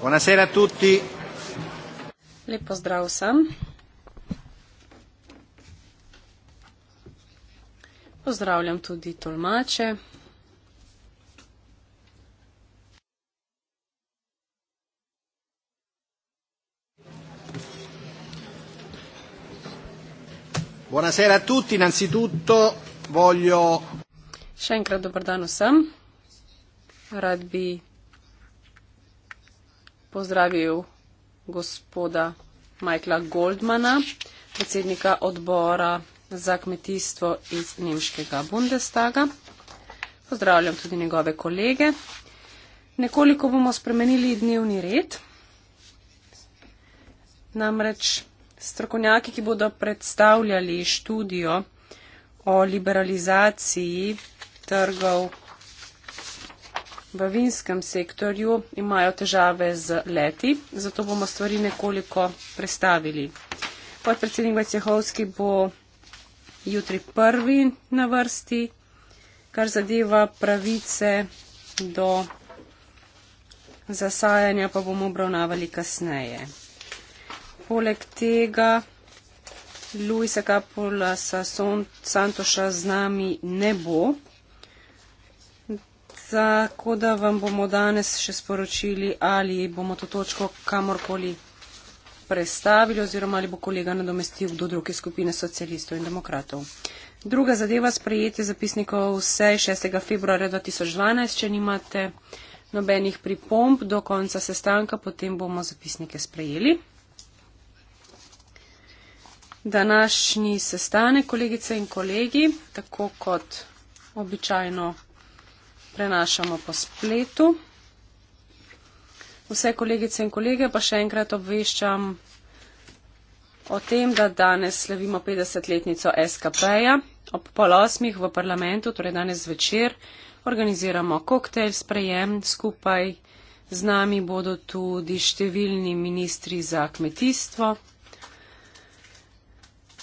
Buonasera a tutti. Lep pozdrav vsem. Pozdravljam tudi tolmače. Buonasera a tutti, innanzitutto voglio. Še enkrat dober dan vsem. Rad bi pozdravil gospoda Michaela Goldmana, predsednika odbora za kmetijstvo iz nemškega Bundestaga. Pozdravljam tudi njegove kolege. Nekoliko bomo spremenili dnevni red. Namreč strokovnjaki, ki bodo predstavljali študijo o liberalizaciji trgov v vinskem sektorju imajo težave z leti, zato bomo stvari nekoliko prestavili. Podpredsednik Vecehovski bo jutri prvi na vrsti, kar zadeva pravice do zasajanja, pa bomo obravnavali kasneje. Poleg tega Luisa Kapula Santoša z nami ne bo tako da vam bomo danes še sporočili, ali bomo to točko kamorkoli prestavili oziroma ali bo kolega nadomestil do druge skupine socialistov in demokratov. Druga zadeva, sprejetje zapisnikov vse 6. februarja 2012, če nimate nobenih pripomb do konca sestanka, potem bomo zapisnike sprejeli. Današnji sestanek, kolegice in kolegi, tako kot običajno prenašamo po spletu. Vse kolegice in kolege pa še enkrat obveščam o tem, da danes slavimo 50-letnico SKP-ja. Ob pol osmih v parlamentu, torej danes zvečer, organiziramo koktejl sprejem. Skupaj z nami bodo tudi številni ministri za kmetijstvo.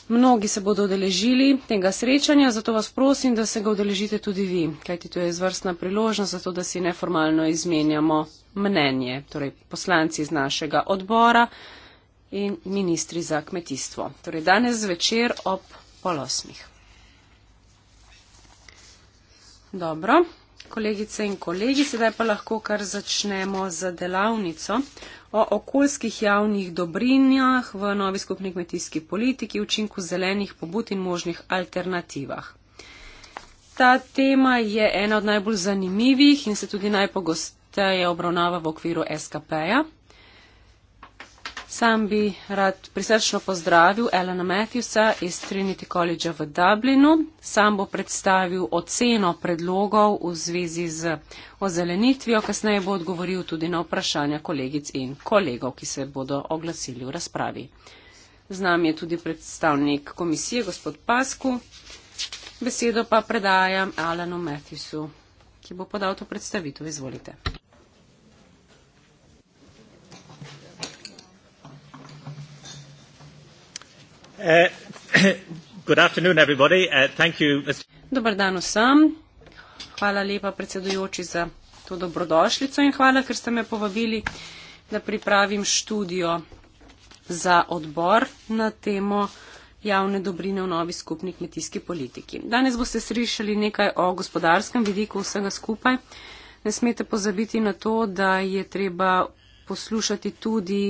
Mnogi se bodo odeležili tega srečanja, zato vas prosim, da se ga odeležite tudi vi, kajti to je izvrstna priložnost za to, da si neformalno izmenjamo mnenje, torej poslanci iz našega odbora in ministri za kmetijstvo. Torej danes zvečer ob pol osmih. Dobro, kolegice in kolegi, sedaj pa lahko kar začnemo z delavnico o okoljskih javnih dobrinjah v novi skupni kmetijski politiki, učinku zelenih pobud in možnih alternativah. Ta tema je ena od najbolj zanimivih in se tudi najpogosteje obravnava v okviru SKP-ja. Sam bi rad prisrčno pozdravil Elena Matthewsa iz Trinity College v Dublinu. Sam bo predstavil oceno predlogov v zvezi z ozelenitvijo, kasneje bo odgovoril tudi na vprašanja kolegic in kolegov, ki se bodo oglasili v razpravi. Z nami je tudi predstavnik komisije, gospod Pasku. Besedo pa predajam Alanu Matthewsu, ki bo podal to predstavitev. Izvolite. Uh, uh, Dobar dan vsem. Hvala lepa predsedujoči za to dobrodošlico in hvala, ker ste me povabili, da pripravim študijo za odbor na temo javne dobrine v novi skupni kmetijski politiki. Danes boste slišali nekaj o gospodarskem vidiku vsega skupaj. Ne smete pozabiti na to, da je treba poslušati tudi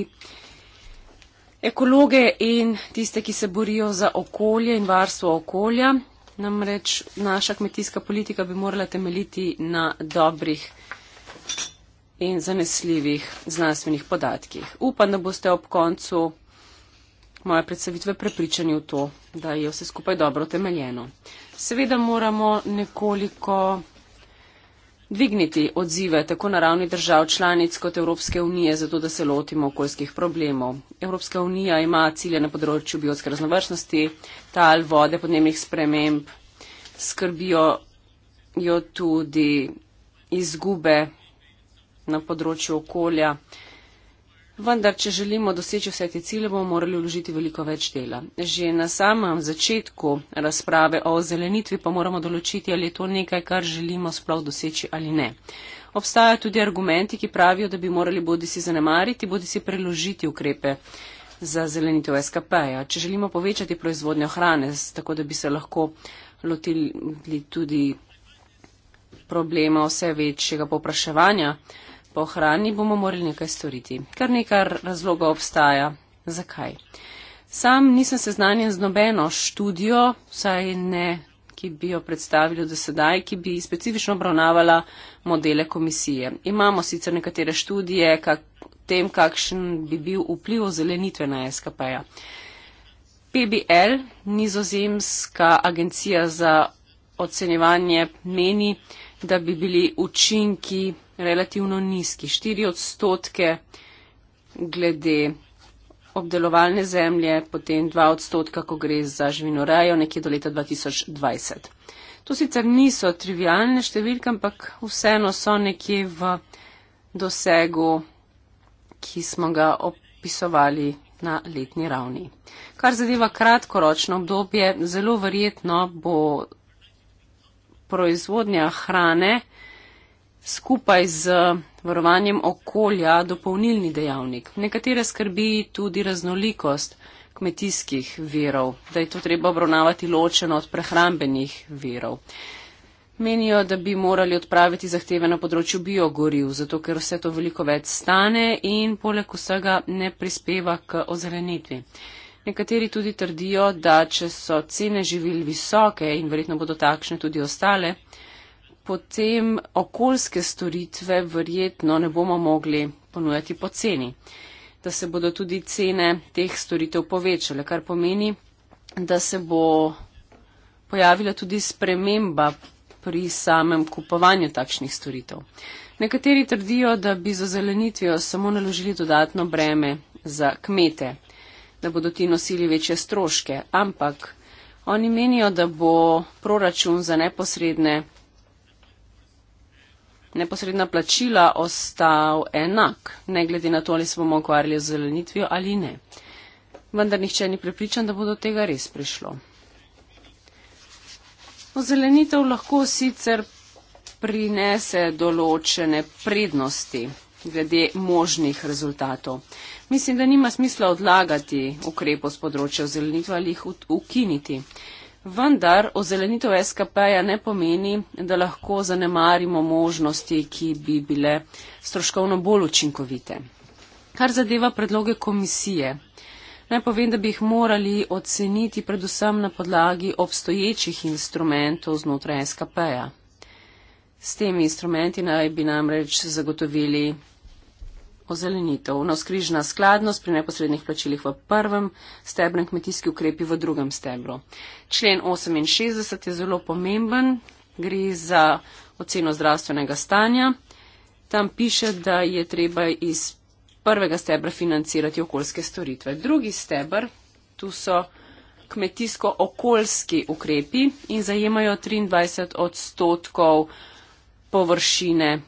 ekologe in tiste, ki se borijo za okolje in varstvo okolja. Namreč naša kmetijska politika bi morala temeljiti na dobrih in zanesljivih znanstvenih podatkih. Upam, da boste ob koncu moje predstavitve prepričani v to, da je vse skupaj dobro temeljeno. Seveda moramo nekoliko dvigniti odzive tako na ravni držav članic kot Evropske unije, zato da se lotimo okoljskih problemov. Evropska unija ima cilje na področju biotske raznovrstnosti, tal vode podnebnih sprememb, skrbijo jo tudi izgube na področju okolja vendar, če želimo doseči vse te cilje, bomo morali vložiti veliko več dela. Že na samem začetku razprave o zelenitvi pa moramo določiti, ali je to nekaj, kar želimo sploh doseči ali ne. Obstajajo tudi argumenti, ki pravijo, da bi morali bodi si zanemariti, bodi si preložiti ukrepe za zelenitev SKP-ja. Če želimo povečati proizvodnjo hrane, tako da bi se lahko lotili tudi problema vse večjega popraševanja, po hrani, bomo morali nekaj storiti. Kar nekaj razloga obstaja. Zakaj? Sam nisem seznanjen z nobeno študijo, vsaj ne, ki bi jo predstavili do sedaj, ki bi specifično obravnavala modele komisije. Imamo sicer nekatere študije, kak, tem, kakšen bi bil vpliv zelenitve na SKP-ja. PBL, nizozemska agencija za ocenjevanje, meni, da bi bili učinki relativno nizki, 4 odstotke glede obdelovalne zemlje, potem 2 odstotka, ko gre za živinorajo, nekje do leta 2020. To sicer niso trivialne številke, ampak vseeno so nekje v dosegu, ki smo ga opisovali na letni ravni. Kar zadeva kratkoročno obdobje, zelo verjetno bo proizvodnja hrane skupaj z varovanjem okolja dopolnilni dejavnik. Nekatere skrbi tudi raznolikost kmetijskih verov, da je to treba obravnavati ločeno od prehrambenih verov. Menijo, da bi morali odpraviti zahteve na področju biogoriv, zato ker vse to veliko več stane in poleg vsega ne prispeva k ozelenitvi. Nekateri tudi trdijo, da če so cene živil visoke in verjetno bodo takšne tudi ostale, potem okoljske storitve verjetno ne bomo mogli ponujati po ceni, da se bodo tudi cene teh storitev povečale, kar pomeni, da se bo pojavila tudi sprememba pri samem kupovanju takšnih storitev. Nekateri trdijo, da bi za zelenitvijo samo naložili dodatno breme za kmete da bodo ti nosili večje stroške, ampak oni menijo, da bo proračun za neposredne, neposredna plačila ostal enak, ne glede na to, ali se bomo ukvarjali z zelenitvijo ali ne. Vendar nihče ni prepričan, da bo do tega res prišlo. Ozelenitev lahko sicer prinese določene prednosti glede možnih rezultatov. Mislim, da nima smisla odlagati ukrepov z področja ozelenitve ali jih ukiniti. Vendar ozelenitev SKP-ja ne pomeni, da lahko zanemarimo možnosti, ki bi bile stroškovno bolj učinkovite. Kar zadeva predloge komisije. Naj povem, da bi jih morali oceniti predvsem na podlagi obstoječih instrumentov znotraj SKP-ja. S temi instrumenti naj bi namreč zagotovili ozelenitev. Navskrižna no, skladnost pri neposrednih plačilih v prvem stebrnem kmetijski ukrepi v drugem stebru. Člen 68 je zelo pomemben, gre za oceno zdravstvenega stanja. Tam piše, da je treba iz prvega stebra financirati okoljske storitve. Drugi stebr, tu so kmetijsko-okoljski ukrepi in zajemajo 23 odstotkov površine,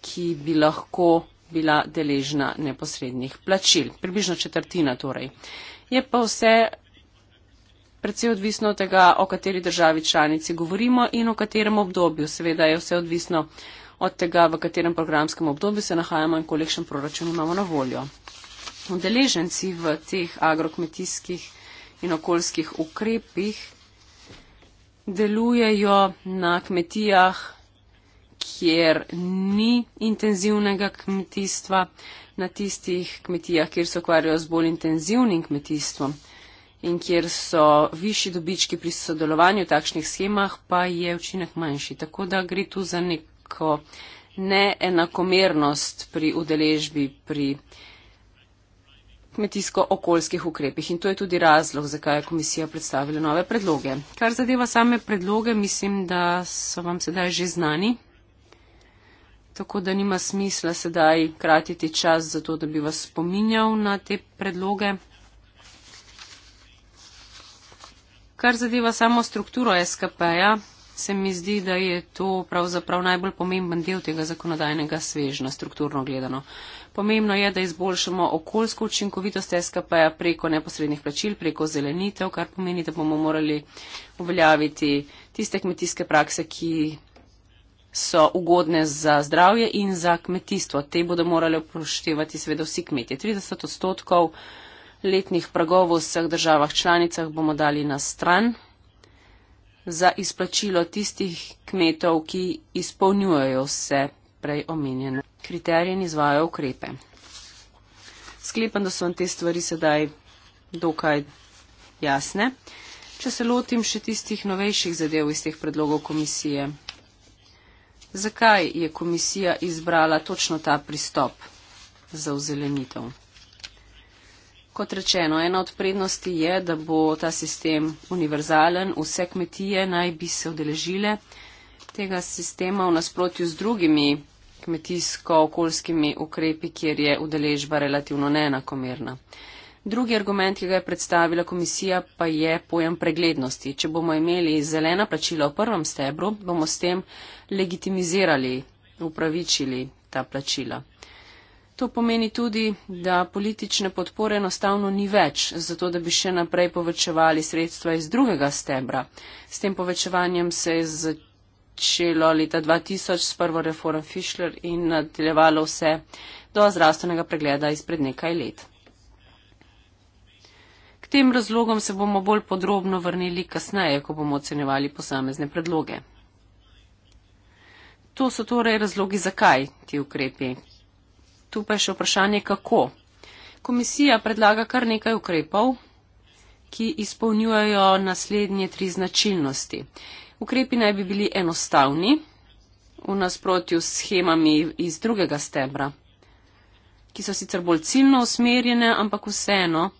ki bi lahko bila deležna neposrednih plačil, približno četrtina torej. Je pa vse predvsej odvisno od tega, o kateri državi članici govorimo in o katerem obdobju. Seveda je vse odvisno od tega, v katerem programskem obdobju se nahajamo in kolikšen proračun imamo na voljo. Udeleženci v teh agrokmetijskih in okoljskih ukrepih delujejo na kmetijah kjer ni intenzivnega kmetijstva, na tistih kmetijah, kjer se ukvarjajo z bolj intenzivnim kmetijstvom in kjer so višji dobički pri sodelovanju v takšnih schemah, pa je učinek manjši. Tako da gre tu za neko neenakomernost pri udeležbi pri kmetijsko-okoljskih ukrepih. In to je tudi razlog, zakaj je komisija predstavila nove predloge. Kar zadeva same predloge, mislim, da so vam sedaj že znani tako da nima smisla sedaj kratiti čas za to, da bi vas spominjal na te predloge. Kar zadeva samo strukturo SKP-ja, se mi zdi, da je to pravzaprav najbolj pomemben del tega zakonodajnega svežna, strukturno gledano. Pomembno je, da izboljšamo okoljsko učinkovitost SKP-ja preko neposrednih plačil, preko zelenitev, kar pomeni, da bomo morali uveljaviti tiste kmetijske prakse, ki so ugodne za zdravje in za kmetijstvo. Te bodo morali upoštevati seveda vsi kmetje. 30 odstotkov letnih pragov v vseh državah članicah bomo dali na stran za izplačilo tistih kmetov, ki izpolnjujejo vse prej omenjene kriterije in izvajo ukrepe. Sklepam, da so vam te stvari sedaj dokaj jasne. Če se lotim še tistih novejših zadev iz teh predlogov komisije. Zakaj je komisija izbrala točno ta pristop za ozelenitev? Kot rečeno, ena od prednosti je, da bo ta sistem univerzalen, vse kmetije naj bi se odeležile tega sistema v nasprotju z drugimi kmetijsko-okoljskimi ukrepi, kjer je udeležba relativno neenakomerna. Drugi argument, ki ga je predstavila komisija, pa je pojem preglednosti. Če bomo imeli zelena plačila v prvem stebru, bomo s tem legitimizirali, upravičili ta plačila. To pomeni tudi, da politične podpore enostavno ni več, zato da bi še naprej povečevali sredstva iz drugega stebra. S tem povečevanjem se je začelo leta 2000 s prvo reformo Fischler in nadaljevalo vse do zdravstvenega pregleda izpred nekaj let tem razlogom se bomo bolj podrobno vrnili kasneje, ko bomo ocenjevali posamezne predloge. To so torej razlogi, zakaj ti ukrepi. Tu pa je še vprašanje, kako. Komisija predlaga kar nekaj ukrepov, ki izpolnjujejo naslednje tri značilnosti. Ukrepi naj bi bili enostavni, v nasprotju s schemami iz drugega stebra, ki so sicer bolj ciljno usmerjene, ampak vseeno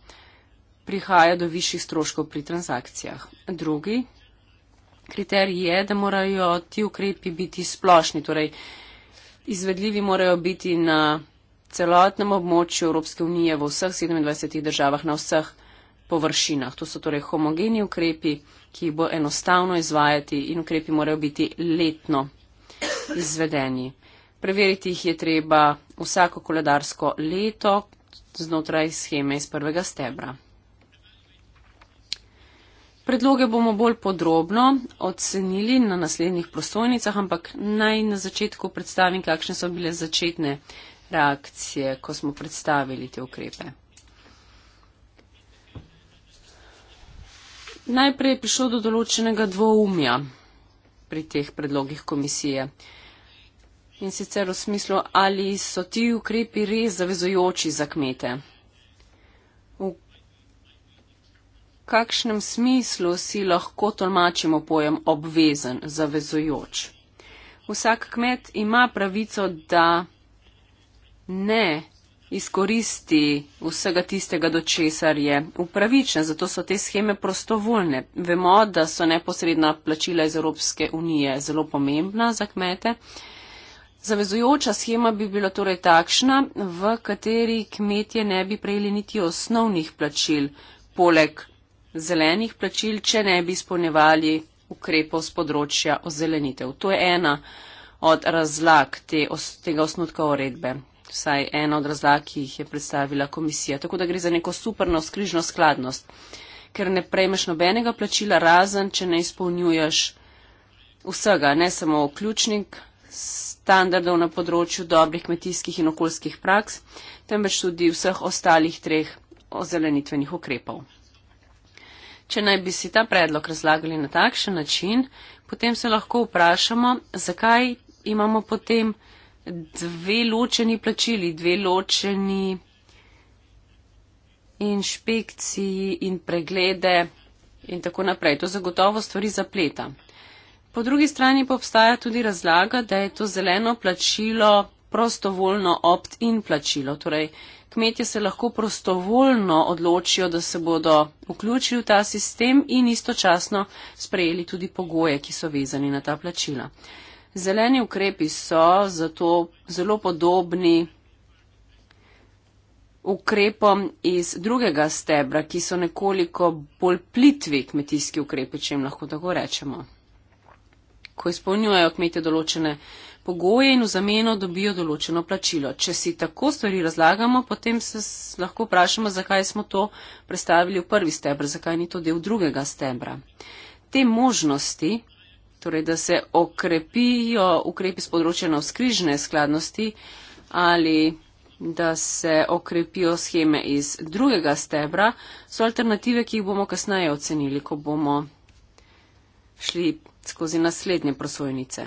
prihaja do višjih stroškov pri transakcijah. Drugi kriterij je, da morajo ti ukrepi biti splošni, torej izvedljivi morajo biti na celotnem območju Evropske unije v vseh 27 državah, na vseh površinah. To so torej homogeni ukrepi, ki jih bo enostavno izvajati in ukrepi morajo biti letno izvedeni. Preveriti jih je treba vsako koledarsko leto znotraj scheme iz prvega stebra. Predloge bomo bolj podrobno ocenili na naslednjih prosojnicah, ampak naj na začetku predstavim, kakšne so bile začetne reakcije, ko smo predstavili te ukrepe. Najprej je prišlo do določenega dvoumja pri teh predlogih komisije. In sicer v smislu, ali so ti ukrepi res zavezojoči za kmete. kakšnem smislu si lahko tolmačimo pojem obvezen, zavezojoč. Vsak kmet ima pravico, da ne izkoristi vsega tistega, do česar je upravičen. Zato so te scheme prostovoljne. Vemo, da so neposredna plačila iz Evropske unije zelo pomembna za kmete. Zavezujoča schema bi bila torej takšna, v kateri kmetje ne bi prejeli niti osnovnih plačil, poleg zelenih plačil, če ne bi izpolnjevali ukrepov z področja ozelenitev. To je ena od razlag te, os, tega osnutka uredbe, vsaj ena od razlag, ki jih je predstavila komisija. Tako da gre za neko superno skrižno skladnost, ker ne prejmeš nobenega plačila, razen če ne izpolnjuješ vsega, ne samo vključnik standardov na področju dobrih kmetijskih in okoljskih praks, temveč tudi vseh ostalih treh ozelenitvenih ukrepov. Če naj bi si ta predlog razlagali na takšen način, potem se lahko vprašamo, zakaj imamo potem dve ločeni plačili, dve ločeni inšpekciji in preglede in tako naprej. To zagotovo stvari zapleta. Po drugi strani pa obstaja tudi razlaga, da je to zeleno plačilo prostovoljno opt-in plačilo. Torej, Kmetje se lahko prostovoljno odločijo, da se bodo vključili v ta sistem in istočasno sprejeli tudi pogoje, ki so vezani na ta plačila. Zeleni ukrepi so zato zelo podobni ukrepom iz drugega stebra, ki so nekoliko bolj plitvi kmetijski ukrepi, če jim lahko tako rečemo. Ko izpolnjujejo kmetje določene pogoje in v zameno dobijo določeno plačilo. Če si tako stvari razlagamo, potem se lahko vprašamo, zakaj smo to predstavili v prvi stebr, zakaj ni to del drugega stebra. Te možnosti, torej da se okrepijo ukrepi s področja navskrižne skladnosti ali da se okrepijo scheme iz drugega stebra, so alternative, ki jih bomo kasneje ocenili, ko bomo šli skozi naslednje prosojnice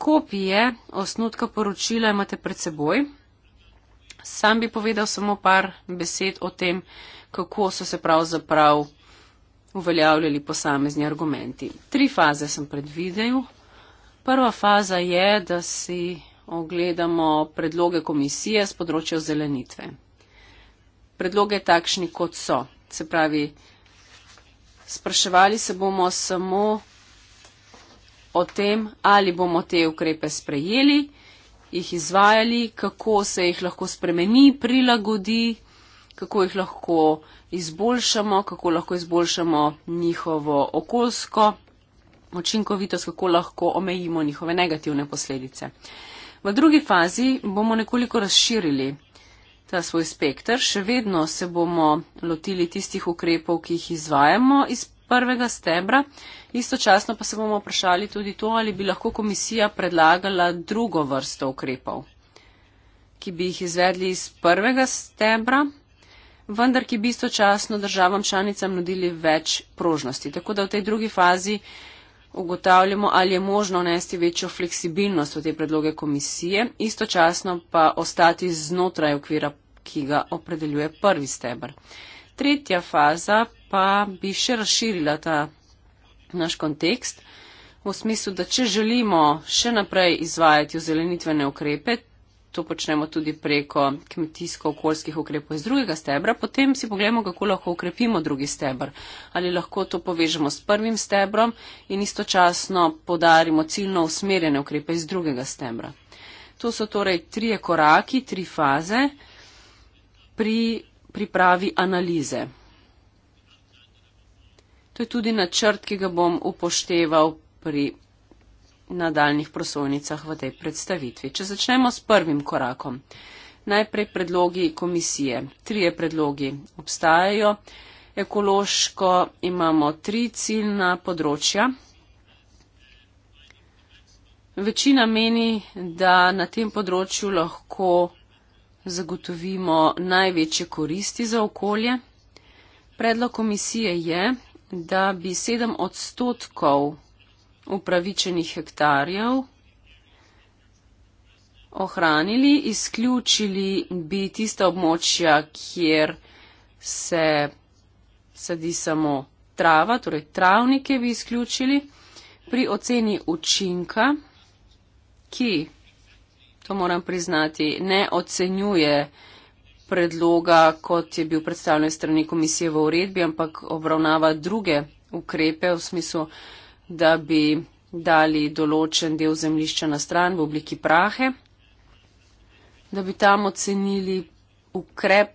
kopije osnutka poročila imate pred seboj. Sam bi povedal samo par besed o tem, kako so se pravzaprav uveljavljali posamezni argumenti. Tri faze sem predvidel. Prva faza je, da si ogledamo predloge komisije z področja zelenitve. Predloge takšni, kot so. Se pravi, spraševali se bomo samo o tem, ali bomo te ukrepe sprejeli, jih izvajali, kako se jih lahko spremeni, prilagodi, kako jih lahko izboljšamo, kako lahko izboljšamo njihovo okoljsko učinkovitost, kako lahko omejimo njihove negativne posledice. V drugi fazi bomo nekoliko razširili ta svoj spektr, še vedno se bomo lotili tistih ukrepov, ki jih izvajamo iz prvega stebra. Istočasno pa se bomo vprašali tudi to, ali bi lahko komisija predlagala drugo vrsto ukrepov, ki bi jih izvedli iz prvega stebra, vendar ki bi istočasno državam članicam nudili več prožnosti. Tako da v tej drugi fazi ugotavljamo, ali je možno nesti večjo fleksibilnost v te predloge komisije, istočasno pa ostati znotraj okvira, ki ga opredeljuje prvi stebr tretja faza pa bi še razširila ta naš kontekst v smislu, da če želimo še naprej izvajati ozelenitvene ukrepe, to počnemo tudi preko kmetijsko-okoljskih ukrepov iz drugega stebra, potem si pogledamo, kako lahko ukrepimo drugi stebr. Ali lahko to povežemo s prvim stebrom in istočasno podarimo ciljno usmerjene ukrepe iz drugega stebra. To so torej trije koraki, tri faze pri pripravi analize. To je tudi načrt, ki ga bom upošteval pri nadaljnih prosojnicah v tej predstavitvi. Če začnemo s prvim korakom. Najprej predlogi komisije. Trije predlogi obstajajo. Ekološko imamo tri ciljna področja. Večina meni, da na tem področju lahko zagotovimo največje koristi za okolje. Predlog komisije je, da bi sedem odstotkov upravičenih hektarjev ohranili, izključili bi tista območja, kjer se sedi samo trava, torej travnike bi izključili. Pri oceni učinka, ki pa moram priznati, ne ocenjuje predloga, kot je bil predstavljen strani komisije v uredbi, ampak obravnava druge ukrepe v smislu, da bi dali določen del zemlišča na stran v obliki prahe, da bi tam ocenili ukrep,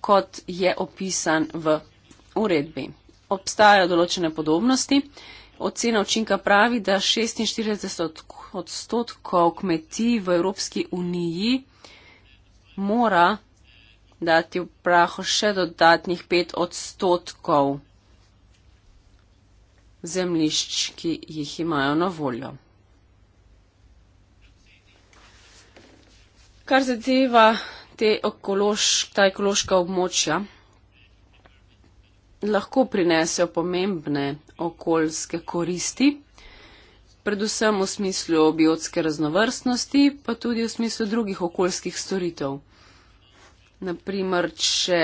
kot je opisan v uredbi. Obstajajo določene podobnosti. Ocena učinka pravi, da 46 odstotkov odstotkov kmetij v Evropski uniji mora dati v prahu še dodatnih 5 odstotkov zemlišč, ki jih imajo na voljo. Kar zadeva te okološ, ta ekološka območja, lahko prinesejo pomembne okoljske koristi predvsem v smislu biotske raznovrstnosti, pa tudi v smislu drugih okoljskih storitev. Naprimer, če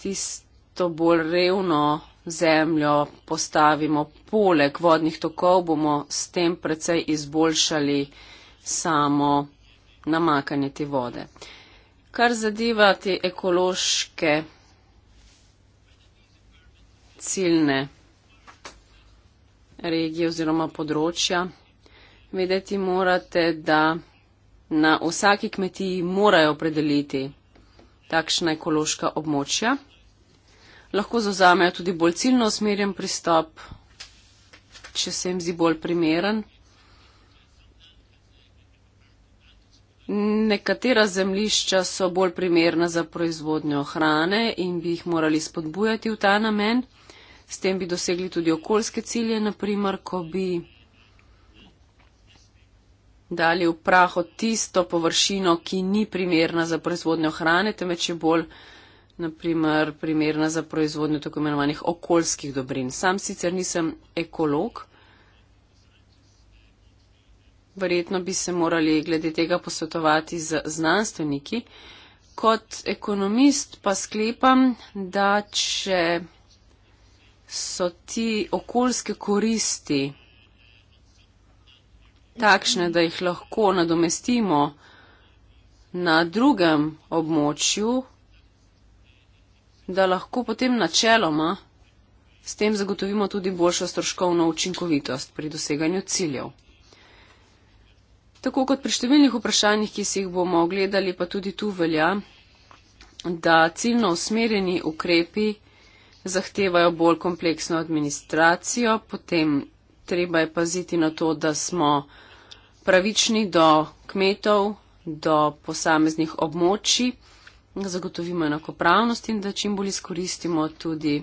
tisto bolj revno zemljo postavimo poleg vodnih tokov, bomo s tem precej izboljšali samo namakanje te vode. Kar zadeva te ekološke ciljne regije oziroma področja. Vedeti morate, da na vsaki kmetiji morajo predeliti takšna ekološka območja. Lahko zauzamejo tudi bolj ciljno usmerjen pristop, če se jim zdi bolj primeren. Nekatera zemlišča so bolj primerna za proizvodnjo hrane in bi jih morali spodbujati v ta namen. S tem bi dosegli tudi okoljske cilje, naprimer, ko bi dali v praho tisto površino, ki ni primerna za proizvodnjo hrane, temveč je bolj naprimer, primerna za proizvodnjo tako imenovanih okoljskih dobrin. Sam sicer nisem ekolog. Verjetno bi se morali glede tega posvetovati z znanstveniki. Kot ekonomist pa sklepam, da če so ti okoljske koristi takšne, da jih lahko nadomestimo na drugem območju, da lahko potem načeloma s tem zagotovimo tudi boljšo stroškovno učinkovitost pri doseganju ciljev. Tako kot pri številnih vprašanjih, ki si jih bomo ogledali, pa tudi tu velja, da ciljno usmerjeni ukrepi zahtevajo bolj kompleksno administracijo, potem treba je paziti na to, da smo pravični do kmetov, do posameznih območij, zagotovimo enakopravnost in da čim bolj izkoristimo tudi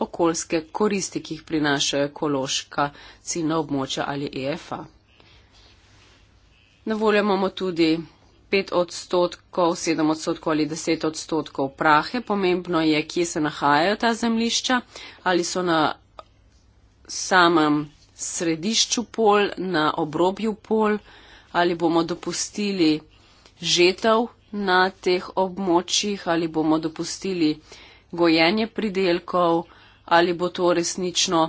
okoljske koristi, ki jih prinašajo ekološka ciljna območja ali EFA. Na voljo imamo tudi 5 odstotkov, 7 odstotkov ali 10 odstotkov prahe. Pomembno je, kje se nahajajo ta zemlišča, ali so na samem središču pol, na obrobju pol, ali bomo dopustili žetev na teh območjih, ali bomo dopustili gojenje pridelkov, ali bo to resnično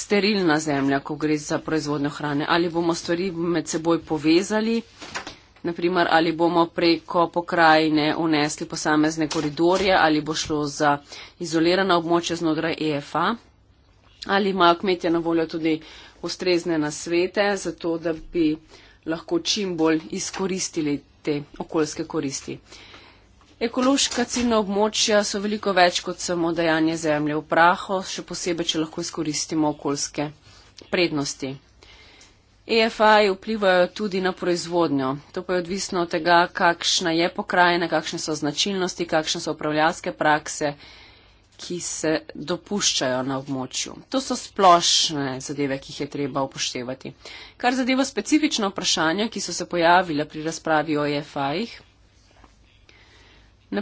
sterilna zemlja, ko gre za proizvodnjo hrane, ali bomo stvari med seboj povezali naprimer, ali bomo preko pokrajine unesli posamezne koridorje, ali bo šlo za izolirana območja znotraj EFA, ali imajo kmetje na voljo tudi ustrezne nasvete, zato da bi lahko čim bolj izkoristili te okoljske koristi. Ekološka ciljna območja so veliko več kot samo dajanje zemlje v praho, še posebej, če lahko izkoristimo okoljske prednosti. EFI vplivajo tudi na proizvodnjo. To pa je odvisno od tega, kakšna je pokrajina, kakšne so značilnosti, kakšne so upravljalske prakse, ki se dopuščajo na območju. To so splošne zadeve, ki jih je treba upoštevati. Kar zadeva specifično vprašanje, ki so se pojavile pri razpravi o EFI-jih,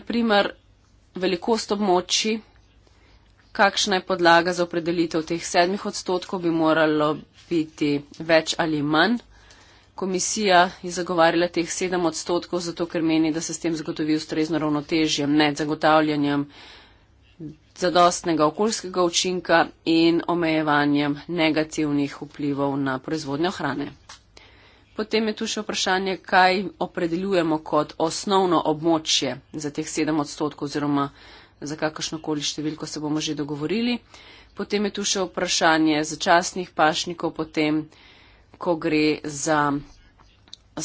naprimer velikost območji, kakšna je podlaga za opredelitev teh sedmih odstotkov, bi moralo biti več ali manj. Komisija je zagovarjala teh sedem odstotkov, zato ker meni, da se s tem zagotovi ustrezno ravnotežje med zagotavljanjem zadostnega okoljskega učinka in omejevanjem negativnih vplivov na proizvodnjo hrane. Potem je tu še vprašanje, kaj opredeljujemo kot osnovno območje za teh sedem odstotkov oziroma za kakršnokoli številko se bomo že dogovorili. Potem je tu še vprašanje začasnih pašnikov, potem, ko gre za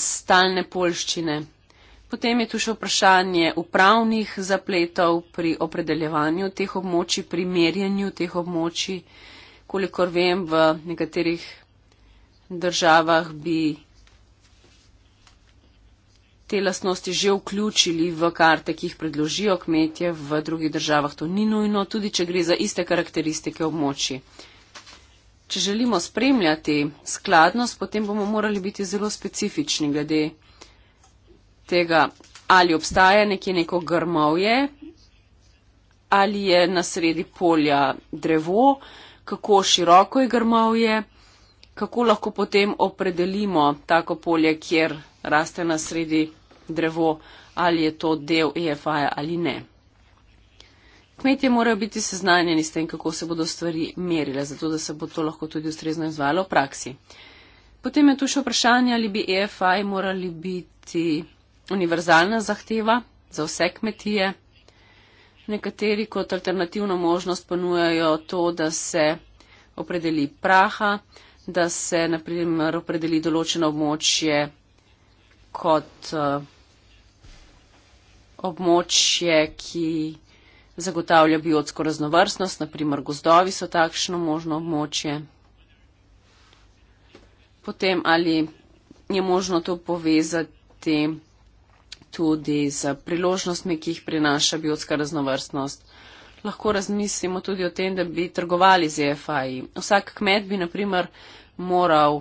stalne polščine. Potem je tu še vprašanje upravnih zapletov pri opredeljevanju teh območij, pri merjenju teh območij. Kolikor vem, v nekaterih državah bi te lasnosti že vključili v karte, ki jih predložijo kmetje v drugih državah. To ni nujno, tudi če gre za iste karakteristike območij. Če želimo spremljati skladnost, potem bomo morali biti zelo specifični glede tega, ali obstaja nekje neko grmovje, ali je na sredi polja drevo, kako široko je grmovje, kako lahko potem opredelimo tako polje, kjer raste na sredi drevo, ali je to del EFI-ja ali ne. Kmetje morajo biti seznanjeni s tem, kako se bodo stvari merile, zato da se bo to lahko tudi ustrezno izvajalo v praksi. Potem je tu še vprašanje, ali bi EFI morali biti univerzalna zahteva za vse kmetije. Nekateri kot alternativno možnost ponujajo to, da se opredeli praha, da se naprimer opredeli določeno območje kot. Uh, območje, ki zagotavlja biotsko raznovrstnost, naprimer gozdovi so takšno možno območje. Potem ali je možno to povezati tudi z priložnostmi, ki jih prinaša biotska raznovrstnost. Lahko razmislimo tudi o tem, da bi trgovali z EFI. Vsak kmet bi naprimer moral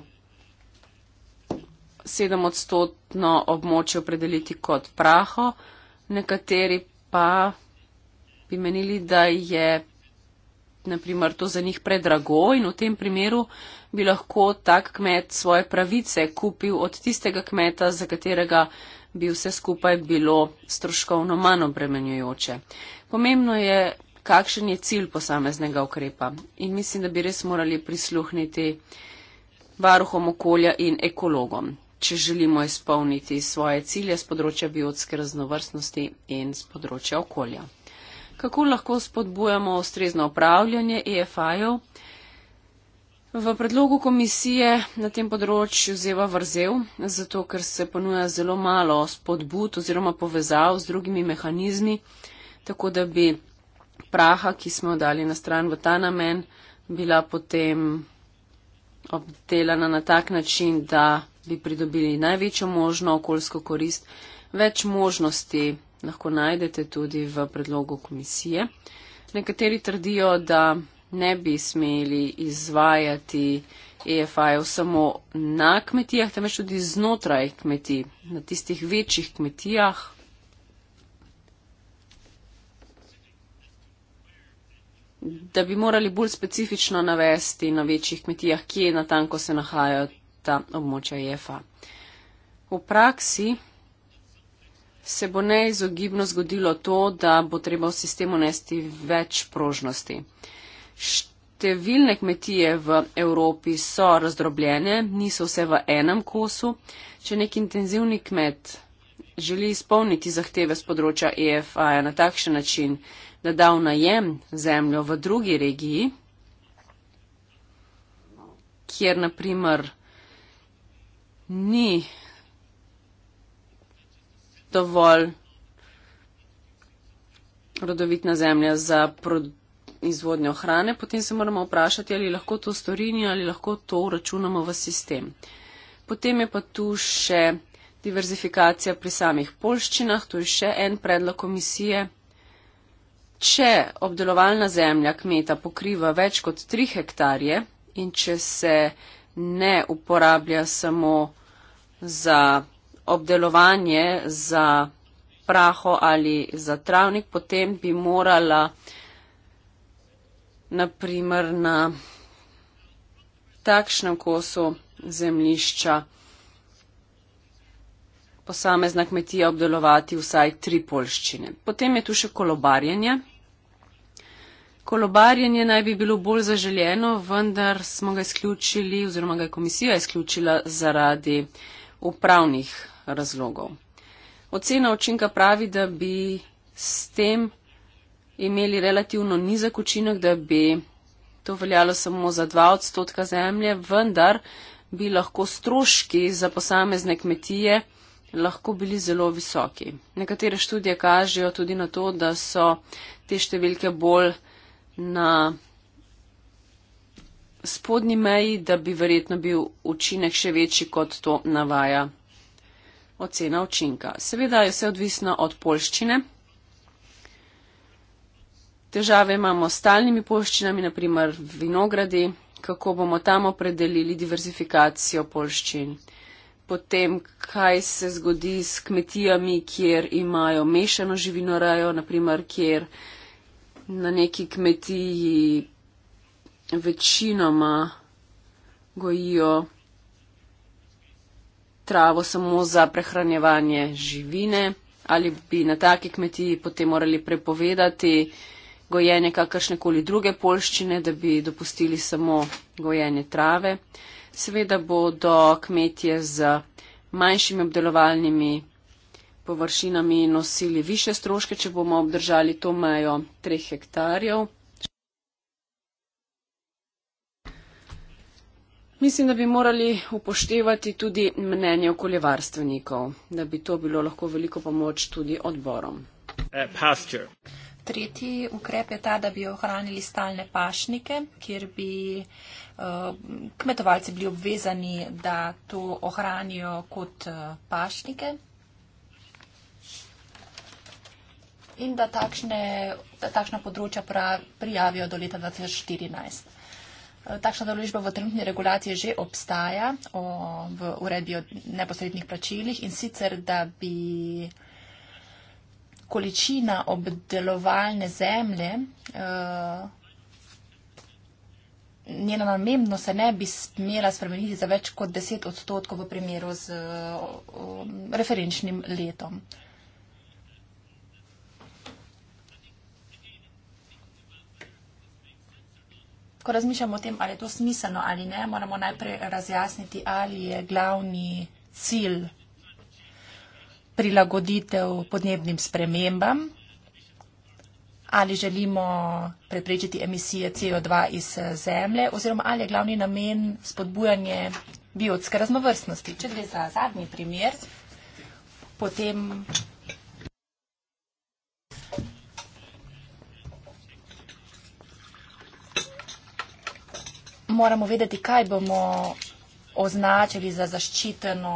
sedem odstotno območje opredeliti kot praho, nekateri pa bi menili, da je naprimer to za njih predrago in v tem primeru bi lahko tak kmet svoje pravice kupil od tistega kmeta, za katerega bi vse skupaj bilo stroškovno manj obremenjujoče. Pomembno je, kakšen je cilj posameznega ukrepa in mislim, da bi res morali prisluhniti varuhom okolja in ekologom če želimo izpolniti svoje cilje z področja biotske raznovrstnosti in z področja okolja. Kako lahko spodbujamo ustrezno upravljanje EFI-jev? V predlogu komisije na tem področju zeva vrzel, zato ker se ponuja zelo malo spodbud oziroma povezav z drugimi mehanizmi, tako da bi praha, ki smo jo dali na stran v ta namen, bila potem obdelana na tak način, da bi pridobili največjo možno okoljsko korist. Več možnosti lahko najdete tudi v predlogu komisije. Nekateri trdijo, da ne bi smeli izvajati EFI-ov samo na kmetijah, temveč tudi znotraj kmetij, na tistih večjih kmetijah. Da bi morali bolj specifično navesti na večjih kmetijah, kje natanko se nahajajo ta območja JEFA. V praksi se bo neizogibno zgodilo to, da bo treba v sistemu nesti več prožnosti. Številne kmetije v Evropi so razdrobljene, niso vse v enem kosu. Če nek intenzivni kmet želi izpolniti zahteve z področja EFA na takšen način, da da v najem zemljo v drugi regiji, kjer naprimer ni dovolj rodovitna zemlja za izvodnjo hrane, potem se moramo vprašati, ali lahko to storini, ali lahko to računamo v sistem. Potem je pa tu še diverzifikacija pri samih polščinah, tu je še en predlog komisije. Če obdelovalna zemlja kmeta pokriva več kot 3 hektarje in če se ne uporablja samo za obdelovanje, za praho ali za travnik, potem bi morala naprimer na takšnem kosu zemlišča posamezna kmetija obdelovati vsaj tri polščine. Potem je tu še kolobarjenje. Kolobarjenje naj bi bilo bolj zaželjeno, vendar smo ga izključili oziroma ga je komisija izključila zaradi upravnih razlogov. Ocena učinka pravi, da bi s tem imeli relativno nizek učinek, da bi to veljalo samo za 2 odstotka zemlje, vendar bi lahko stroški za posamezne kmetije lahko bili zelo visoki. Nekatere študije kažejo tudi na to, da so te številke bolj na spodnji meji, da bi verjetno bil učinek še večji, kot to navaja ocena učinka. Seveda je vse odvisno od polščine. Težave imamo s stalnimi polščinami, naprimer vinogradi, kako bomo tam opredelili diverzifikacijo polščin. Potem, kaj se zgodi s kmetijami, kjer imajo mešano živinorajo, naprimer, kjer na neki kmetiji večinoma gojijo travo samo za prehranjevanje živine ali bi na taki kmetiji potem morali prepovedati gojenje kakršne koli druge polščine, da bi dopustili samo gojenje trave. Seveda bodo kmetje z manjšimi obdelovalnimi površinami nosili više stroške, če bomo obdržali to mejo 3 hektarjev. Mislim, da bi morali upoštevati tudi mnenje okoljevarstvenikov, da bi to bilo lahko veliko pomoč tudi odborom. Uh, pasture. Tretji ukrep je ta, da bi ohranili stalne pašnike, kjer bi uh, kmetovalci bili obvezani, da to ohranijo kot uh, pašnike. In da, takšne, da takšna področja pra, prijavijo do leta 2014. Eh, takšna določba v trenutni regulaciji že obstaja o, v uredbi o neposrednih plačilih in sicer, da bi količina obdelovalne zemlje, eh, njena namembnost se ne bi smela spremeniti za več kot 10 odstotkov v primeru z referenčnim letom. ko razmišljamo o tem, ali je to smiselno ali ne, moramo najprej razjasniti, ali je glavni cilj prilagoditev podnebnim spremembam, ali želimo preprečiti emisije CO2 iz zemlje, oziroma ali je glavni namen spodbujanje biotske raznovrstnosti. Če gre za zadnji primer, potem moramo vedeti, kaj bomo označili za zaščiteno,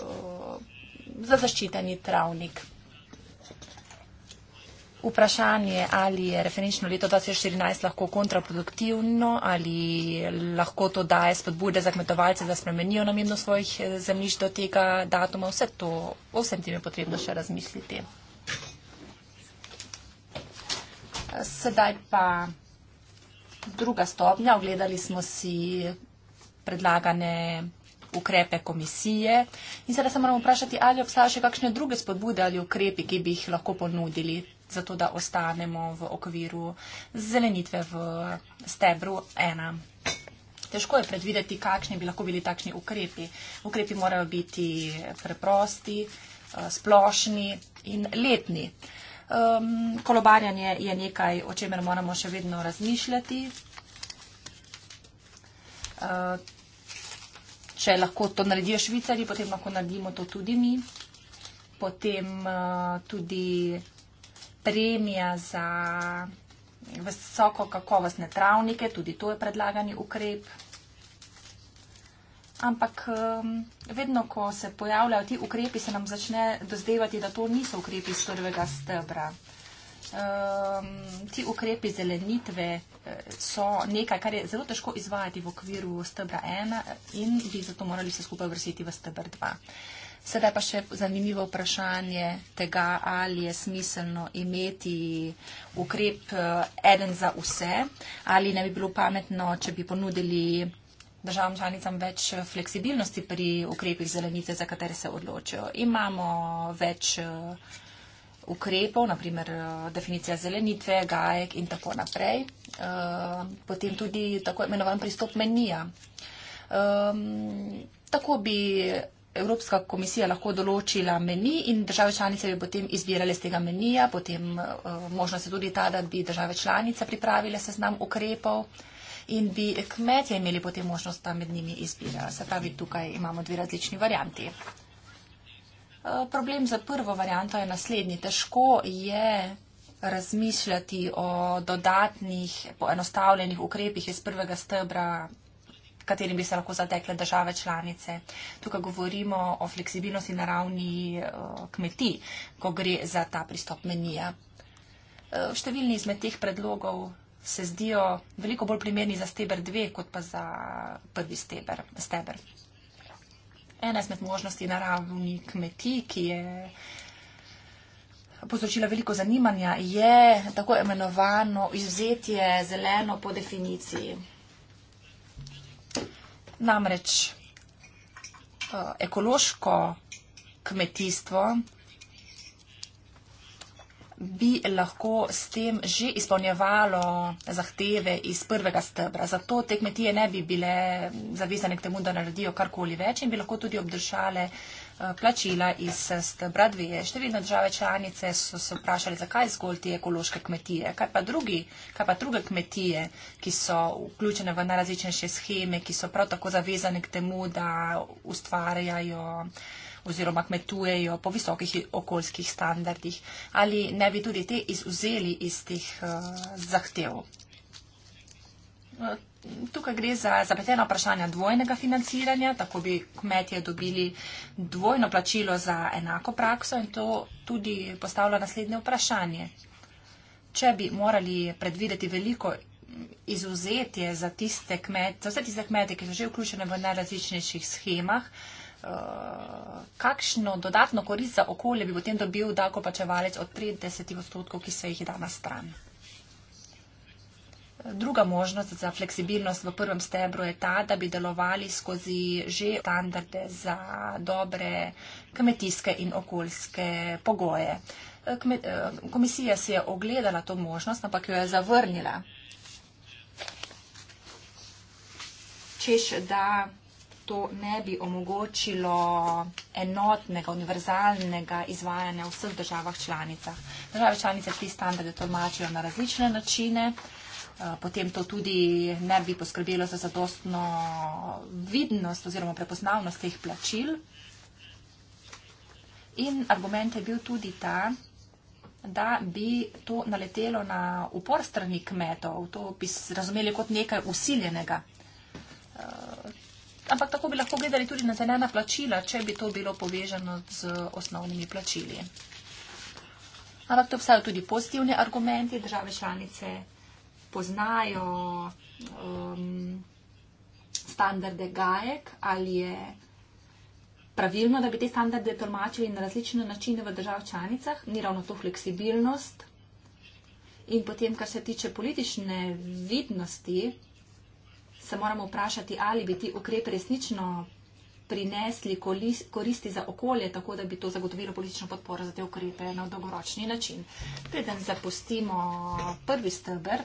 eh, za zaščiteni travnik. Vprašanje je, ali je referenčno leto 2014 lahko kontraproduktivno, ali lahko to daje spodbude za kmetovalce, da spremenijo namenno svojih eh, zemljišč do tega datuma. Vse to, vsem tem je potrebno še razmisliti. Eh, sedaj pa druga stopnja. Ogledali smo si predlagane ukrepe komisije in sedaj se moramo vprašati, ali obstajajo še kakšne druge spodbude ali ukrepi, ki bi jih lahko ponudili za to, da ostanemo v okviru zelenitve v stebru 1. Težko je predvideti, kakšni bi lahko bili takšni ukrepi. Ukrepi morajo biti preprosti, eh, splošni in letni. Uh, Um, kolobarjanje je nekaj, o čemer moramo še vedno razmišljati. Uh, če lahko to naredijo švicari, potem lahko naredimo to tudi mi. Potem uh, tudi premija za visoko kakovostne travnike, tudi to je predlagani ukrep ampak um, vedno, ko se pojavljajo ti ukrepi, se nam začne dozdevati, da to niso ukrepi iz prvega stebra. Um, ti ukrepi zelenitve eh, so nekaj, kar je zelo težko izvajati v okviru stebra 1 in bi zato morali se skupaj vrsiti v stebr 2. Sedaj pa še zanimivo vprašanje tega, ali je smiselno imeti ukrep eh, eden za vse, ali ne bi bilo pametno, če bi ponudili državam članicam več eh, fleksibilnosti pri ukrepih zelenice, za katere se odločijo. Imamo več eh, ukrepov, naprimer eh, definicija zelenitve, gajek in tako naprej. Potem tudi tako imenovan pristop menija. Ehm, tako bi Evropska komisija lahko določila meni in države članice bi potem izbirale z tega menija, potem možno se tudi ta, da bi države članice pripravile seznam ukrepov in bi kmetje imeli potem možnost tam med njimi izbira. Se pravi, tukaj imamo dve različni varianti. E, problem za prvo varianto je naslednji. Težko je razmišljati o dodatnih poenostavljenih ukrepih iz prvega stebra, katerim bi se lahko zatekle države članice. Tukaj govorimo o fleksibilnosti na ravni e, kmetij, ko gre za ta pristop menija. E, številni izmed teh predlogov se zdijo veliko bolj primerni za steber 2 kot pa za prvi steber, steber. Ena izmed možnosti na ravni kmetij, ki je povzročila veliko zanimanja, je tako imenovano izvzetje zeleno po definiciji. Namreč eh, ekološko kmetijstvo bi lahko s tem že izpolnjevalo zahteve iz prvega stebra. Zato te kmetije ne bi bile zavezane k temu, da naredijo karkoli več in bi lahko tudi obdržale eh, plačila iz eh, stebra dveje. Številne države članice so se vprašali, zakaj zgolj te ekološke kmetije, kaj pa, drugi, kaj pa druge kmetije, ki so vključene v najrazličnejše scheme, ki so prav tako zavezane k temu, da ustvarjajo uh, oziroma kmetujejo po visokih okoljskih standardih. Ali ne bi tudi te izuzeli iz teh eh, zahtev? Eh, tukaj gre za zapleteno vprašanje dvojnega financiranja, tako bi kmetje dobili dvojno plačilo za enako prakso in to tudi postavlja naslednje vprašanje. Če bi morali predvideti veliko izuzetje za, kmete, za vse tiste kmete, ki so že vključene v najrazličnejših schemah, Eh, kakšno dodatno korist za okolje bi potem dobil davkoplačevalec od 30 odstotkov, ki se jih da na stran. Druga možnost za fleksibilnost v prvem stebru je ta, da bi delovali skozi že standarde za dobre kmetijske in okoljske pogoje. Eh, komisija si je ogledala to možnost, ampak jo je zavrnila. Češ, da to ne bi omogočilo enotnega, univerzalnega izvajanja v vseh državah članicah. Države članice ti standarde tolmačijo na različne načine, eh, potem to tudi ne bi poskrbelo za zadostno vidnost oziroma prepoznavnost teh plačil. In argument je bil tudi ta, da bi to naletelo na upor strani kmetov, to bi razumeli kot nekaj usiljenega. Eh, ampak tako bi lahko gledali tudi na zelena plačila, če bi to bilo povežano z osnovnimi plačili. Ampak to vsaj tudi pozitivni argumenti, države članice poznajo um, standarde GAEK ali je pravilno, da bi te standarde tolmačili na različne načine v držav članicah, ni ravno to fleksibilnost. In potem, kar se tiče politične vidnosti, se moramo vprašati, ali bi ti ukrepi resnično prinesli koristi za okolje, tako da bi to zagotovilo politično podporo za te ukrepe na dolgoročni način. Preden zapustimo prvi stebr,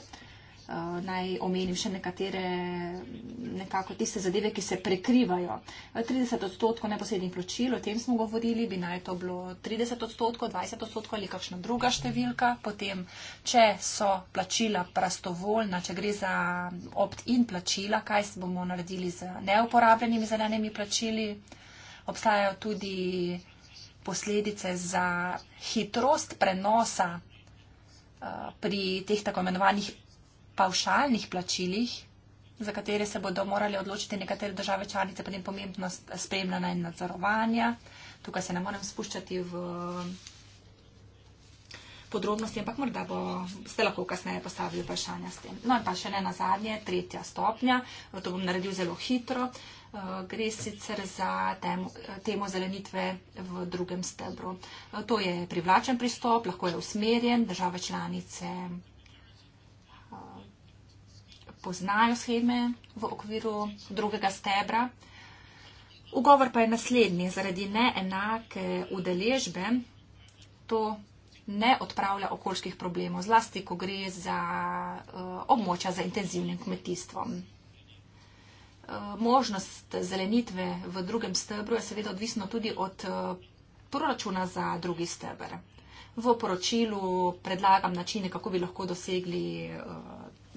Eh, naj omenim še nekatere nekako tiste zadeve, ki se prekrivajo. 30 eh, odstotkov neposrednih plačil, o tem smo govorili, bi naj to bilo 30 odstotkov, 20 odstotkov ali kakšna druga številka. Potem, če so plačila prostovoljna, če gre za opt-in plačila, kaj bomo naredili z neuporabljenimi zadanimi plačili. Obstajajo tudi posledice za hitrost prenosa eh, pri teh tako imenovanih pavšalnih plačilih, za katere se bodo morali odločiti nekatere države članice, potem pomembnost spremljanja in nadzorovanja. Tukaj se ne morem spuščati v podrobnosti, ampak morda bo, ste lahko kasneje postavili vprašanja s tem. No in pa še ne na zadnje, tretja stopnja, to bom naredil zelo hitro, eh, gre sicer za temo, temo zelenitve v drugem stebru. Eh, to je privlačen pristop, lahko je usmerjen, države članice poznajo sheme v okviru drugega stebra. Ugovor pa je naslednji. Zaradi neenake udeležbe to ne odpravlja okoljskih problemov, zlasti, ko gre za eh, območja za intenzivnim kmetijstvom. Eh, možnost zelenitve v drugem stebru je seveda odvisno tudi od eh, proračuna za drugi steber. V poročilu predlagam načine, kako bi lahko dosegli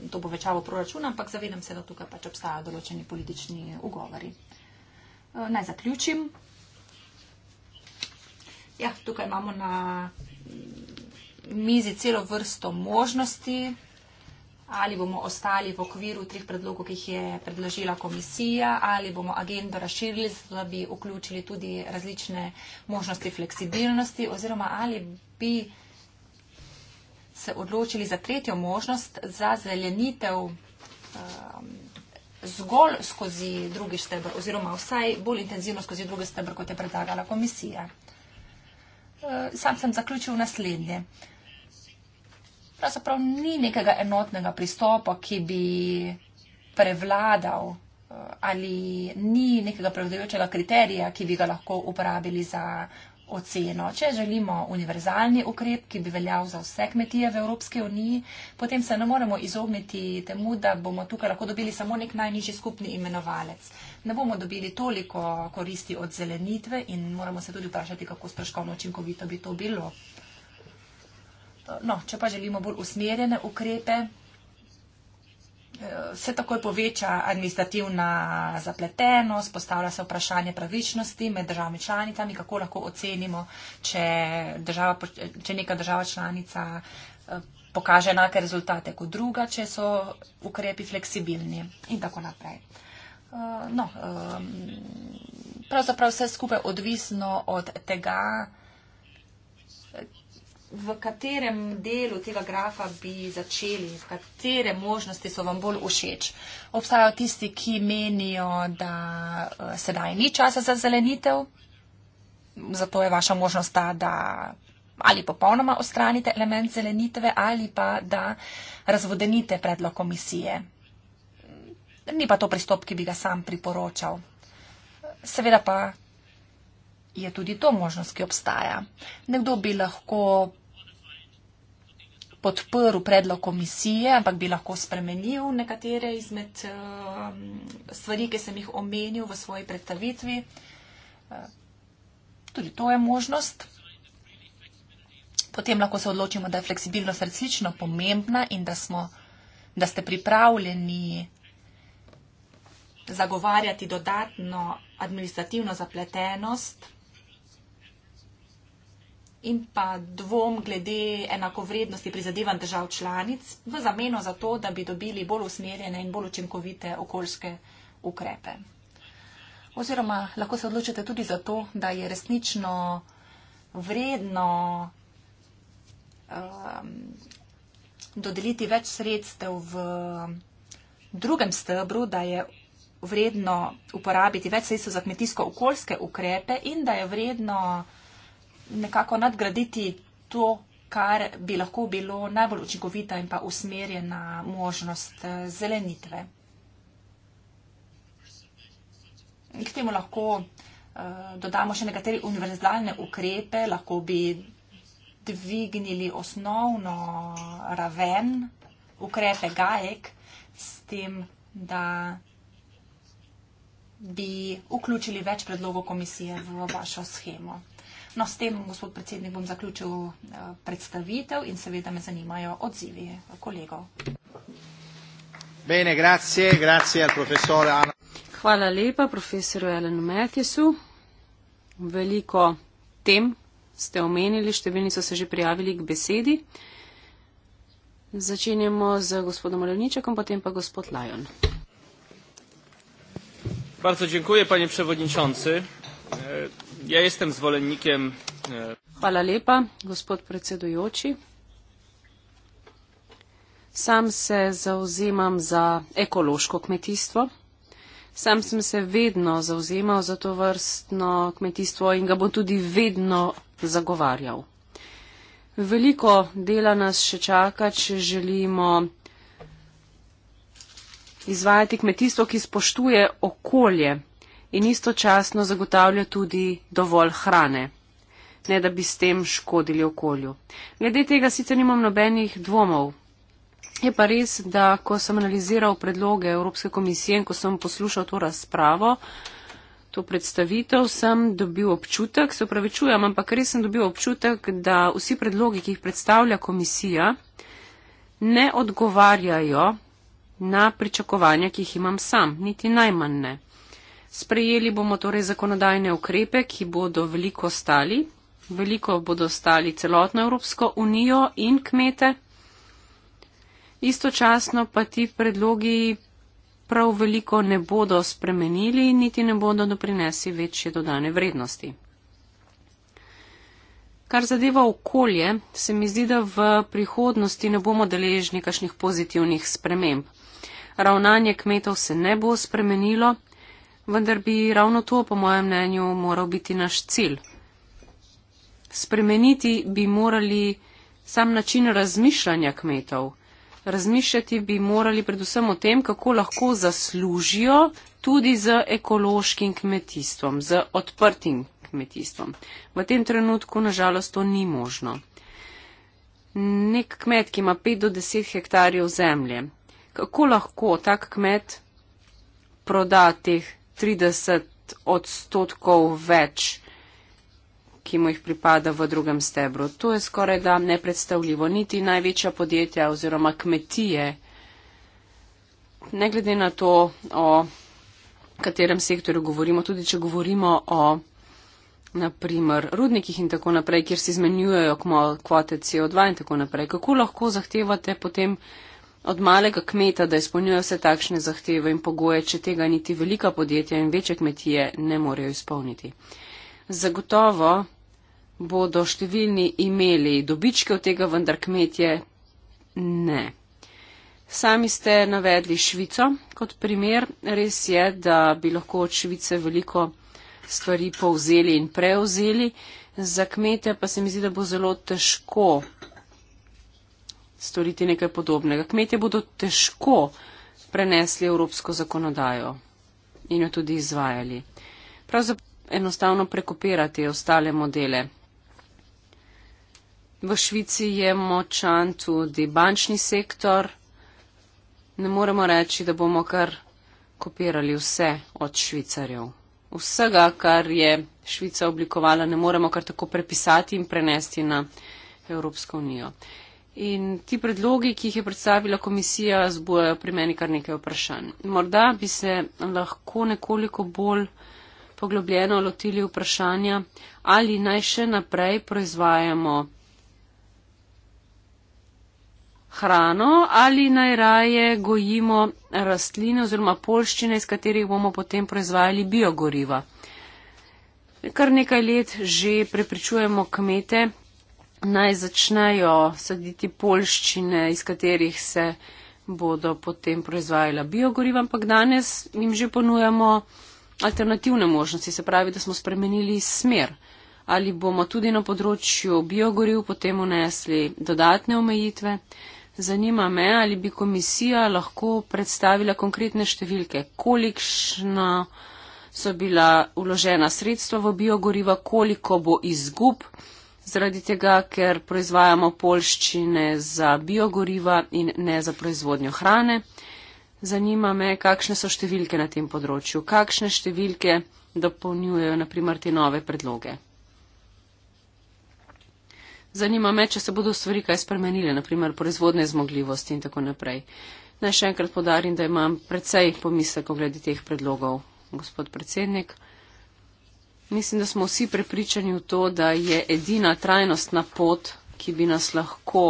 to povečavo proračuna, ampak zavedam se, da tukaj pač obstajajo določeni politični ugovori. Eh, naj zaključim. Ja, tukaj imamo na mizi celo vrsto možnosti, ali bomo ostali v okviru trih predlogov, ki jih je predložila komisija, ali bomo agendo razširili, da bi vključili tudi različne možnosti fleksibilnosti, oziroma ali bi se odločili za tretjo možnost za zelenitev um, zgolj skozi drugi stebr oziroma vsaj bolj intenzivno skozi drugi stebr, kot je predlagala komisija. Uh, sam sem zaključil naslednje. Pravzaprav ni nekega enotnega pristopa, ki bi prevladal uh, ali ni nekega prevladujočega kriterija, ki bi ga lahko uporabili za oceno. Če želimo univerzalni ukrep, ki bi veljal za vse kmetije v Evropski uniji, potem se ne moremo izogniti temu, da bomo tukaj lahko dobili samo nek najnižji skupni imenovalec. Ne bomo dobili toliko koristi od zelenitve in moramo se tudi vprašati, kako sprškovno učinkovito bi to bilo. No, če pa želimo bolj usmerjene ukrepe, se takoj poveča administrativna zapletenost, postavlja se vprašanje pravičnosti med državami članicami, kako lahko ocenimo, če, država, če neka država članica eh, pokaže enake rezultate kot druga, če so ukrepi fleksibilni in tako naprej. Eh, no, pravzaprav vse skupaj odvisno od tega, v katerem delu tega grafa bi začeli, katere možnosti so vam bolj všeč. Obstajajo tisti, ki menijo, da eh, sedaj ni časa za zelenitev, zato je vaša možnost ta, da ali popolnoma ostranite element zelenitve ali pa da razvodenite predlog komisije. Ni pa to pristop, ki bi ga sam priporočal. Seveda pa je tudi to možnost, ki obstaja. Nekdo bi lahko podprl predlog komisije, ampak bi lahko spremenil nekatere izmed um, stvari, ki sem jih omenil v svoji predstavitvi. Uh, tudi to je možnost. Potem lahko se odločimo, da je fleksibilnost resnično pomembna in da, smo, da ste pripravljeni zagovarjati dodatno administrativno zapletenost in pa dvom glede enakovrednosti prizadevanj držav članic v zameno za to, da bi dobili bolj usmerjene in bolj učinkovite okoljske ukrepe. Oziroma lahko se odločite tudi za to, da je resnično vredno um, dodeliti več sredstev v drugem stebru, da je vredno uporabiti več sredstev za kmetijsko-okoljske ukrepe in da je vredno nekako nadgraditi to, kar bi lahko bilo najbolj učinkovita in pa usmerjena možnost eh, zelenitve. K temu lahko eh, dodamo še nekatere univerzalne ukrepe, lahko bi dvignili osnovno raven ukrepe GAEK s tem, da bi vključili več predlogov komisije v vašo schemo. No, s tem, gospod predsednik, bom zaključil eh, predstavitev in seveda me zanimajo odzivi kolegov. Bene, grazie, grazie al profesore Ana. Hvala lepa profesoru Elenu Matjesu. Veliko tem ste omenili, številni so se že prijavili k besedi. Začenjamo z gospodom Olevničekom, potem pa gospod Lajon. Bardzo dziękuję, panie przewodniczący. Ja, jestem zvolennikiem. E, Hvala lepa, gospod predsedujoči. Sam se zauzemam za ekološko kmetijstvo. Sam sem se vedno zauzemal za to vrstno kmetijstvo in ga bom tudi vedno zagovarjal. Veliko dela nas še čaka, če želimo izvajati kmetijstvo, ki spoštuje okolje in istočasno zagotavlja tudi dovolj hrane, ne da bi s tem škodili okolju. Glede tega sicer nimam nobenih dvomov. Je pa res, da ko sem analiziral predloge Evropske komisije in ko sem poslušal to razpravo, to predstavitev, sem dobil občutek, se upravičujem, ampak res sem dobil občutek, da vsi predlogi, ki jih predstavlja komisija, ne odgovarjajo na pričakovanja, ki jih imam sam, niti najmanj ne. Sprejeli bomo torej zakonodajne ukrepe, ki bodo veliko stali. Veliko bodo stali celotno Evropsko unijo in kmete. Istočasno pa ti predlogi prav veliko ne bodo spremenili, niti ne bodo doprinesi večje dodane vrednosti. Kar zadeva okolje, se mi zdi, da v prihodnosti ne bomo deležni kašnih pozitivnih sprememb. Ravnanje kmetov se ne bo spremenilo vendar bi ravno to, po mojem mnenju, moral biti naš cilj. Spremeniti bi morali sam način razmišljanja kmetov. Razmišljati bi morali predvsem o tem, kako lahko zaslužijo tudi z ekološkim kmetijstvom, z odprtim kmetijstvom. V tem trenutku, nažalost, to ni možno. Nek kmet, ki ima 5 do 10 hektarjev zemlje, kako lahko tak kmet proda teh 30 odstotkov več, ki mu jih pripada v drugem stebru. To je skoraj da nepredstavljivo. Niti največja podjetja oziroma kmetije, ne glede na to, o katerem sektorju govorimo, tudi če govorimo o naprimer rudnikih in tako naprej, kjer se izmenjujejo kvote CO2 in tako naprej. Kako lahko zahtevate potem od malega kmeta, da izpolnjuje vse takšne zahteve in pogoje, če tega niti velika podjetja in večje kmetije ne morejo izpolniti. Zagotovo bodo številni imeli dobičke od tega, vendar kmetje ne. Sami ste navedli Švico kot primer. Res je, da bi lahko od Švice veliko stvari povzeli in preuzeli. Za kmete pa se mi zdi, da bo zelo težko storiti nekaj podobnega. Kmetje bodo težko prenesli evropsko zakonodajo in jo tudi izvajali. Pravzaprav enostavno prekopirati ostale modele. V Švici je močan tudi bančni sektor. Ne moremo reči, da bomo kar kopirali vse od švicarjev. Vsega, kar je Švica oblikovala, ne moremo kar tako prepisati in prenesti na Evropsko unijo. In ti predlogi, ki jih je predstavila komisija, zbujajo pri meni kar nekaj vprašanj. Morda bi se lahko nekoliko bolj poglobljeno lotili vprašanja, ali naj še naprej proizvajamo hrano ali naj raje gojimo rastline oziroma polščine, iz katerih bomo potem proizvajali biogoriva. Kar nekaj let že prepričujemo kmete, naj začnejo saditi polščine, iz katerih se bodo potem proizvajala biogoriva, ampak danes jim že ponujamo alternativne možnosti, se pravi, da smo spremenili smer. Ali bomo tudi na področju biogoriv potem unesli dodatne omejitve? Zanima me, ali bi komisija lahko predstavila konkretne številke, kolikšna so bila uložena sredstva v biogoriva, koliko bo izgub zaradi tega, ker proizvajamo polščine za biogoriva in ne za proizvodnjo hrane. Zanima me, kakšne so številke na tem področju, kakšne številke dopolnjujejo naprimer te nove predloge. Zanima me, če se bodo stvari kaj spremenile, naprimer proizvodne zmogljivosti in tako naprej. Naj še enkrat podarim, da imam precej pomislekov glede teh predlogov, gospod predsednik. Mislim, da smo vsi prepričani v to, da je edina trajnostna pot, ki bi nas lahko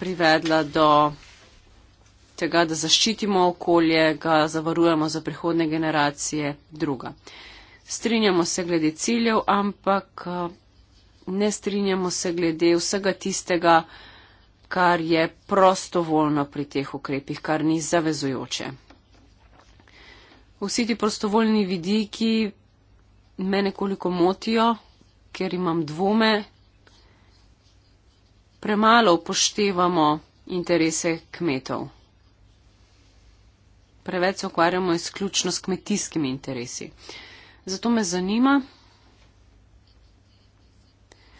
privedla do tega, da zaščitimo okolje, ga zavarujemo za prihodne generacije, druga. Strinjamo se glede ciljev, ampak eh, ne strinjamo se glede vsega tistega, kar je prostovoljno pri teh ukrepih, kar ni zavezujoče. Vsi ti prostovoljni vidiki me nekoliko motijo, ker imam dvome, premalo upoštevamo interese kmetov. Preveč se ukvarjamo izključno s kmetijskimi interesi. Zato me zanima,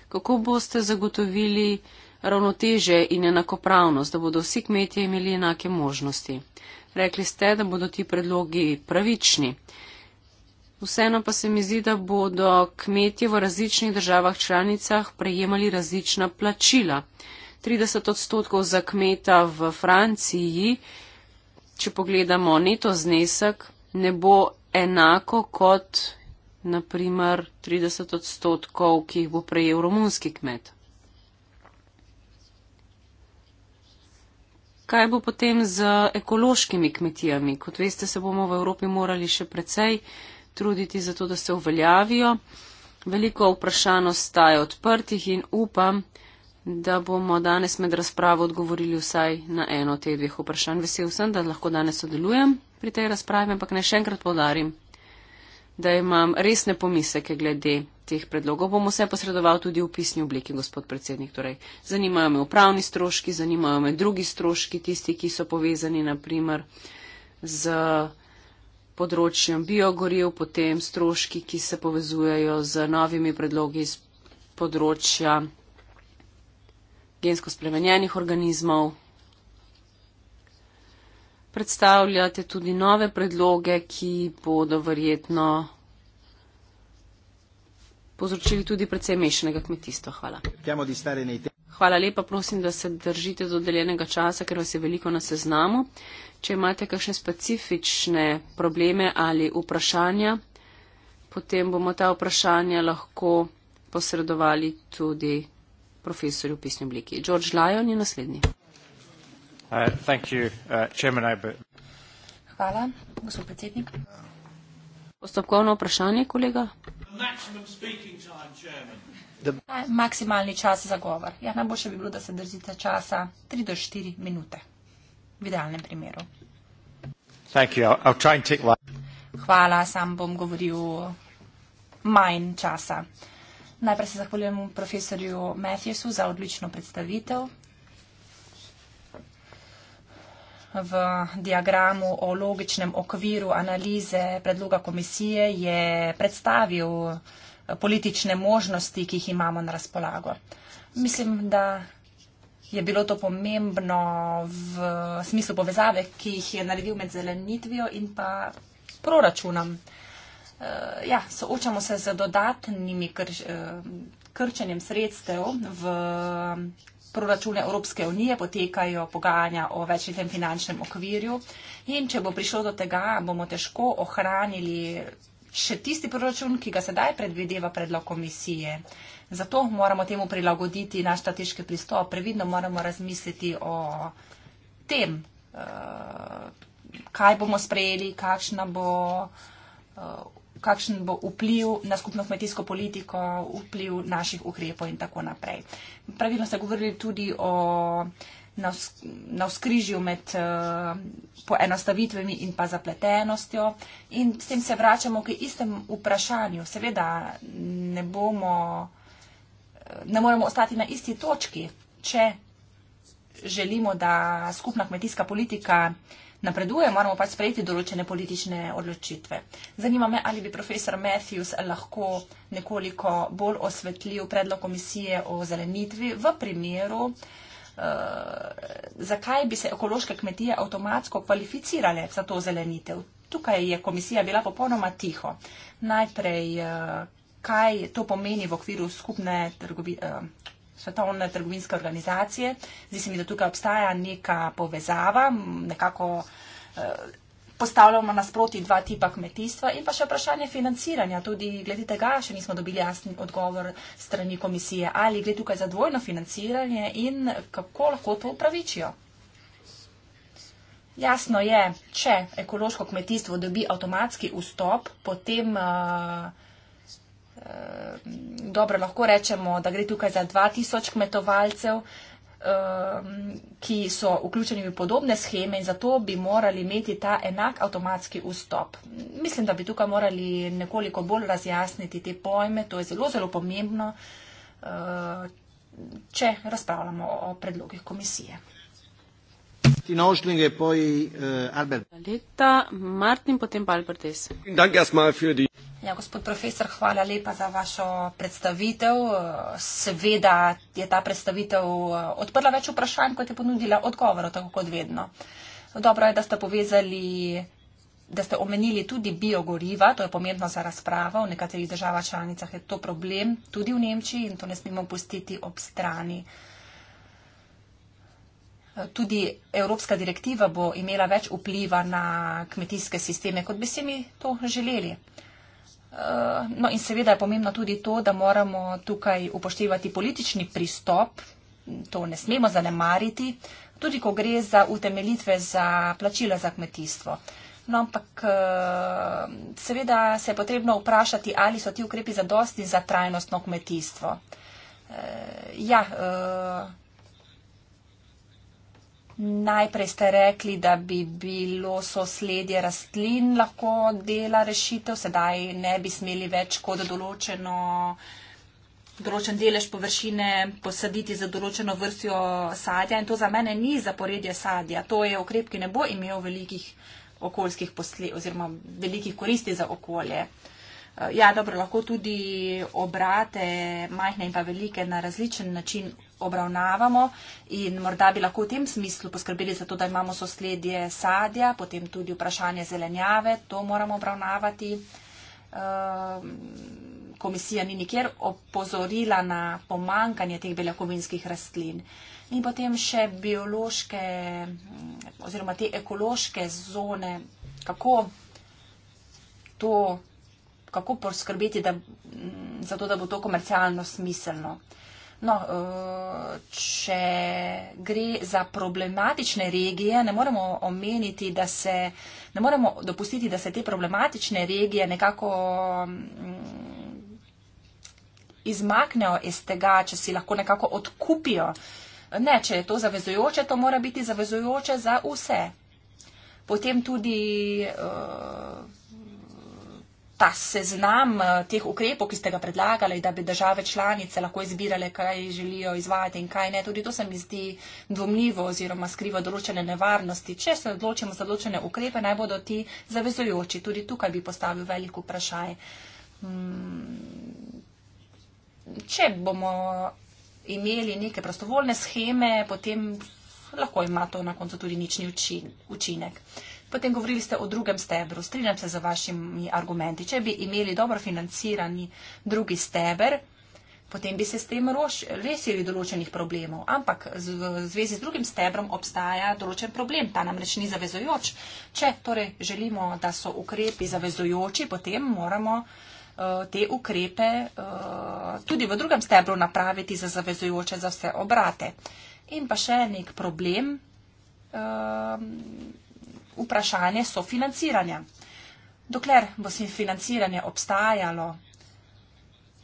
kako boste zagotovili ravnoteže in enakopravnost, da bodo vsi kmetje imeli enake možnosti. Rekli ste, da bodo ti predlogi pravični. Vseeno pa se mi zdi, da bodo kmetje v različnih državah članicah prejemali različna plačila. 30 odstotkov za kmeta v Franciji, če pogledamo neto znesek, ne bo enako kot naprimer 30 odstotkov, ki jih bo prejel romunski kmet. Kaj bo potem z ekološkimi kmetijami? Kot veste, se bomo v Evropi morali še precej truditi za to, da se uveljavijo. Veliko vprašanj ostaje odprtih in upam, da bomo danes med razpravo odgovorili vsaj na eno od teh dveh vprašanj. Vesel sem, da lahko danes sodelujem pri tej razpravi, ampak naj še enkrat podarim, da imam resne pomiseke glede teh predlogov. Bom vse posredoval tudi v pisni obliki, gospod predsednik. Torej, zanimajo me upravni stroški, zanimajo me drugi stroški, tisti, ki so povezani naprimer z področjem biogoriv, potem stroški, ki se povezujejo z novimi predlogi iz področja gensko spremenjenih organizmov. Predstavljate tudi nove predloge, ki bodo verjetno povzročili tudi predvsem mešanega kmetijstva. Hvala. Hvala lepa, prosim, da se držite do deljenega časa, ker vas je veliko na seznamu. Če imate kakšne specifične probleme ali vprašanja, potem bomo ta vprašanja lahko posredovali tudi profesorju v pisni obliki. George Lyon je naslednji. Uh, you, uh, Hvala, gospod predsednik. Postopkovno vprašanje, kolega. Time, da... Maksimalni čas za govor. Ja, najboljše bi bilo, da se držite časa 3 do 4 minute. V idealnem primeru. Thank you. I'll, I'll try and take one. Hvala, sam bom govoril manj časa. Najprej se zahvaljujem profesorju Matthewsu za odlično predstavitev. V diagramu o logičnem okviru analize predloga komisije je predstavil politične možnosti, ki jih imamo na razpolago. Mislim, da je bilo to pomembno v smislu povezave, ki jih je naredil med zelenitvijo in pa proračunom. Eh, ja, soočamo se z dodatnimi kr eh, krčenjem sredstev v proračune Evropske unije, potekajo pogajanja o večletnem finančnem okvirju in če bo prišlo do tega, bomo težko ohranili še tisti proračun, ki ga sedaj predvideva predlog komisije. Zato moramo temu prilagoditi naš strateški pristop. Previdno moramo razmisliti o tem, eh, kaj bomo sprejeli, kakšna bo eh, kakšen bo vpliv na skupno kmetijsko politiko, vpliv naših ukrepov in tako naprej. Pravilno ste govorili tudi o uh, na vzkrižju med eh, poenostavitvami in pa zapletenostjo. In s tem se vračamo k istem vprašanju. Seveda ne, bomo, eh, ne moremo ostati na isti točki, če želimo, da skupna kmetijska politika napreduje, moramo pač sprejeti določene politične odločitve. Zanima me, ali bi profesor Matthews lahko nekoliko bolj osvetlil predlog komisije o zelenitvi v primeru, Eh, zakaj bi se ekološke kmetije avtomatsko kvalificirale za to zelenitev. Tukaj je komisija bila popolnoma tiho. Najprej, eh, kaj to pomeni v okviru skupne trgovi, eh, svetovne trgovinske organizacije. Zdi se mi, da tukaj obstaja neka povezava, nekako postavljamo nasproti dva tipa kmetijstva in pa še vprašanje financiranja. Tudi glede tega še nismo dobili jasni odgovor strani komisije, ali gre tukaj za dvojno financiranje in kako lahko to upravičijo. Jasno je, če ekološko kmetijstvo dobi avtomatski vstop, potem eh, eh, dobro lahko rečemo, da gre tukaj za 2000 kmetovalcev. Um, ki so vključeni v podobne scheme in zato bi morali imeti ta enak avtomatski vstop. Mislim, da bi tukaj morali nekoliko bolj razjasniti te pojme. To je zelo, zelo pomembno, uh, če razpravljamo o predlogih komisije. Eh, Hvala lepa, Martin, potem pa Albertes. Ja, gospod profesor, hvala lepa za vašo predstavitev. Seveda je ta predstavitev eh, odprla več vprašanj, kot je ponudila odgovorov, tako kot vedno. Dobro je, da ste povezali, da ste omenili tudi biogoriva, to je pomembno za razpravo. V nekaterih državah članicah je to problem, tudi v Nemčiji, in to ne smemo pustiti ob strani. Tudi evropska direktiva bo imela več vpliva na kmetijske sisteme, kot bi se mi to želeli. Eh, no in seveda je pomembno tudi to, da moramo tukaj upoštevati politični pristop, to ne smemo zanemariti, tudi ko gre za utemelitve za plačila za kmetijstvo. No, ampak eh, seveda se je potrebno vprašati, ali so ti ukrepi zadosti za trajnostno kmetijstvo. Eh, ja, Najprej ste rekli, da bi bilo sosledje rastlin lahko dela rešitev, sedaj ne bi smeli več kot določeno, določen delež površine posaditi za določeno vrsto sadja in to za mene ni zaporedje sadja. To je ukrep, ki ne bo imel velikih, posle, velikih koristi za okolje. Ja, dobro, lahko tudi obrate, majhne in pa velike, na različen način obravnavamo in morda bi lahko v tem smislu poskrbeli za to, da imamo sosledje sadja, potem tudi vprašanje zelenjave, to moramo obravnavati. Ehm, komisija ni nikjer opozorila na pomankanje teh beljakovinskih rastlin. In potem še biološke oziroma te ekološke zone, kako to kako poskrbeti da, za to, da bo to komercialno smiselno. No, eh, če gre za problematične regije, ne moremo omeniti, da se, ne moremo dopustiti, da se te problematične regije nekako mm, izmaknejo iz tega, če si lahko nekako odkupijo. Ne, če je to zavezujoče, to mora biti zavezujoče za vse. Potem tudi uh, ta seznam eh, teh ukrepov, ki ste ga predlagali, da bi države članice lahko izbirale, kaj želijo izvajati in kaj ne, tudi to se mi zdi dvomljivo oziroma skriva določene nevarnosti. Če se odločimo za določene ukrepe, naj bodo ti zavezujoči. Tudi tukaj bi postavil veliko vprašanje. Mm, če bomo imeli neke prostovoljne scheme, potem lahko ima to na koncu tudi nični učinek. Potem govorili ste o drugem stebru. Strinjam se z vašimi argumenti. Če bi imeli dobro financirani drugi steber, potem bi se s tem rešili določenih problemov. Ampak v zvezi z drugim stebrom obstaja določen problem. Ta namreč ni zavezojoč. Če torej želimo, da so ukrepi zavezojoči, potem moramo eh, te ukrepe eh, tudi v drugem stebru napraviti za zavezojoče za vse obrate. In pa še nek problem. Eh, vprašanje sofinanciranja. Dokler bo sofinanciranje obstajalo,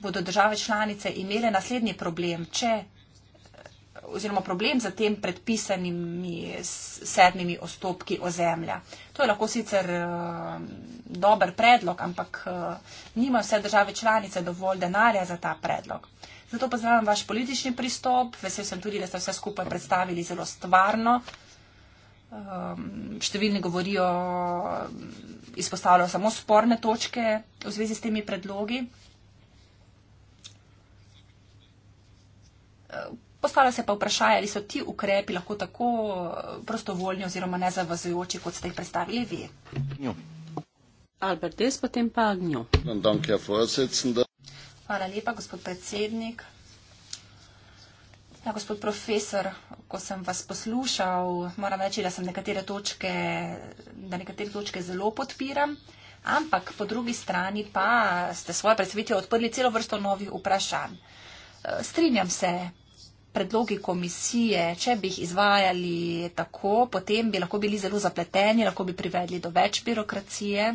bodo države članice imele naslednji problem, če oziroma problem za tem predpisanimi sedmimi ostopki ozemlja. To je lahko sicer eh, dober predlog, ampak eh, nima vse države članice dovolj denarja za ta predlog. Zato pozdravljam vaš politični pristop, vesel sem tudi, da ste vse skupaj predstavili zelo stvarno. Um, številni govorijo, izpostavljajo samo sporne točke v zvezi s temi predlogi. Eh, postavlja se pa vprašanje, ali so ti ukrepi lahko tako eh, prostovoljni oziroma nezavazujoči, kot ste jih predstavili vi. Njo. Albert, jaz potem pa gnjo. Hvala lepa, gospod predsednik. Ja, gospod profesor, ko sem vas poslušal, moram reči, da sem nekatere točke, da nekatere točke zelo podpiram, ampak po drugi strani pa ste svoje predstavitve odprli celo vrsto novih vprašanj. E, strinjam se, predlogi komisije, če bi jih izvajali tako, potem bi lahko bili zelo zapleteni, lahko bi privedli do več birokracije,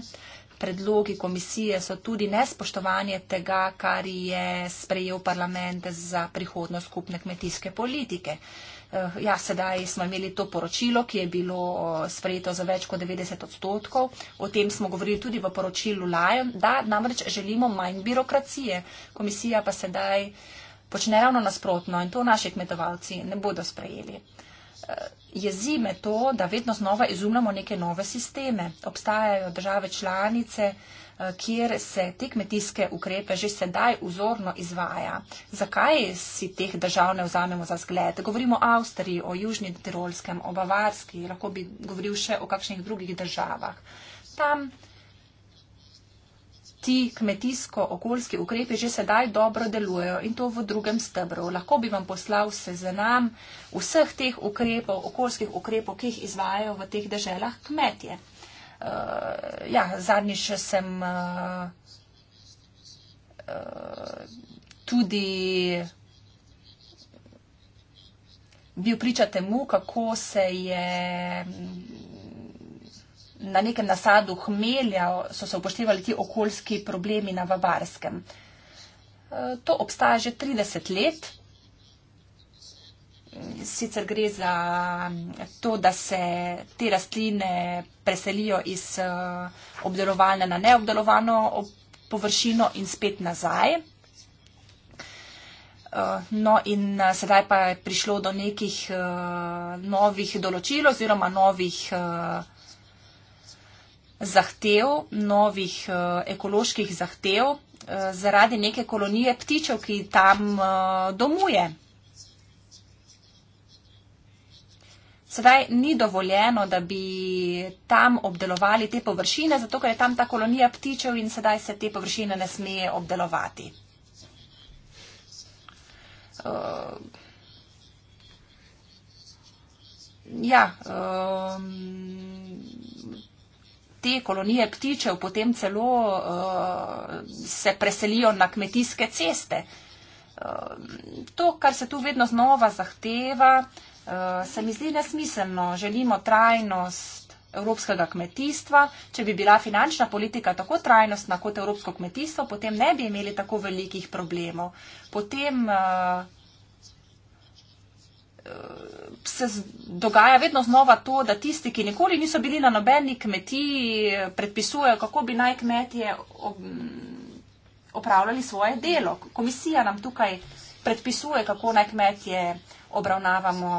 predlogi komisije so tudi nespoštovanje tega, kar je sprejel parlament za prihodnost skupne kmetijske politike. Eh, ja, sedaj smo imeli to poročilo, ki je bilo sprejeto za več kot 90 odstotkov. O tem smo govorili tudi v poročilu Lion, da namreč želimo manj birokracije. Komisija pa sedaj počne ravno nasprotno in to naši kmetovalci ne bodo sprejeli jezi me to, da vedno znova izumljamo neke nove sisteme. Obstajajo države članice, eh, kjer se te kmetijske ukrepe že sedaj vzorno izvaja. Zakaj si teh držav ne vzamemo za zgled? Govorimo o Avstriji, o Južni Tirolskem, o Bavarski, lahko bi govoril še o kakšnih drugih državah. Tam ti kmetijsko-okoljski ukrepi že sedaj dobro delujejo in to v drugem stebru. Lahko bi vam poslal seznam vseh teh ukrepov, okoljskih ukrepov, ki jih izvajajo v teh deželah kmetje. Uh, ja, zadnjič sem uh, uh, tudi bil priča temu, kako se je. Um, na nekem nasadu hmelja so se upoštevali ti okoljski problemi na Vabarskem. E, to obstaja že 30 let. Sicer gre za mm, to, da se te rastline preselijo iz e, obdelovalne na neobdelovano površino in spet nazaj. E, no in sedaj pa je prišlo do nekih novih določil oziroma novih zahtev, novih eh, ekoloških zahtev eh, zaradi neke kolonije ptičev, ki tam eh, domuje. Sedaj ni dovoljeno, da bi tam obdelovali te površine, zato ker je tam ta kolonija ptičev in sedaj se te površine ne smeje obdelovati. Ja, um, te kolonije ptičev potem celo uh, se preselijo na kmetijske ceste. Uh, to, kar se tu vedno znova zahteva, uh, se mi zdi nesmiselno. Želimo trajnost evropskega kmetijstva. Če bi bila finančna politika tako trajnostna kot evropsko kmetijstvo, potem ne bi imeli tako velikih problemov. Potem, uh, se dogaja vedno znova to, da tisti, ki nikoli niso bili na nobeni kmetiji, predpisujejo, kako bi naj kmetije opravljali svoje delo. Komisija nam tukaj predpisuje, kako naj kmetije obravnavamo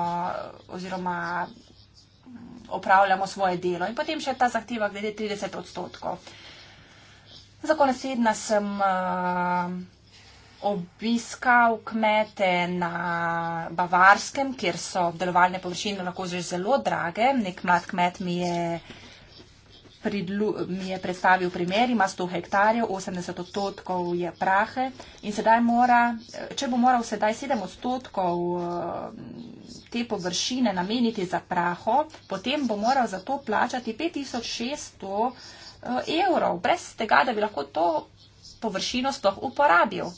oziroma mm, opravljamo svoje delo. In potem še ta zahteva glede 30 odstotkov. Za konec tedna sem. Uh, obiskal kmete na Bavarskem, kjer so obdelovalne površine lahko že zelo drage. Nek mlad kmet mi je, pridlu, mi je predstavil primer, ima 100 hektarjev, 80 odstotkov je prahe in sedaj mora, če bo moral sedaj 7 odstotkov eh, te površine nameniti za praho, potem bo moral za to plačati 5600 eh, evrov, brez tega, da bi lahko to površino sploh uporabil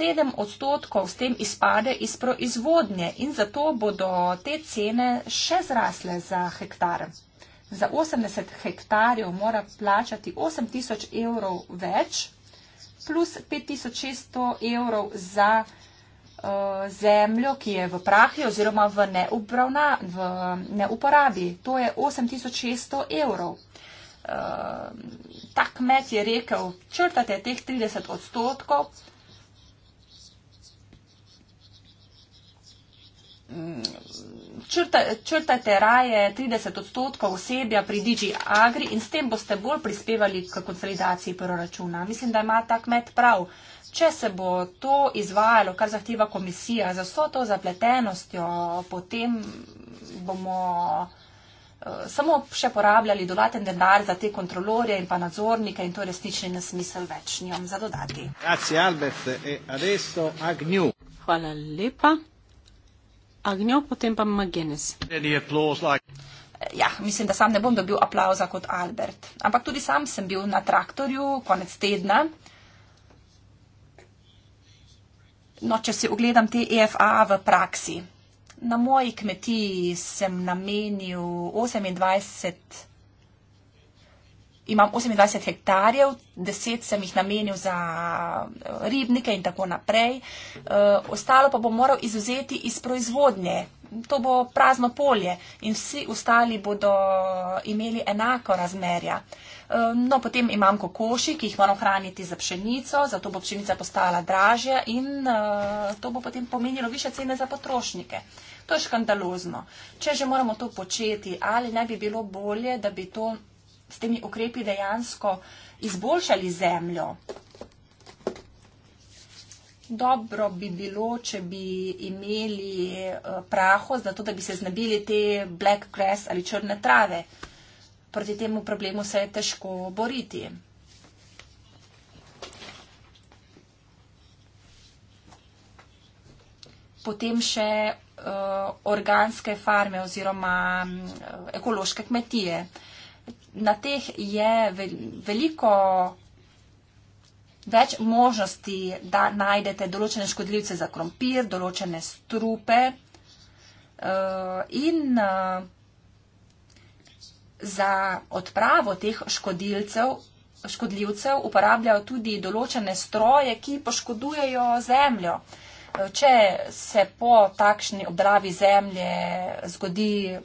sedem odstotkov s tem izpade iz proizvodnje in zato bodo te cene še zrasle za hektar. Za 80 hektarjev mora plačati 8000 evrov več, plus 5600 evrov za uh, zemljo, ki je v prahi oziroma v, neubravna, v neuporabi. To je 8600 evrov. Uh, eh, tak met je rekel, črtate teh 30 odstotkov, Mm, črta, črtajte raje 30 odstotkov osebja pri Digi Agri in s tem boste bolj prispevali k konsolidaciji proračuna. Mislim, da ima ta kmet prav. Če se bo to izvajalo, kar zahteva komisija, za vso to zapletenostjo, potem bomo eh, samo še porabljali dodaten denar za te kontrolorje in pa nadzornike in to resnični nasmisel več njom za dodati. E Hvala lepa. Agnjo, potem pa Magenes. Ja, mislim, da sam ne bom dobil aplauza kot Albert. Ampak tudi sam sem bil na traktorju konec tedna. No, če si ogledam te EFA v praksi. Na moji kmetiji sem namenil 28 imam 28 hektarjev, 10 sem jih namenil za eh, ribnike in tako naprej. Eh, ostalo pa bom moral izuzeti iz proizvodnje. To bo prazno polje in vsi ostali bodo imeli enako razmerja. Eh, no, potem imam kokoši, ki jih moram hraniti za pšenico, zato bo pšenica postala dražja in to bo potem pomenilo više cene za potrošnike. To je škandalozno. Če že moramo to početi, ali ne bi bilo bolje, da bi to s temi ukrepi dejansko izboljšali zemljo. Dobro bi bilo, če bi imeli eh, praho, zato da bi se znebili te black grass ali črne trave. Proti temu problemu se je težko boriti. Potem še uh, organske farme oziroma uh, ekološke kmetije. Uh, na teh je veliko več možnosti, da najdete določene škodljivce za krompir, določene strupe eh, in eh, za odpravo teh škodilcev, škodljivcev uporabljajo tudi določene stroje, ki poškodujejo zemljo če se po takšni obdravi zemlje zgodi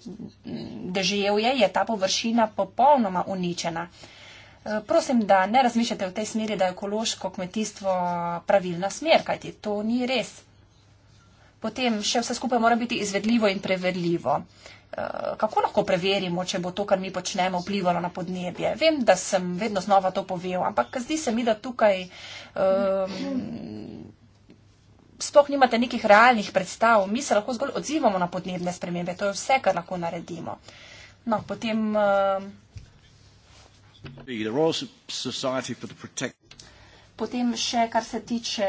deževje, je ta površina popolnoma uničena. E, prosim, da ne razmišljate v tej smeri, da je ekološko kmetijstvo pravilna smer, kajti to ni res. Potem še vse skupaj mora biti izvedljivo in preverljivo. E, kako lahko preverimo, če bo to, kar mi počnemo, vplivalo na podnebje? Vem, da sem vedno znova to povedal, ampak zdi se mi, da tukaj um, sploh nimate nekih realnih predstav, mi se lahko zgolj odzivamo na podnebne spremembe, to je vse, kar lahko naredimo. No, potem. Uh, potem še, kar se tiče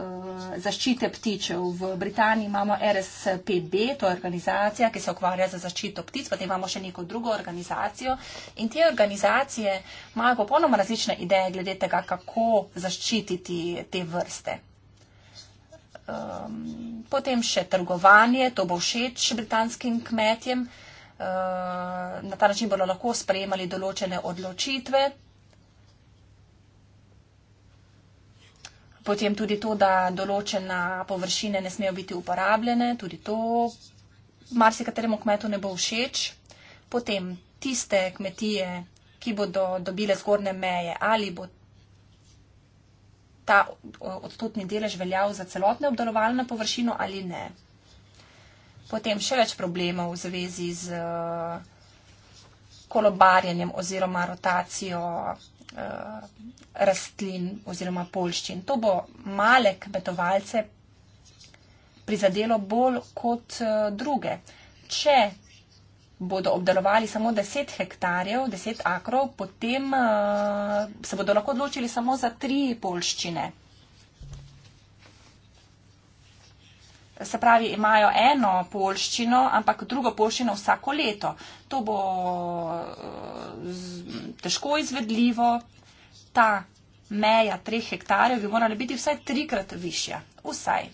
uh, zaščite ptičev. V Britaniji imamo RSPB, to je organizacija, ki se ukvarja za zaščito ptic, potem imamo še neko drugo organizacijo. In te organizacije imajo popolnoma različne ideje glede tega, kako zaščititi te vrste. Um, potem še trgovanje, to bo všeč britanskim kmetjem. Uh, na ta način bodo lahko sprejemali določene odločitve. Potem tudi to, da določena površine ne smejo biti uporabljene, tudi to marsikateremu kmetu ne bo všeč. Potem tiste kmetije, ki bodo dobile zgornje meje ali bo ta odstotni delež veljal za celotno obdelovalno površino ali ne. Potem še več problemov v zvezi z kolobarjenjem oziroma rotacijo eh, rastlin oziroma polščin. To bo male kmetovalce prizadelo bolj kot eh, druge. Če bodo obdelovali samo 10 hektarjev, 10 akrov, potem uh, se bodo lahko odločili samo za tri polščine. Se pravi, imajo eno polščino, ampak drugo polščino vsako leto. To bo eh, težko izvedljivo. Ta meja treh hektarjev bi morala biti vsaj trikrat višja. Vsaj.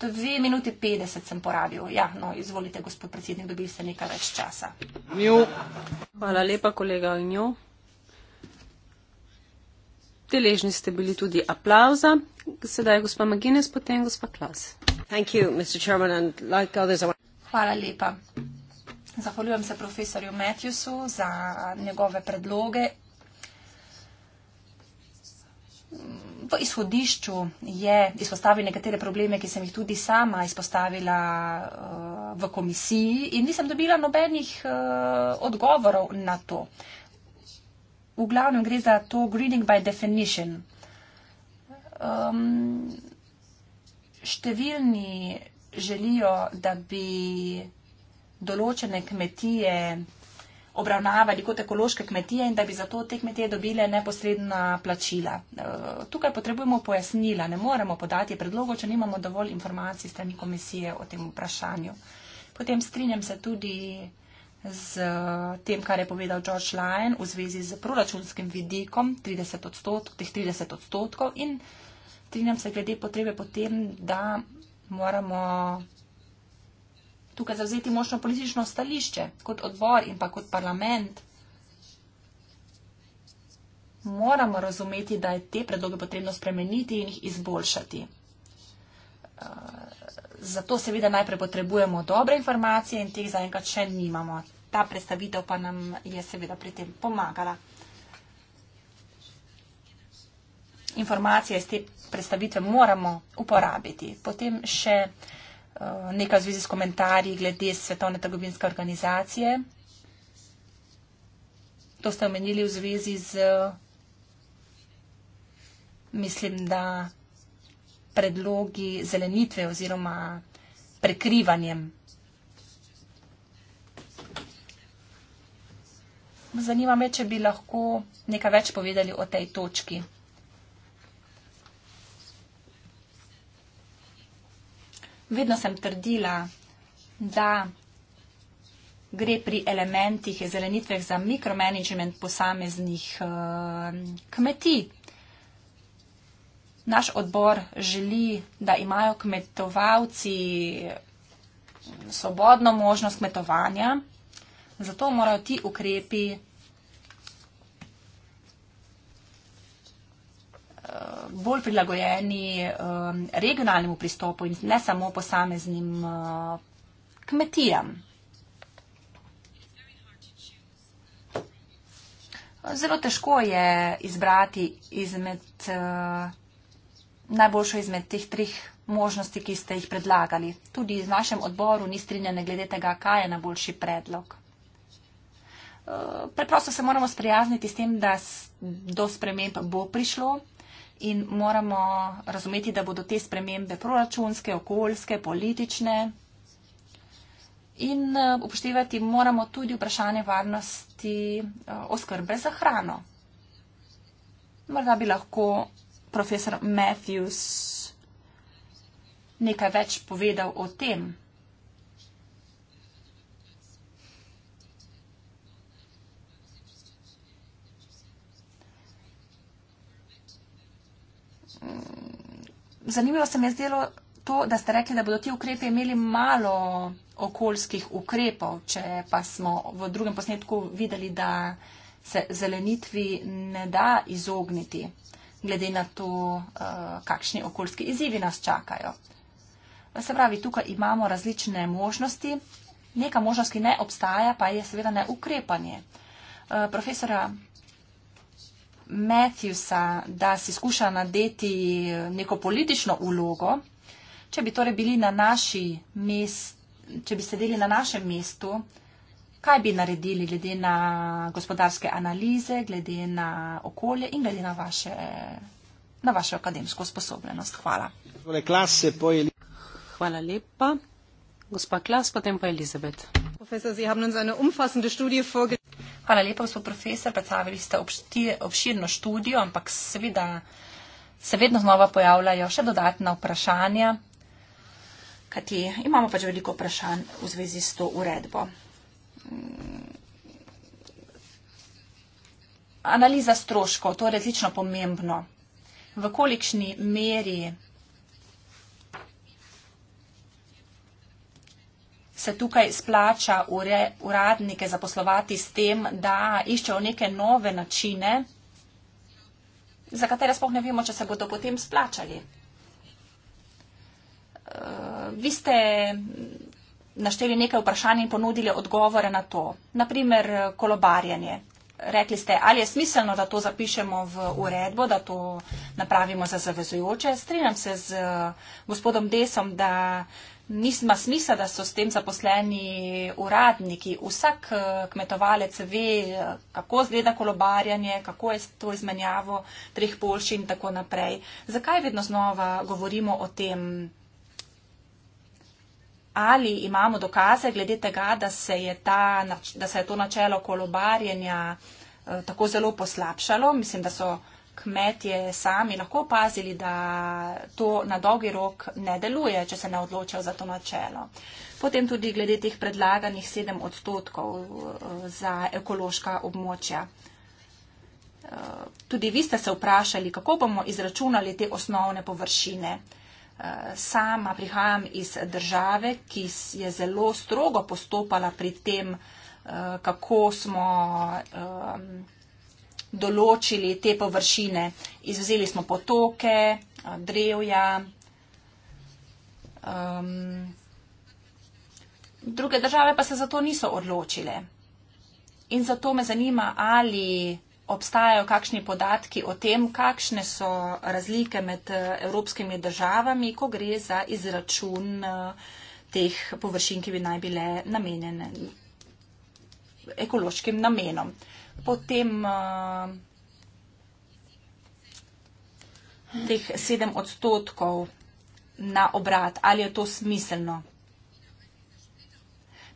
To je dve minuti petdeset sem porabil. Ja, no, izvolite, gospod predsednik, dobil ste nekaj več časa. Njo. Hvala lepa, kolega Njo. Deležni ste bili tudi aplauza. Sedaj je gospa Magines, potem gospa Klas. You, Chairman, like others, want... Hvala lepa. Zahvaljujem se profesorju Matthewsu za njegove predloge V izhodišču je izpostavil nekatere probleme, ki sem jih tudi sama izpostavila eh, v komisiji in nisem dobila nobenih eh, odgovorov na to. V glavnem gre za to greening by definition. Um, številni želijo, da bi določene kmetije obravnavali kot ekološke kmetije in da bi zato te kmetije dobile neposredna plačila. E, tukaj potrebujemo pojasnila, ne moremo podati predlogo, če nimamo dovolj informacij strani komisije o tem vprašanju. Potem strinjam se tudi z tem, kar je povedal George Lyon v zvezi z proračunskim vidikom, 30 odstotk, teh 30 odstotkov in strinjam se glede potrebe potem, da moramo tukaj zavzeti močno politično stališče, kot odbor in pa kot parlament. Moramo razumeti, da je te predloge potrebno spremeniti in jih izboljšati. Eh, zato seveda najprej potrebujemo dobre informacije in teh zaenkrat še nimamo. Ta predstavitev pa nam je seveda pri tem pomagala. Informacije iz te predstavitve moramo uporabiti. Potem še Eh, nekaj v zvezi s komentarji glede Svetovne trgovinske organizacije. To ste omenili v zvezi z, mislim, da predlogi zelenitve oziroma prekrivanjem. Zanima me, če bi lahko nekaj več povedali o tej točki. vedno sem trdila, da gre pri elementih in zelenitvah za mikromanagement posameznih eh, kmetij. Naš odbor želi, da imajo kmetovalci svobodno možnost kmetovanja, zato morajo ti ukrepi Eh, bolj prilagojeni eh, regionalnemu pristopu in ne samo posameznim eh, kmetijam. Zelo težko je izbrati izmed, najboljšo izmed teh treh možnosti, ki ste jih predlagali. Tudi v našem odboru ni strinjene glede tega, kaj je najboljši predlog. Preprosto se moramo sprijazniti s tem, da do sprememb bo prišlo in moramo razumeti, da bodo te spremembe proračunske, okoljske, politične in eh, upoštevati moramo tudi vprašanje varnosti eh, oskrbe za hrano. Morda bi lahko profesor Matthews nekaj več povedal o tem. Mm, zanimivo se mi je zdelo to, da ste rekli, da bodo ti ukrepi imeli malo okoljskih ukrepov, če pa smo v drugem posnetku videli, da se zelenitvi ne da izogniti, glede na to, eh, kakšni okoljski izzivi nas čakajo. Se pravi, tukaj imamo različne možnosti. Neka možnost, ki ne obstaja, pa je seveda neukrepanje. Eh, profesora Matthewsa, da si skuša nadeti neko politično ulogo, če bi torej bili na naši mestu, če bi sedeli na našem mestu, kaj bi naredili glede na gospodarske analize, glede na okolje in glede na vaše, na vaše akademsko sposobnost. Hvala. Hvala lepa. Gospa Klas, potem pa Elizabet. Profesor, Sie haben uns eine umfassende Studie vorgelegt. Hvala lepa, gospod profesor. Predstavili ste obširno študijo, ampak seveda se vedno znova pojavljajo še dodatna vprašanja, kajti imamo pač veliko vprašanj v zvezi s to uredbo. Analiza stroškov, to je različno pomembno. V kolikšni meri se tukaj splača ure, uradnike zaposlovati s tem, da iščejo neke nove načine, za katere sploh ne vemo, če se bodo potem splačali. Uh, vi ste našteli nekaj vprašanj in ponudili odgovore na to. Naprimer, kolobarjanje. Rekli ste, ali je smiselno, da to zapišemo v uredbo, da to napravimo za zavezujoče. Strinjam se z eh, gospodom Desom, da uh, nisma smisla, da so s tem zaposleni uradniki. Vsak eh, kmetovalec ve, eh, kako zgleda kolobarjanje, kako je to izmenjavo treh polši in tako naprej. Zakaj vedno znova govorimo o tem? Ali imamo dokaze glede tega, da se je, ta, da se je to načelo kolobarjenja eh, tako zelo poslabšalo? Mislim, da so kmetje sami lahko opazili, da to na dolgi rok ne deluje, če se ne odločijo za to načelo. Potem tudi glede teh predlaganih sedem odstotkov eh, za ekološka območja. Eh, tudi vi ste se vprašali, kako bomo izračunali te osnovne površine. Eh, sama prihajam iz države, ki je zelo strogo postopala pri tem, kako smo določili te površine. Izvzeli smo potoke, drevja. Um, druge države pa se za to niso odločile. In zato me zanima, ali obstajajo kakšni podatki o tem, kakšne so razlike med eh, evropskimi državami, ko gre za izračun eh, teh površin, ki bi naj bile namenjene ekološkim namenom potem uh, teh sedem odstotkov na obrat. Ali je to smiselno?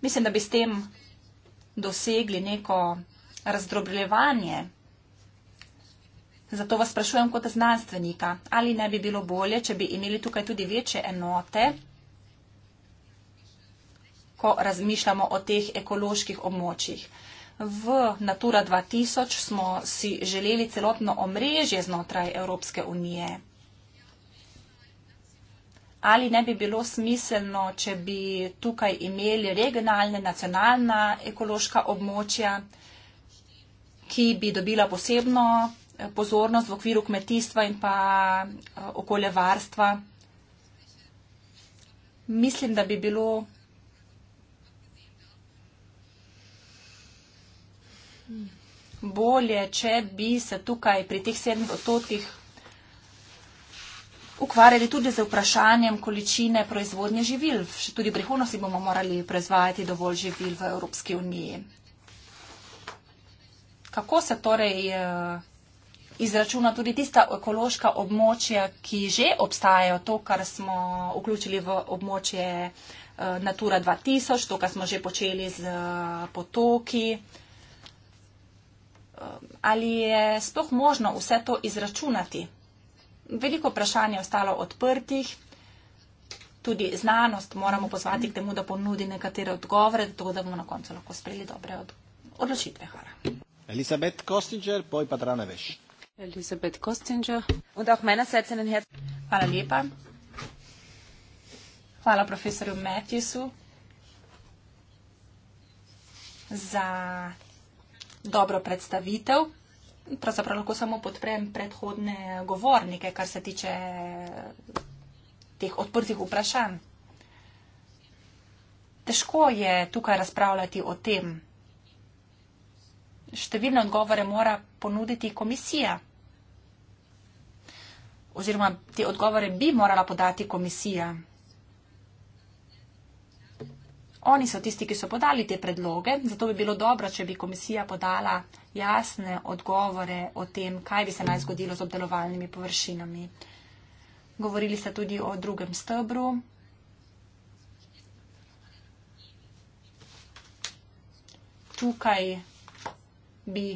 Mislim, da bi s tem dosegli neko razdrobljevanje. Zato vas sprašujem kot znanstvenika, ali ne bi bilo bolje, če bi imeli tukaj tudi večje enote, ko razmišljamo o teh ekoloških območjih. V Natura 2000 smo si želeli celotno omrežje znotraj Evropske unije. Ali ne bi bilo smiselno, če bi tukaj imeli regionalne, nacionalna ekološka območja, ki bi dobila posebno eh, pozornost v okviru kmetijstva in pa eh, okoljevarstva. Mislim, da bi bilo bolje, če bi se tukaj pri teh sedmih otokih ukvarjali tudi z vprašanjem količine proizvodnje živil. Še tudi v prihodnosti bomo morali proizvajati dovolj živil v Evropski uniji. Kako se torej eh, izračuna tudi tista ekološka območja, ki že obstajajo, to, kar smo vključili v območje eh, Natura 2000, to, kar smo že počeli z eh, potoki ali je sploh možno vse to izračunati. Veliko vprašanj je ostalo odprtih, tudi znanost moramo pozvati k temu, da ponudi nekatere odgovore, tako da bomo na koncu lahko sprejeli dobre odločitve. Hvala. Elizabeth Kostinger, poj pa drane veš. Elizabeth Kostinger. Hvala lepa. Hvala profesorju Matthewsu za dobro predstavitev. Pravzaprav lahko samo podprem predhodne govornike, kar se tiče teh odprtih vprašanj. Težko je tukaj razpravljati o tem. Številne odgovore mora ponuditi komisija. Oziroma, te odgovore bi morala podati komisija. Oni so tisti, ki so podali te predloge, zato bi bilo dobro, če bi komisija podala jasne odgovore o tem, kaj bi se naj zgodilo z obdelovalnimi površinami. Govorili ste tudi o drugem stebru. Tukaj, bi,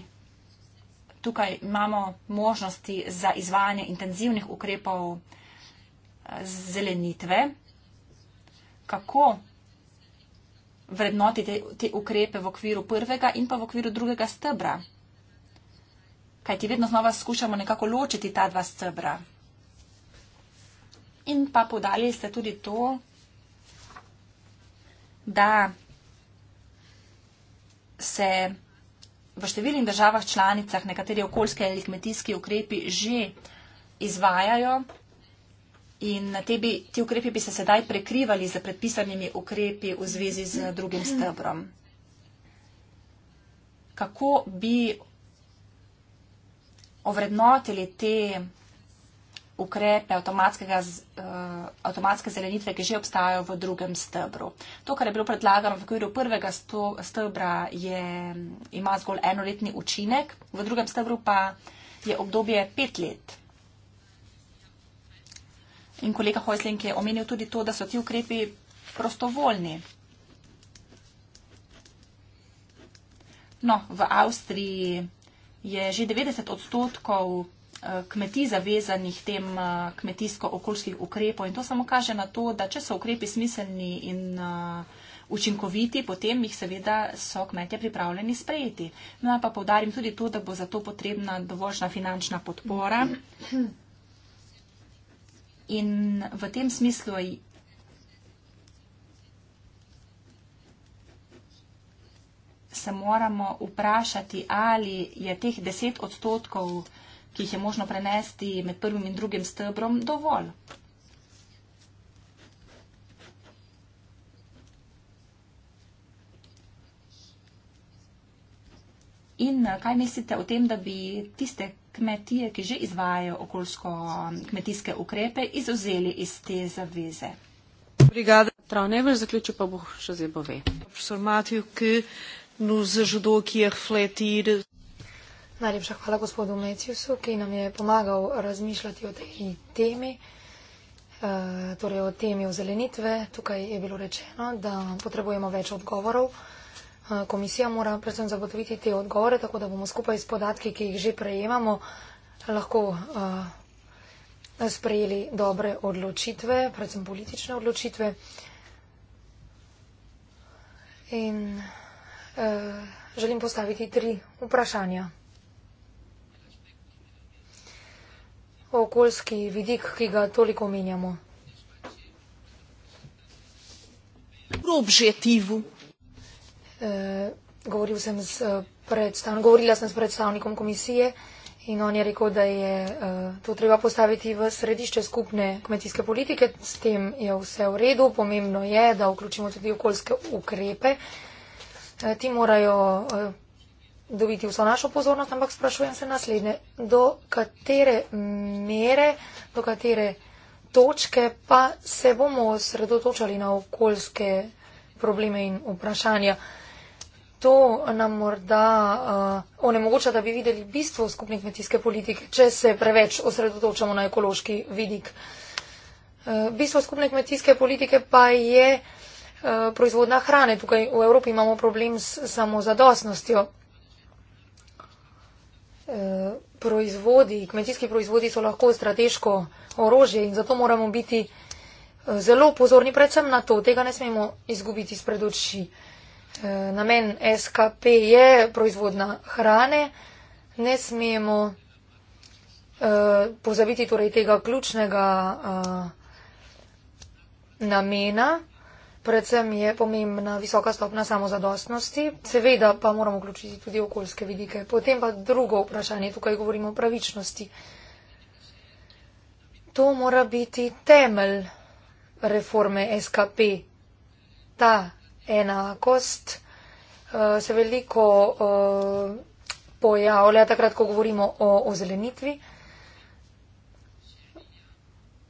tukaj imamo možnosti za izvajanje intenzivnih ukrepov eh, zelenitve. Kako vrednoti te, te ukrepe v okviru prvega in pa v okviru drugega stebra. Kaj ti vedno znova skušamo nekako ločiti ta dva stebra. In pa podali ste tudi to, da se v številnih državah članicah nekateri okoljske ali kmetijski ukrepi že izvajajo, In te bi, ti ukrepi bi se sedaj prekrivali z predpisanimi ukrepi v zvezi z drugim stebrom. Kako bi ovrednotili te ukrepe uh, avtomatske zelenitve, ki že obstajajo v drugem stebru. To, kar je bilo predlagano v okviru prvega stebra, je, ima zgolj enoletni učinek, v drugem stebru pa je obdobje pet let. In kolega Hojsling je omenil tudi to, da so ti ukrepi prostovoljni. No, v Avstriji je že 90 odstotkov eh, kmetij zavezanih tem eh, kmetijsko-okoljskih ukrepov in to samo kaže na to, da če so ukrepi smiselni in eh, učinkoviti, potem jih seveda so kmetje pripravljeni sprejeti. No, pa povdarim tudi to, da bo za to potrebna dovoljšna finančna podpora. In v tem smislu se moramo vprašati, ali je teh 10 odstotkov, ki jih je možno prenesti med prvim in drugim stebrom, dovolj. In kaj mislite o tem, da bi tiste, kmetije, ki že izvajajo okoljsko kmetijske ukrepe, izuzeli iz te zaveze. Brigada Travnever zaključi pa bo še zdaj bove. Profesor Matiju, ki nos žudo, ki je fletir. Najlepša hvala gospodu Meciusu, ki nam je pomagal razmišljati o tej temi, eh, torej o temi ozelenitve. Tukaj je bilo rečeno, da potrebujemo več odgovorov. Komisija mora predvsem zagotoviti te odgovore, tako da bomo skupaj s podatki, ki jih že prejemamo, lahko uh, sprejeli dobre odločitve, predvsem politične odločitve. In uh, želim postaviti tri vprašanja. Okoljski vidik, ki ga toliko omenjamo. Pro objetivu Eh, govoril sem z eh, predstavnikom, govorila sem s predstavnikom komisije in on je rekel, da je eh, to treba postaviti v središče skupne kmetijske politike. S tem je vse v redu. Pomembno je, da vključimo tudi okoljske ukrepe. Ti morajo dobiti vso našo pozornost, ampak sprašujem se naslednje, do katere mere, do katere točke pa se bomo sredotočali na okoljske probleme in vprašanja. Uh, to nam morda uh, onemogoča, da bi videli bistvo skupne kmetijske politike, če se preveč osredotočamo na ekološki vidik. Uh, bistvo skupne kmetijske politike pa je uh, eh, proizvodna hrane. Tukaj v Evropi imamo problem s samozadostnostjo. Proizvodi, kmetijski proizvodi so lahko strateško orožje in zato moramo biti zelo pozorni predvsem na to. Tega ne smemo izgubiti spred oči. E, namen SKP je proizvodna hrane. Ne smemo e, pozabiti torej tega ključnega e, namena. Predvsem je pomembna visoka stopna samozadostnosti, seveda pa moramo vključiti tudi okoljske vidike. Potem pa drugo vprašanje, tukaj govorimo o pravičnosti. To mora biti temelj reforme SKP, ta enakost eh, se veliko eh, pojavlja takrat, ko govorimo o ozelenitvi.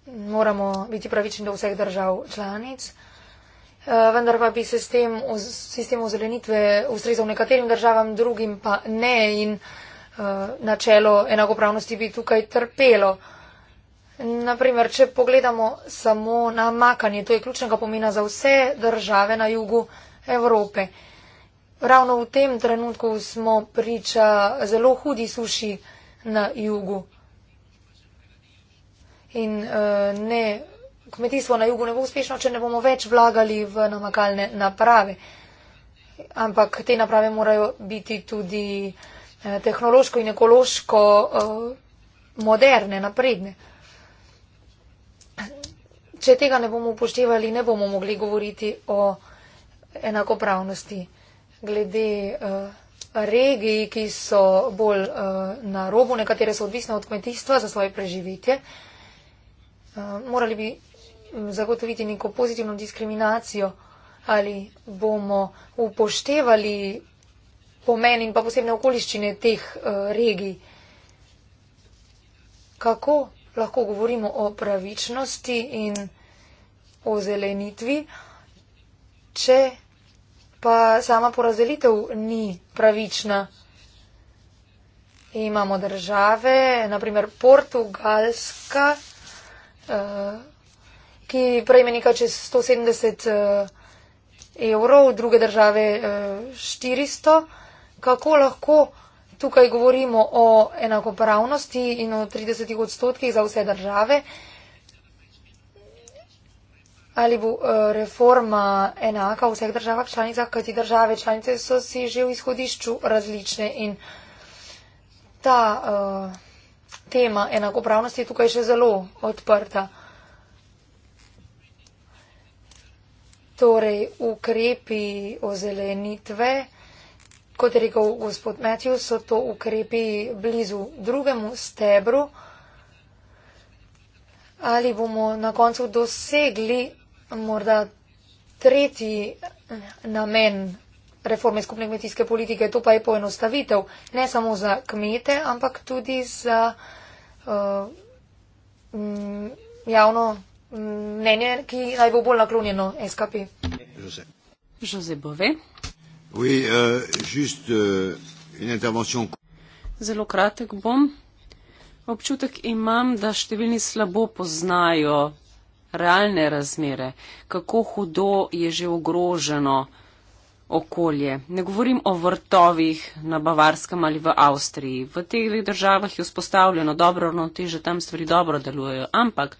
Moramo biti pravični do vseh držav članic. Eh, vendar pa bi sistem, sistem ozelenitve ustrezal nekaterim državam, drugim pa ne in uh, načelo enakopravnosti bi tukaj trpelo. Uh, Naprimer, če pogledamo samo na makanje, to je ključnega pomena za vse države na jugu Evrope. Ravno v tem trenutku smo priča zelo hudi suši na jugu. In eh, ne, kmetijstvo na jugu ne bo uspešno, če ne bomo več vlagali v namakalne naprave. Ampak te naprave morajo biti tudi eh, tehnološko in ekološko eh, moderne, napredne če tega ne bomo upoštevali, ne bomo mogli govoriti o enakopravnosti glede uh, regij, ki so bolj uh, na robu, nekatere so odvisne od kmetijstva za svoje preživetje. Uh, morali bi mm, zagotoviti neko pozitivno diskriminacijo ali bomo upoštevali pomen in pa posebne okoliščine teh uh, regij. Kako lahko govorimo o pravičnosti in o zelenitvi, če pa sama porazdelitev ni pravična. Imamo države, naprimer Portugalska, eh, ki prejme nekaj čez 170 eh, evrov, druge države 400. Eh, Kako lahko tukaj govorimo o enakopravnosti in o 30 odstotkih za vse države. Ali bo eh, reforma enaka v vseh državah članicah, kajti države članice so si že v izhodišču različne in ta uh, tema enakopravnosti je tukaj še zelo odprta. Torej, ukrepi ozelenitve. Kot je rekel gospod Matthew, so to ukrepi blizu drugemu stebru. Ali bomo na koncu dosegli morda tretji eh, namen reforme skupne kmetijske politike, to pa je poenostavitev ne samo za kmete, ampak tudi za uh, javno mnenje, ki naj bo bolj naklonjeno SKP. Žoze. Žoze Oui, euh, juste, euh, une intervention. Zelo kratek bom. Občutek imam, da številni slabo poznajo realne razmere, kako hudo je že ogroženo okolje. Ne govorim o vrtovih na Bavarskem ali v Avstriji. V teh državah je vzpostavljeno dobro ravnoteže, tam stvari dobro delujejo. Ampak,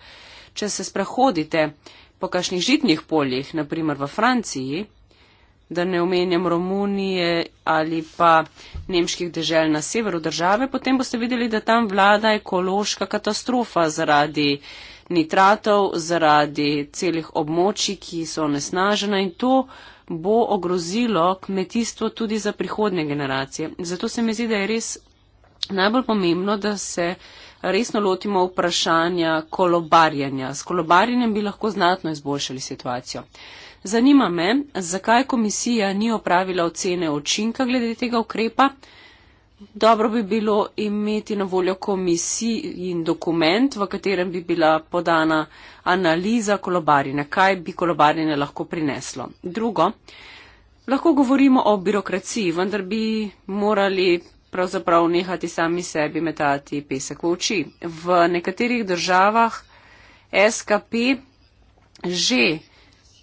če se sprehodite po kakšnih žitnih poljih, naprimer v Franciji, da ne omenjam Romunije ali pa nemških dežel na severu države, potem boste videli, da tam vlada ekološka katastrofa zaradi nitratov, zaradi celih območij, ki so nesnažena in to bo ogrozilo kmetijstvo tudi za prihodne generacije. Zato se mi zdi, da je res najbolj pomembno, da se resno lotimo vprašanja kolobarjanja. S kolobarjanjem bi lahko znatno izboljšali situacijo. Zanima me, zakaj komisija ni opravila ocene očinka glede tega ukrepa. Dobro bi bilo imeti na voljo komisiji in dokument, v katerem bi bila podana analiza kolobarine, kaj bi kolobarine lahko prineslo. Drugo, lahko govorimo o birokraciji, vendar bi morali pravzaprav nehati sami sebi metati pesek v oči. V nekaterih državah SKP že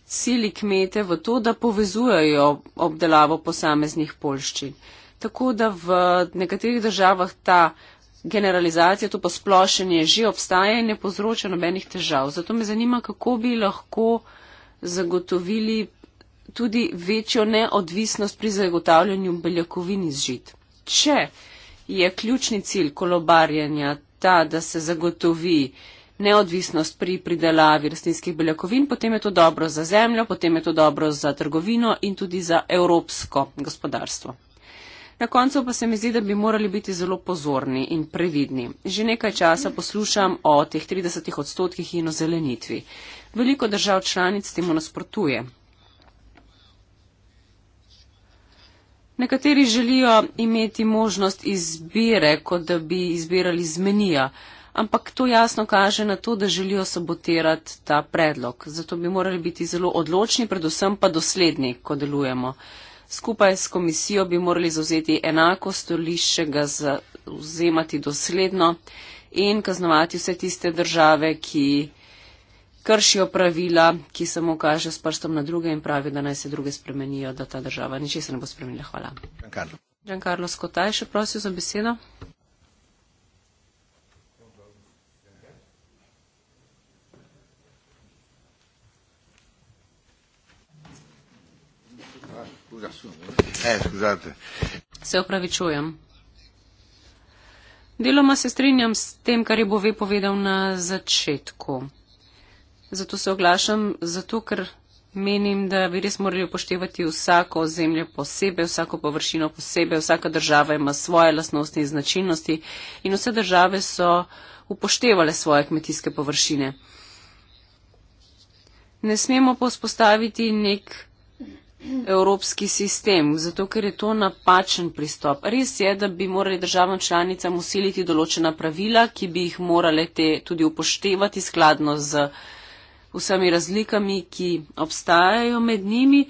sili kmete v to, da povezujejo obdelavo posameznih polščin. Tako da v nekaterih državah ta generalizacija, to posplošenje že obstaja in ne povzroča nobenih težav. Zato me zanima, kako bi lahko zagotovili tudi večjo neodvisnost pri zagotavljanju beljakovin iz žit. Če je ključni cilj kolobarjanja ta, da se zagotovi uh, neodvisnost pri pridelavi rastlinskih beljakovin, potem je to dobro za zemljo, potem je to dobro za trgovino in tudi za evropsko gospodarstvo. Na koncu pa se mi zdi, da bi morali biti zelo pozorni in previdni. Že nekaj časa poslušam o teh 30 odstotkih in o zelenitvi. Veliko držav članic temu nasprotuje. Nekateri želijo imeti možnost izbire, kot da bi izbirali zmenija ampak to jasno kaže na to, da želijo sabotirati ta predlog. Zato bi morali biti zelo odločni, predvsem pa dosledni, ko delujemo. Skupaj s komisijo bi morali zauzeti enako stolišče, ga zauzemati dosledno in kaznovati vse tiste države, ki kršijo pravila, ki samo kaže s prstom na druge in pravi, da naj se druge spremenijo, da ta država ničesar ne bo spremenila. Hvala. Giancarlo Skotaj še prosil za besedo. Ne, eh, se upravičujem. Deloma se strinjam s tem, kar je Bove povedal na začetku. Zato se oglašam, zato ker menim, da bi res morali upoštevati vsako zemljo posebej, vsako površino posebej, vsaka država ima svoje lastnosti in značilnosti in vse države so upoštevale svoje kmetijske površine. Ne smemo pa vzpostaviti nek evropski sistem, zato ker je to napačen pristop. Res je, da bi morali državam članicam usiliti določena pravila, ki bi jih morale te tudi upoštevati skladno z vsemi razlikami, ki obstajajo med njimi.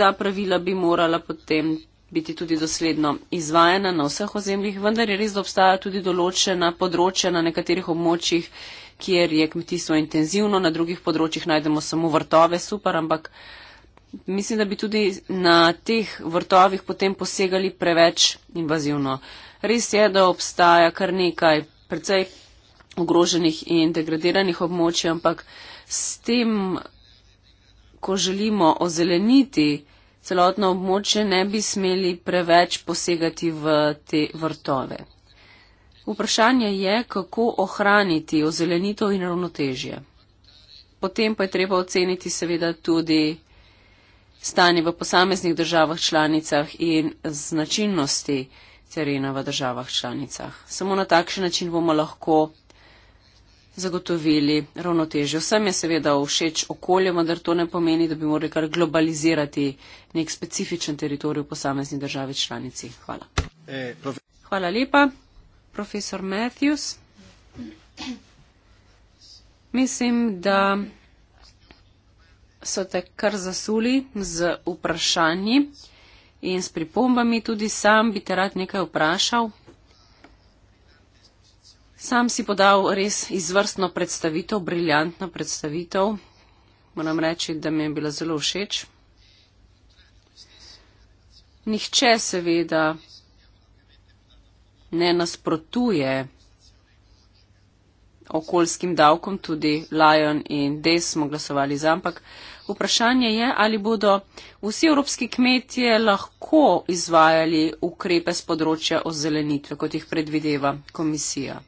Ta pravila bi morala potem biti tudi dosledno izvajana na vseh ozemljih, vendar je res, da obstaja tudi določena področja na nekaterih območjih, kjer je kmetijstvo intenzivno, na drugih področjih najdemo samo vrtove, super, ampak. Mislim, da bi tudi na teh vrtovih potem posegali preveč invazivno. Res je, da obstaja kar nekaj precej ogroženih in degradiranih območij, ampak s tem, ko želimo ozeleniti celotno območje, ne bi smeli preveč posegati v te vrtove. Vprašanje je, kako ohraniti ozelenitev in ravnotežje. Potem pa je treba oceniti seveda tudi stanje v posameznih državah članicah in značilnosti terena v državah članicah. Samo na takšen način bomo lahko zagotovili ravnotežje. Vsem je seveda všeč okolje, vendar to ne pomeni, da bi morali kar globalizirati nek specifičen teritorij v posamezni državi članici. Hvala. Hvala lepa, profesor Matthews. Mislim, da so te kar zasuli z vprašanji in s pripombami. Tudi sam bi te rad nekaj vprašal. Sam si podal res izvrstno predstavitev, briljantno predstavitev. Moram reči, da mi je bila zelo všeč. Nihče seveda ne nasprotuje okoljskim davkom, tudi Lion in Des smo glasovali za, ampak Vprašanje je, ali bodo vsi evropski kmetje lahko izvajali ukrepe z področja ozelenitve, kot jih predvideva komisija.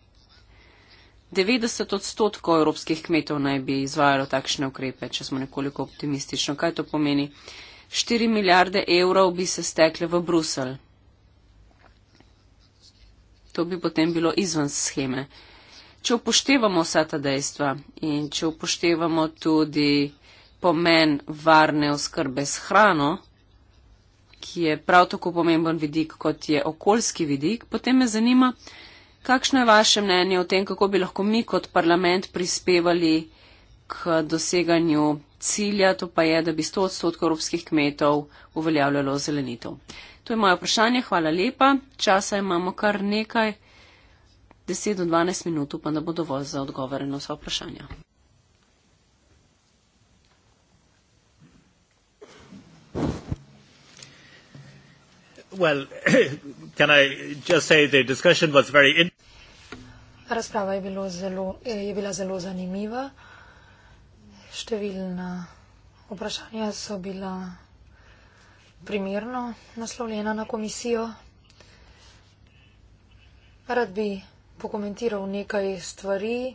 90 odstotkov evropskih kmetov naj bi izvajalo takšne ukrepe, če smo nekoliko optimistično. Kaj to pomeni? 4 milijarde evrov bi se stekle v Brusel. To bi potem bilo izven scheme. Če upoštevamo vsa ta dejstva in če upoštevamo tudi pomen varne oskrbe s hrano, ki je prav tako pomemben vidik kot je okoljski vidik, potem me zanima, kakšno je vaše mnenje o tem, kako bi lahko mi kot parlament prispevali k doseganju cilja, to pa je, da bi 100 odstotkov evropskih kmetov uveljavljalo zelenitev. To je moje vprašanje, hvala lepa. Časa imamo kar nekaj, 10 do 12 minut, pa da bo dovolj za odgovore na vsa vprašanja. Well, can I just say the discussion was very Razprava je, bilo zelo, je bila zelo zanimiva. Številna vprašanja so bila primerno naslovljena na komisijo. Rad bi pokomentiral nekaj stvari.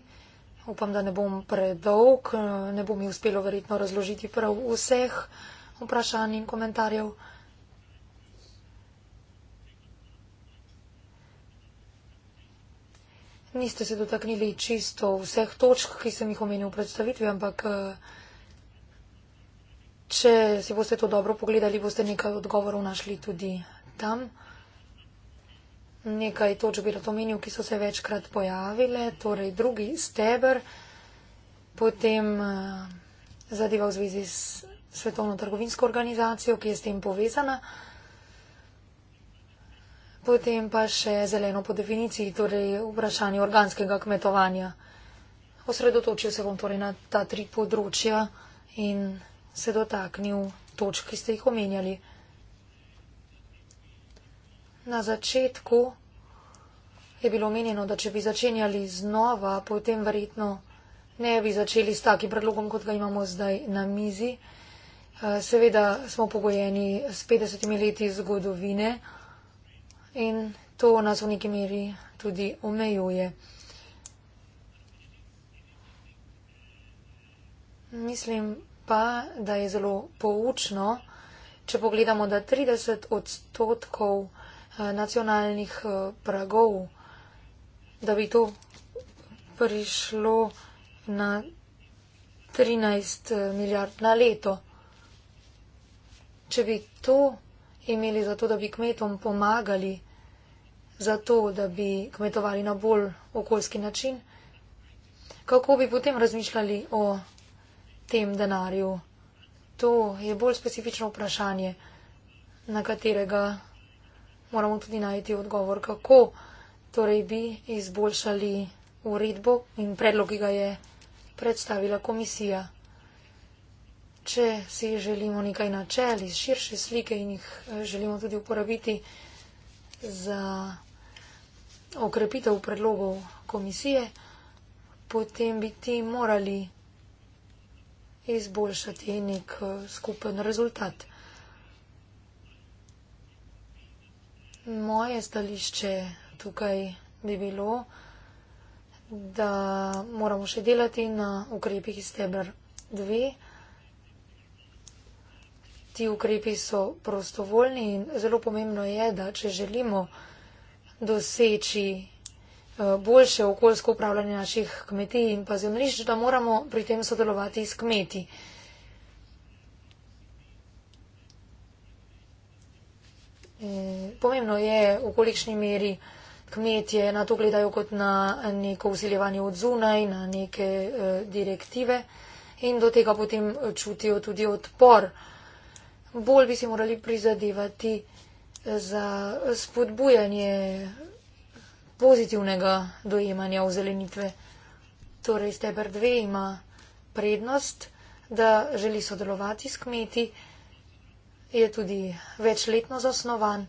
Upam, da ne bom predolg, ne bo mi uspelo verjetno razložiti prav vseh vprašanj in komentarjev. Niste se dotaknili čisto vseh točk, ki sem jih omenil v predstavitvi, ampak eh, če si boste to dobro pogledali, boste nekaj odgovorov našli tudi tam. Nekaj točk bi rad omenil, ki so se večkrat pojavile, torej drugi steber, potem eh, zadeva v zvezi s svetovno trgovinsko organizacijo, ki je s tem povezana. Potem pa še zeleno po definiciji, torej vprašanje organskega kmetovanja. Osredotočil se bom torej na ta tri področja in se dotaknil točk, ki ste jih omenjali. Na začetku je bilo omenjeno, da če bi začenjali znova, potem verjetno ne bi začeli s takim predlogom, kot ga imamo zdaj na mizi. Eh, seveda smo pogojeni s 50 leti zgodovine in to nas v neki meri tudi omejuje. Mislim pa, da je zelo poučno, če pogledamo, da 30 odstotkov eh, nacionalnih eh, pragov, da bi to prišlo na 13 eh, milijard na leto. Če bi to imeli za to, da bi kmetom pomagali, za to, da bi kmetovali na bolj okoljski način, kako bi potem razmišljali o tem denarju? To je bolj specifično vprašanje, na katerega moramo tudi najti odgovor, kako torej bi izboljšali uredbo in predlog, ki ga je predstavila komisija če si želimo nekaj načel iz širše slike in jih eh, želimo tudi uporabiti za okrepitev predlogov komisije, potem bi ti morali izboljšati nek eh, skupen rezultat. Moje stališče tukaj bi bilo, da moramo še delati na ukrepih iz stebra 2 ti ukrepi so prostovoljni in zelo pomembno je, da če želimo doseči eh, boljše okoljsko upravljanje naših kmetij in pa zemljišč, da moramo pri tem sodelovati s kmeti. Eh, pomembno je, v kolikšni meri kmetje na to gledajo kot na neko usiljevanje od zunaj, na neke eh, direktive in do tega potem čutijo tudi odpor bolj bi si morali prizadevati za spodbujanje pozitivnega dojemanja ozelenitve. Torej, steber 2 ima prednost, da želi sodelovati s kmeti, je tudi večletno zasnovan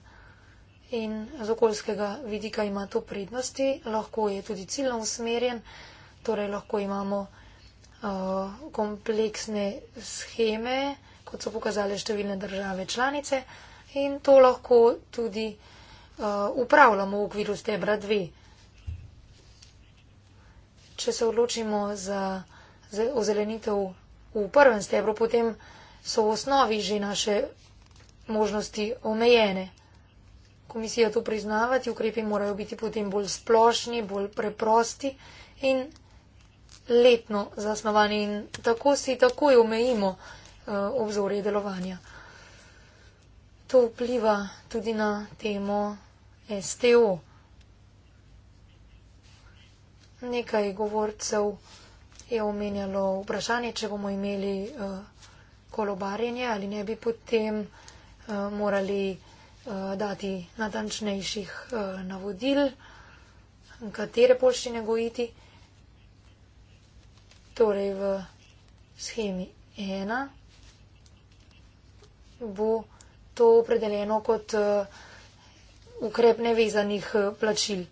in z okoljskega vidika ima to prednosti, lahko je tudi ciljno usmerjen, torej lahko imamo uh, kompleksne scheme kot so pokazale številne države članice in to lahko tudi uh, upravljamo v okviru stebra 2. Če se odločimo za, za ozelenitev v prvem stebru, potem so v osnovi že naše možnosti omejene. Komisija to priznava, ti ukrepi morajo biti potem bolj splošni, bolj preprosti in letno zasnovani in tako si takoj omejimo Eh, obzorje delovanja. To vpliva tudi na temo STO. Nekaj govorcev je omenjalo vprašanje, če bomo imeli eh, kolobarjenje ali ne bi potem eh, morali dati natančnejših navodil, katere polščine gojiti. Torej v schemi 1 bo to opredeljeno kot eh, ukrep nevezanih eh, plačil.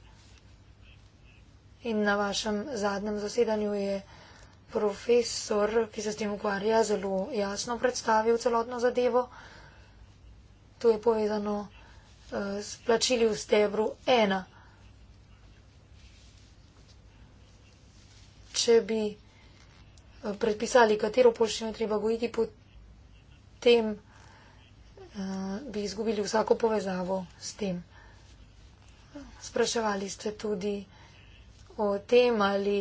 In na vašem zadnjem zasedanju je profesor, ki se s tem ukvarja, zelo jasno predstavil celotno zadevo. To je povezano eh, s plačili v stebru 1. Če bi predpisali, katero pošiljo treba gojiti, potem. Eh, bi izgubili vsako povezavo s tem. Spraševali ste tudi o tem, ali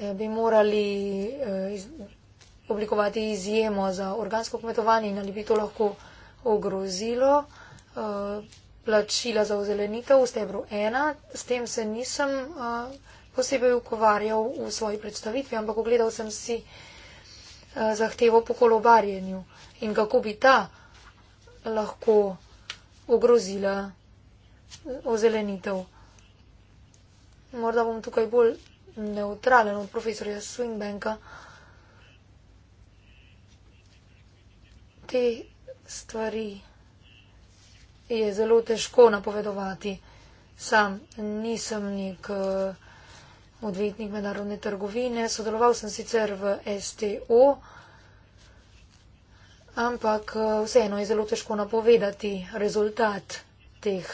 eh, bi morali eh, oblikovati izjemo za organsko kmetovanje in ali bi to lahko ogrozilo plačila za ozelenitev v stebru 1. S tem se nisem posebej ukvarjal v svoji predstavitvi, ampak ogledal sem si. Eh, zahtevo po kolobarjenju in kako bi ta lahko ogrozila eh, ozelenitev. Morda bom tukaj bolj neutralen od profesorja Swingbanka. Te stvari je zelo težko napovedovati. Sam nisem nek. Uh, odvetnik mednarodne trgovine, sodeloval sem sicer v STO, ampak eh, vseeno je zelo težko napovedati rezultat teh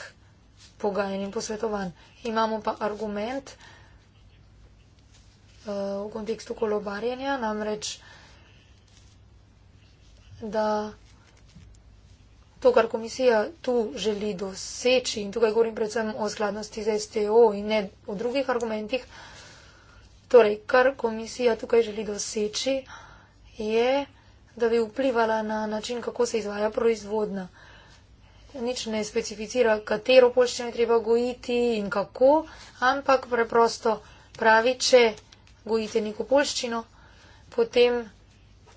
pogajanj in posvetovanj. Imamo pa argument eh, v kontekstu kolobarjenja, namreč, da to, kar komisija tu želi doseči, in tukaj govorim predvsem o skladnosti z STO in ne o drugih argumentih, Torej, kar komisija tukaj želi doseči, je, da bi vplivala na način, kako se izvaja proizvodna. Nič ne specificira, katero polščino je treba gojiti in kako, ampak preprosto pravi, če gojite neko polščino, potem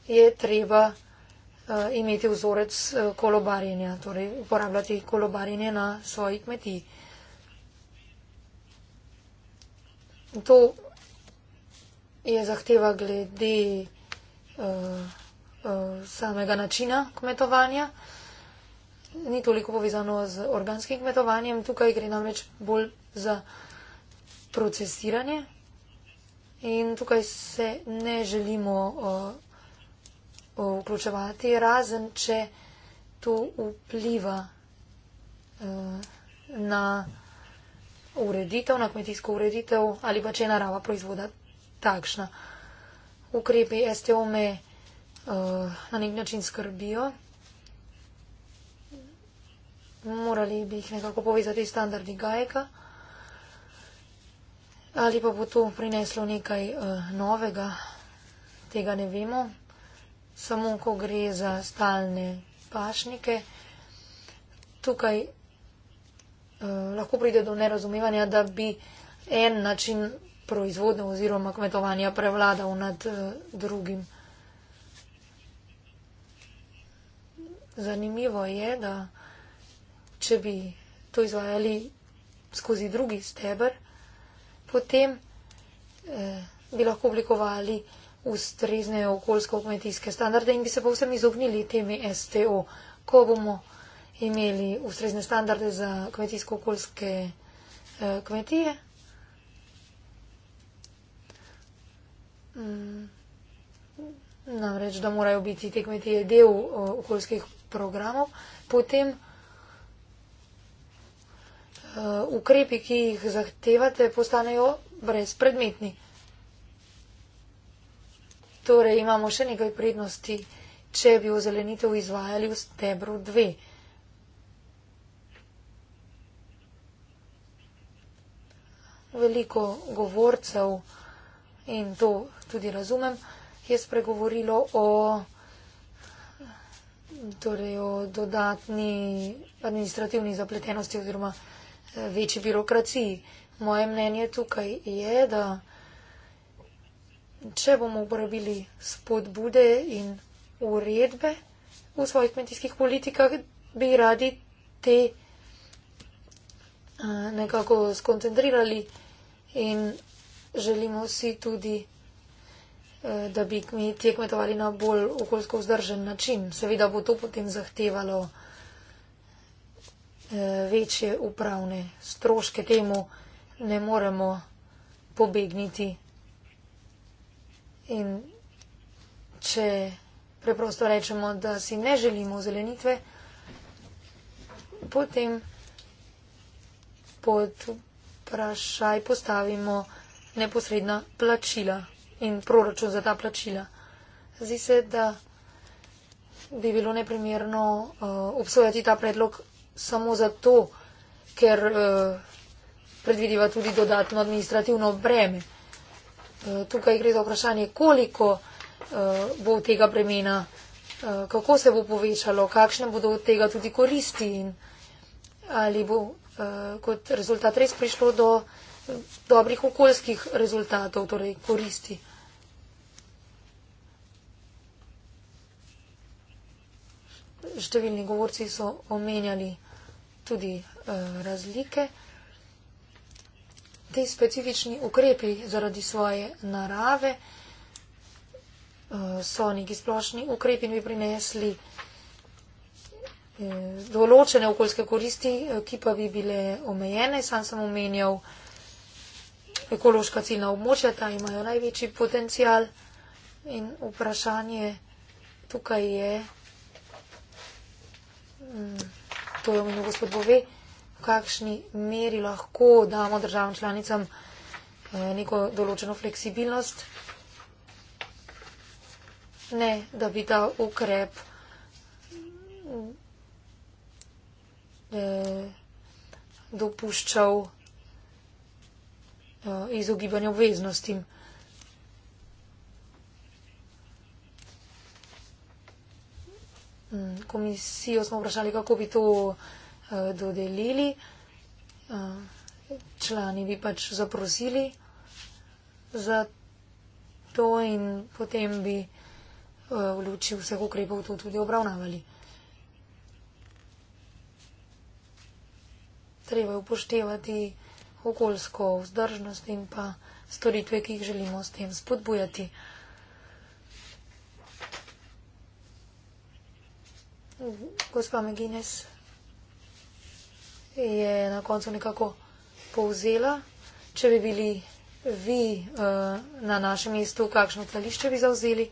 je treba uh, imeti vzorec uh, kolobarjenja, torej uporabljati kolobarjenje na svoji kmetiji. To je zahteva glede uh, uh, samega načina kmetovanja. Ni toliko povezano z organskim kmetovanjem, tukaj gre namreč bolj za procesiranje in tukaj se ne želimo uh, vključevati, razen če to vpliva uh, na ureditev, na kmetijsko ureditev ali pa če je narava proizvoda takšna. Ukrepi STO me uh, na nek način skrbijo. Morali bi jih nekako povezati s standardi Gajka. Ali pa bo to prineslo nekaj uh, novega, tega ne vemo. Samo ko gre za stalne pašnike, tukaj uh, lahko pride do nerazumevanja, da bi en način proizvodnja oziroma kmetovanja prevladal nad eh, drugim. Zanimivo je, da če bi to izvajali skozi drugi steber, potem eh, bi lahko oblikovali ustrezne okoljsko-kmetijske standarde in bi se povsem izognili temi STO. Ko bomo imeli ustrezne standarde za kmetijsko-okoljske eh, kmetije, Mm. namreč, da morajo biti te kmetije del uh, okoljskih programov, potem uh, ukrepi, ki jih zahtevate, postanejo brezpredmetni. Torej imamo še nekaj prednosti, če bi ozelenitev izvajali v stebru 2. Veliko govorcev in to tudi razumem, je spregovorilo o, torej o dodatni administrativni zapletenosti oziroma eh, večji birokraciji. Moje mnenje tukaj je, da če bomo uporabili spodbude in uredbe v svojih kmetijskih politikah, bi radi te eh, nekako skoncentrirali in želimo si tudi Eh, da bi kmetje kmetovali na bolj okoljsko vzdržen način. Seveda bo to potem zahtevalo eh, večje upravne stroške, temu ne moremo pobegniti. In če preprosto rečemo, da si ne želimo zelenitve, potem pod vprašaj postavimo neposredna plačila in proračun za ta plačila. Zdi se, da bi bilo neprimerno uh, obsojati ta predlog samo zato, ker uh, predvidiva tudi dodatno administrativno breme. Uh, tukaj gre za vprašanje, koliko uh, bo tega bremena, uh, kako se bo povečalo, kakšne bodo od tega tudi koristi in ali bo uh, kot rezultat res prišlo do uh, dobrih okoljskih rezultatov, torej koristi. Številni govorci so omenjali tudi eh, razlike. Ti specifični ukrepi zaradi svoje narave eh, so neki splošni ukrepi in bi prinesli eh, določene okoljske koristi, eh, ki pa bi bile omejene. Sam sem omenjal eh, ekološka ciljna območja, ta imajo največji potencial in vprašanje tukaj je, mm, to je omenil gospod Bove, v kakšni meri lahko damo državam članicam eh, neko določeno fleksibilnost, ne da bi ta ukrep eh, dopuščal. Eh, izogibanja obveznostim. Mm, komisijo smo vprašali, kako bi to eh, dodelili. Eh, člani bi pač zaprosili za to in potem bi v luči vseh ukrepov to tudi obravnavali. Treba je upoštevati okoljsko vzdržnost in pa storitve, ki jih želimo s tem spodbujati. Gospa Megines je na koncu nekako povzela, če bi bili vi uh, na našem mestu, kakšno tlališče bi zauzeli.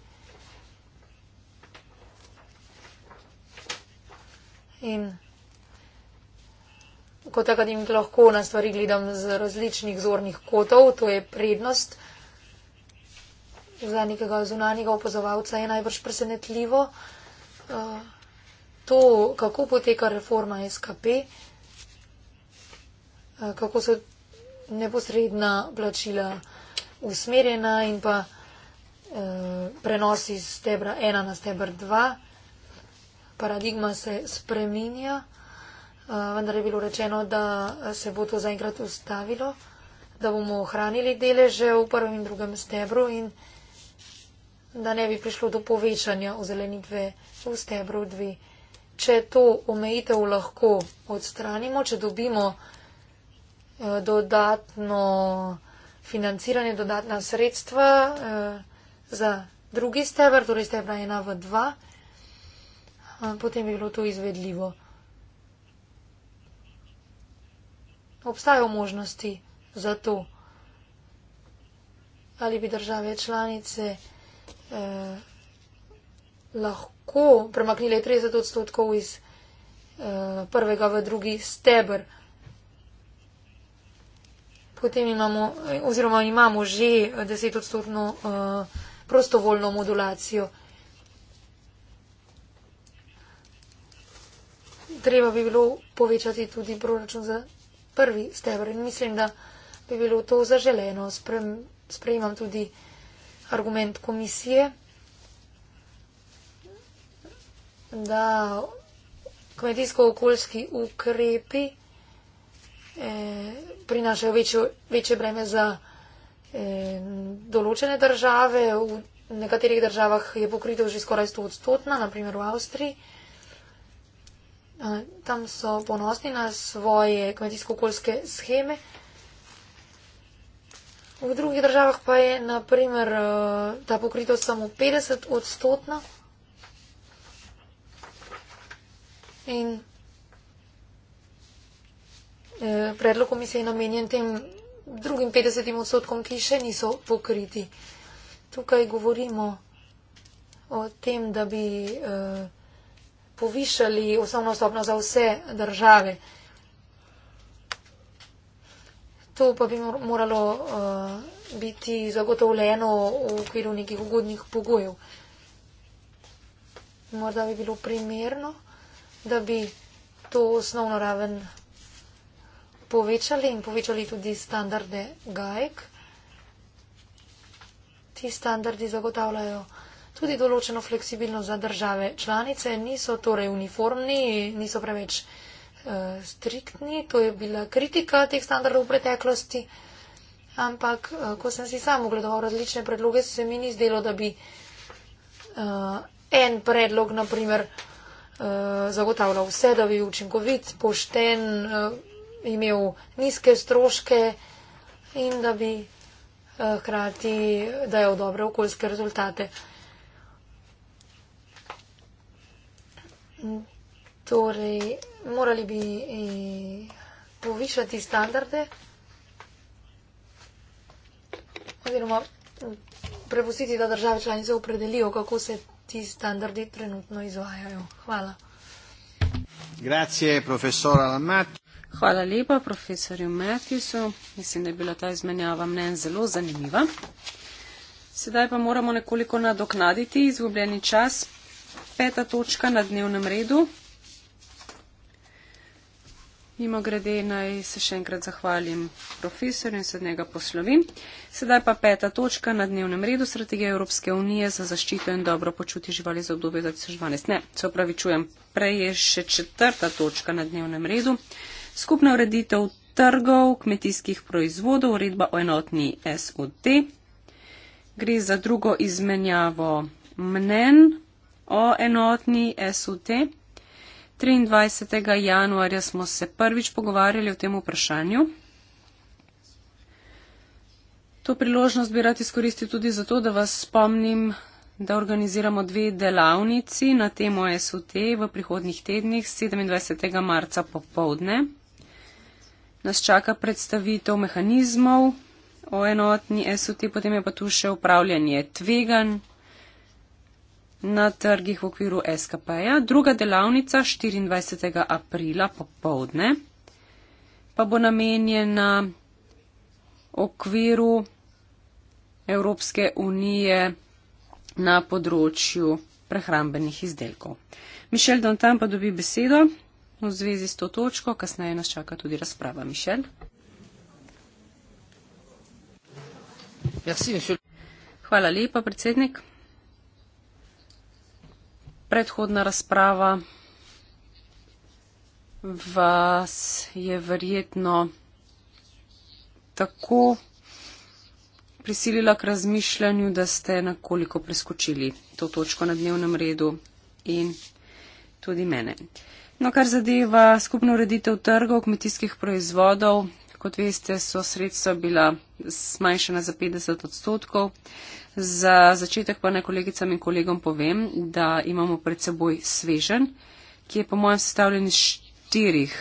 In kot akademik lahko na stvari gledam z različnih zornih kotov, to je prednost. Za nekega zunanjega opazovalca je najbrž presenetljivo eh, to, kako poteka reforma SKP, eh, kako so neposredna plačila usmerjena in pa eh, prenosi iz stebra 1 na stebr 2. Paradigma se spreminja. Eh, vendar je bilo rečeno, da eh, se bo to zaenkrat ustavilo, da bomo ohranili deleže v prvem in drugem stebru in da ne bi prišlo do povečanja ozelenitve v stebru dve. Če to omejitev lahko odstranimo, če dobimo eh, dodatno financiranje, dodatna sredstva za drugi stebr, torej stebra 1 v 2, potem bi bilo to izvedljivo. obstajajo možnosti za to. Ali bi države članice eh, lahko premaknile 30 odstotkov iz eh, prvega v drugi stebr. Potem imamo, eh, oziroma imamo že 10 odstotno eh, prostovoljno modulacijo. Treba bi bilo povečati tudi proračun za prvi stebr in mislim, da bi bilo to zaželeno. Sprejemam tudi argument komisije, da kmetijsko-okoljski ukrepi eh, prinašajo večjo, večje breme za eh, določene države. V nekaterih državah je pokrito že skoraj 100 odstotna, naprimer v Avstriji tam so ponosni na svoje kmetijsko-okoljske scheme. V drugih državah pa je, naprimer, e, ta pokritost samo 50 odstotna. In e, predlog komisije je namenjen tem drugim 50 odstotkom, ki še niso pokriti. Tukaj govorimo o tem, da bi. Uh, povišali osnovno stopno za vse države. To pa bi moralo uh, biti zagotovljeno v okviru nekih ugodnih pogojev. Morda bi bilo primerno, da bi to osnovno raven povečali in povečali tudi standarde GAEK. Ti standardi zagotavljajo tudi določeno fleksibilnost za države članice, niso torej uniformni, niso preveč uh, striktni, to je bila kritika teh standardov v preteklosti, ampak uh, ko sem si sam ogledoval različne predloge, se mi ni zdelo, da bi uh, en predlog, naprimer, uh, zagotavljal vse, da bi učinkovit, pošten, uh, imel nizke stroške in da bi hkrati dajo dobre okoljske rezultate. Uh, Torej, morali bi eh, povišati standarde oziroma eh, prepustiti, da države članice opredelijo, kako se ti standardi trenutno izvajajo. Hvala. Grazie, Hvala lepa, profesorju Matisu. Mislim, da je bila ta izmenjava mnen zelo zanimiva. Sedaj pa moramo nekoliko nadoknaditi izgubljeni čas peta točka na dnevnem redu. Mimo grede naj se še enkrat zahvalim profesorju in se od njega poslovim. Sedaj pa peta točka na dnevnem redu strategije Evropske unije za zaščito in dobro počutje živali za obdobje 2012. Ne, se opravičujem, prej je še četrta točka na dnevnem redu. Skupna ureditev trgov kmetijskih proizvodov, uredba o enotni SOD. Gre za drugo izmenjavo mnen, o enotni SUT. 23. januarja smo se prvič pogovarjali o tem vprašanju. To priložnost bi rad izkoristil tudi zato, da vas spomnim, da organiziramo dve delavnici na temo SUT v prihodnih tednih 27. marca popovdne. Nas čaka predstavitev mehanizmov o enotni SUT, potem je pa tu še upravljanje tvegan, na trgih v okviru SKP-ja, druga delavnica 24. aprila popovdne pa bo namenjena v okviru Evropske unije na področju prehrambenih izdelkov. Mišel Dantan pa dobi besedo v zvezi s to točko, kasneje nas čaka tudi razprava. Mišel. Hvala lepa, predsednik predhodna razprava vas je verjetno tako prisilila k razmišljanju, da ste nekoliko preskočili to točko na dnevnem redu in tudi mene. No, kar zadeva skupno ureditev trgov kmetijskih proizvodov, kot veste, so sredstva bila smanjšana za 50 odstotkov. Za začetek pa naj kolegicam in kolegom povem, da imamo pred seboj svežen, ki je po mojem sestavljen iz štirih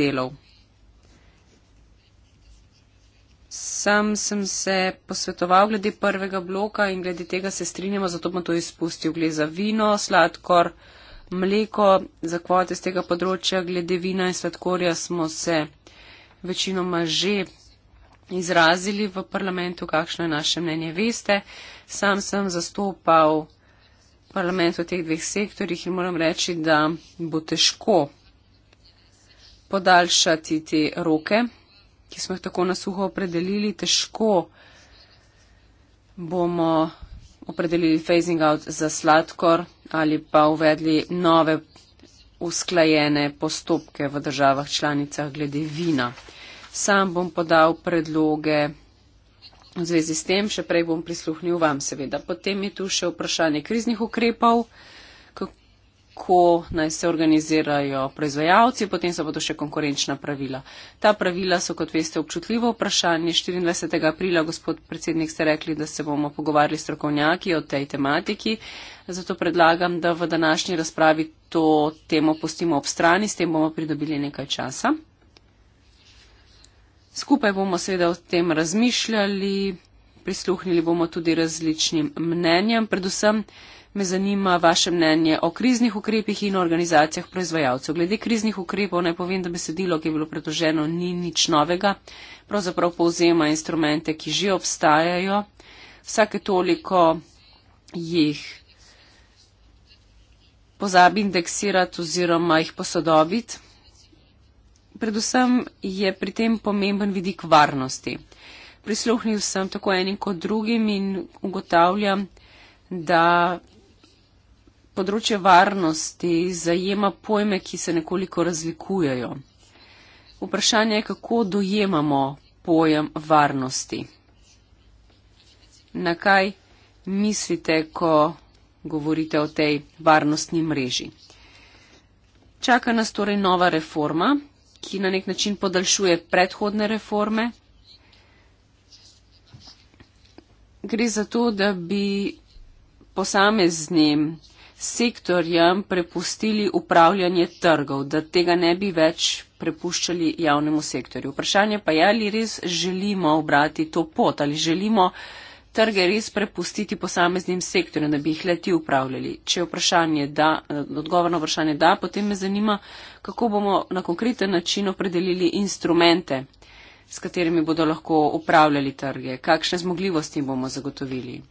delov. Sam sem se posvetoval glede prvega bloka in glede tega se strinjamo, zato bom to izpustil. Gle za vino, sladkor, mleko, za kvote z tega področja, glede vina in sladkorja smo se večinoma že izrazili v parlamentu, kakšno je naše mnenje, veste. Sam sem zastopal parlament v teh dveh sektorjih in moram reči, da bo težko podaljšati te roke, ki smo jih tako nasuho opredelili, težko bomo opredelili phasing out za sladkor ali pa uvedli nove usklajene postopke v državah članicah glede vina. Sam bom podal predloge v zvezi s tem, še prej bom prisluhnil vam seveda. Potem je tu še vprašanje kriznih ukrepov, kako naj se organizirajo proizvajalci, potem so pa tu še konkurenčna pravila. Ta pravila so, kot veste, občutljivo vprašanje. 24. aprila, gospod predsednik, ste rekli, da se bomo pogovarjali s strokovnjaki o tej tematiki. Zato predlagam, da v današnji razpravi to temo pustimo ob strani, s tem bomo pridobili nekaj časa. Skupaj bomo seveda o tem razmišljali, prisluhnili bomo tudi različnim mnenjem. Predvsem me zanima vaše mnenje o kriznih ukrepih in organizacijah proizvajalcev. Glede kriznih ukrepov naj povem, da besedilo, ki je bilo predloženo, ni nič novega. Pravzaprav povzema instrumente, ki že obstajajo. Vsake toliko jih pozabi indeksirati oziroma jih posodobiti. Predvsem je pri tem pomemben vidik varnosti. Prisluhnil sem tako enim kot drugim in ugotavljam, da področje varnosti zajema pojme, ki se nekoliko razlikujejo. Vprašanje je, kako dojemamo pojem varnosti. Na kaj mislite, ko govorite o tej varnostni mreži. Čaka nas torej nova reforma, ki na nek način podaljšuje predhodne reforme. Gre za to, da bi posameznim sektorjem prepustili upravljanje trgov, da tega ne bi več prepuščali javnemu sektorju. Vprašanje pa je, ali res želimo obrati to pot, ali želimo uh, trge res prepustiti posameznim sektorjem, da bi jih leti upravljali? Če je eh, odgovor na vprašanje da, potem me zanima, kako bomo na konkreten način opredelili instrumente, s katerimi bodo lahko upravljali trge, kakšne zmogljivosti bomo zagotovili.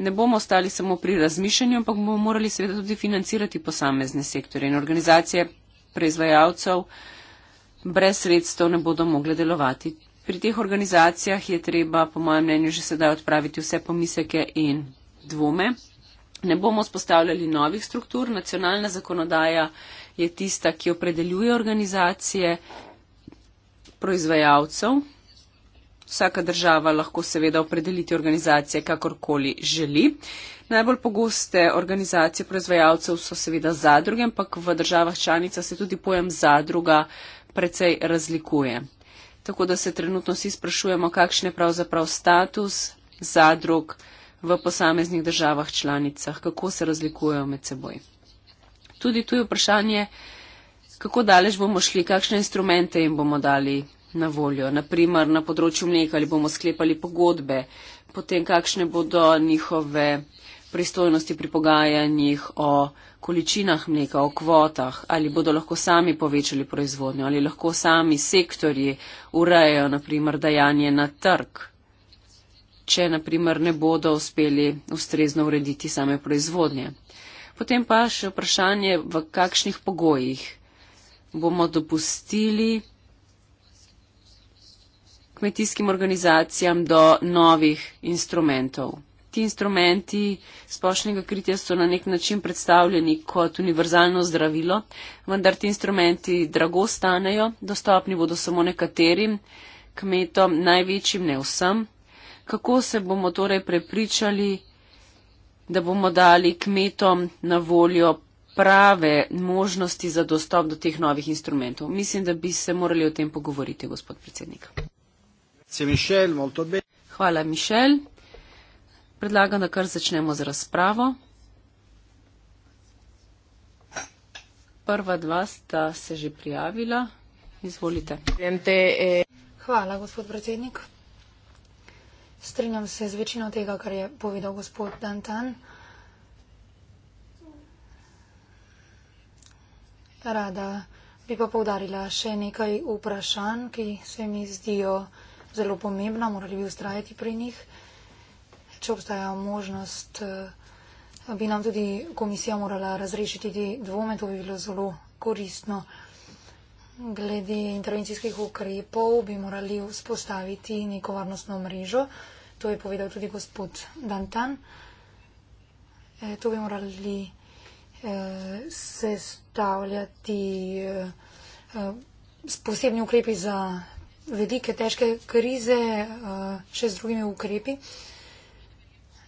Ne bomo ostali samo pri razmišljanju, ampak bomo morali seveda tudi financirati posamezne sektore in organizacije proizvajalcev. Brez sredstev ne bodo mogli delovati pri teh organizacijah je treba, po mojem mnenju, že sedaj odpraviti vse pomiseke in dvome. Ne bomo spostavljali novih struktur, nacionalna zakonodaja je tista, ki opredeljuje organizacije proizvajalcev. Vsaka država lahko seveda opredeliti organizacije, kakorkoli želi. Najbolj pogoste organizacije proizvajalcev so seveda zadruge, ampak v državah članica se tudi pojem zadruga precej razlikuje tako da se trenutno vsi sprašujemo, kakšen je pravzaprav status zadrug v posameznih državah članicah, kako se razlikujejo med seboj. Tudi tu je vprašanje, kako daleč bomo šli, kakšne instrumente jim bomo dali na voljo. Naprimer, na področju mleka, ali bomo sklepali pogodbe, potem kakšne bodo njihove pristojnosti pri pogajanjih o količinah mleka, o kvotah, ali bodo lahko sami povečali proizvodnjo, ali lahko sami sektorji urejajo, naprimer, dajanje na trg, če naprimer ne bodo uspeli ustrezno urediti same proizvodnje. Potem pa še vprašanje, v kakšnih pogojih bomo dopustili kmetijskim organizacijam do novih instrumentov ti instrumenti splošnega kritja so na nek način predstavljeni kot univerzalno zdravilo, vendar ti instrumenti drago stanejo, dostopni bodo samo nekaterim kmetom, največjim ne vsem. Kako se bomo torej prepričali, da bomo dali kmetom na voljo prave možnosti za dostop do teh novih instrumentov? Mislim, da bi se morali o tem pogovoriti, gospod predsednik. Hvala, Mišel. Predlagam, da kar začnemo z razpravo. Prva dva sta se že prijavila. Izvolite. Eh. Hvala, gospod predsednik. Strinjam se z večino tega, kar je povedal gospod Dantan. Rada bi pa povdarila še nekaj vprašanj, ki se mi zdijo zelo pomembna, morali bi ustrajati pri njih če obstaja možnost, eh, bi nam tudi komisija morala razrešiti tudi dvome, to bi bilo zelo koristno. Glede intervencijskih ukrepov bi morali vzpostaviti neko varnostno mrežo, to je povedal tudi gospod Dantan. E, to bi morali e, sestavljati e, e, s posebni ukrepi za velike težke krize, e, še z drugimi ukrepi. E,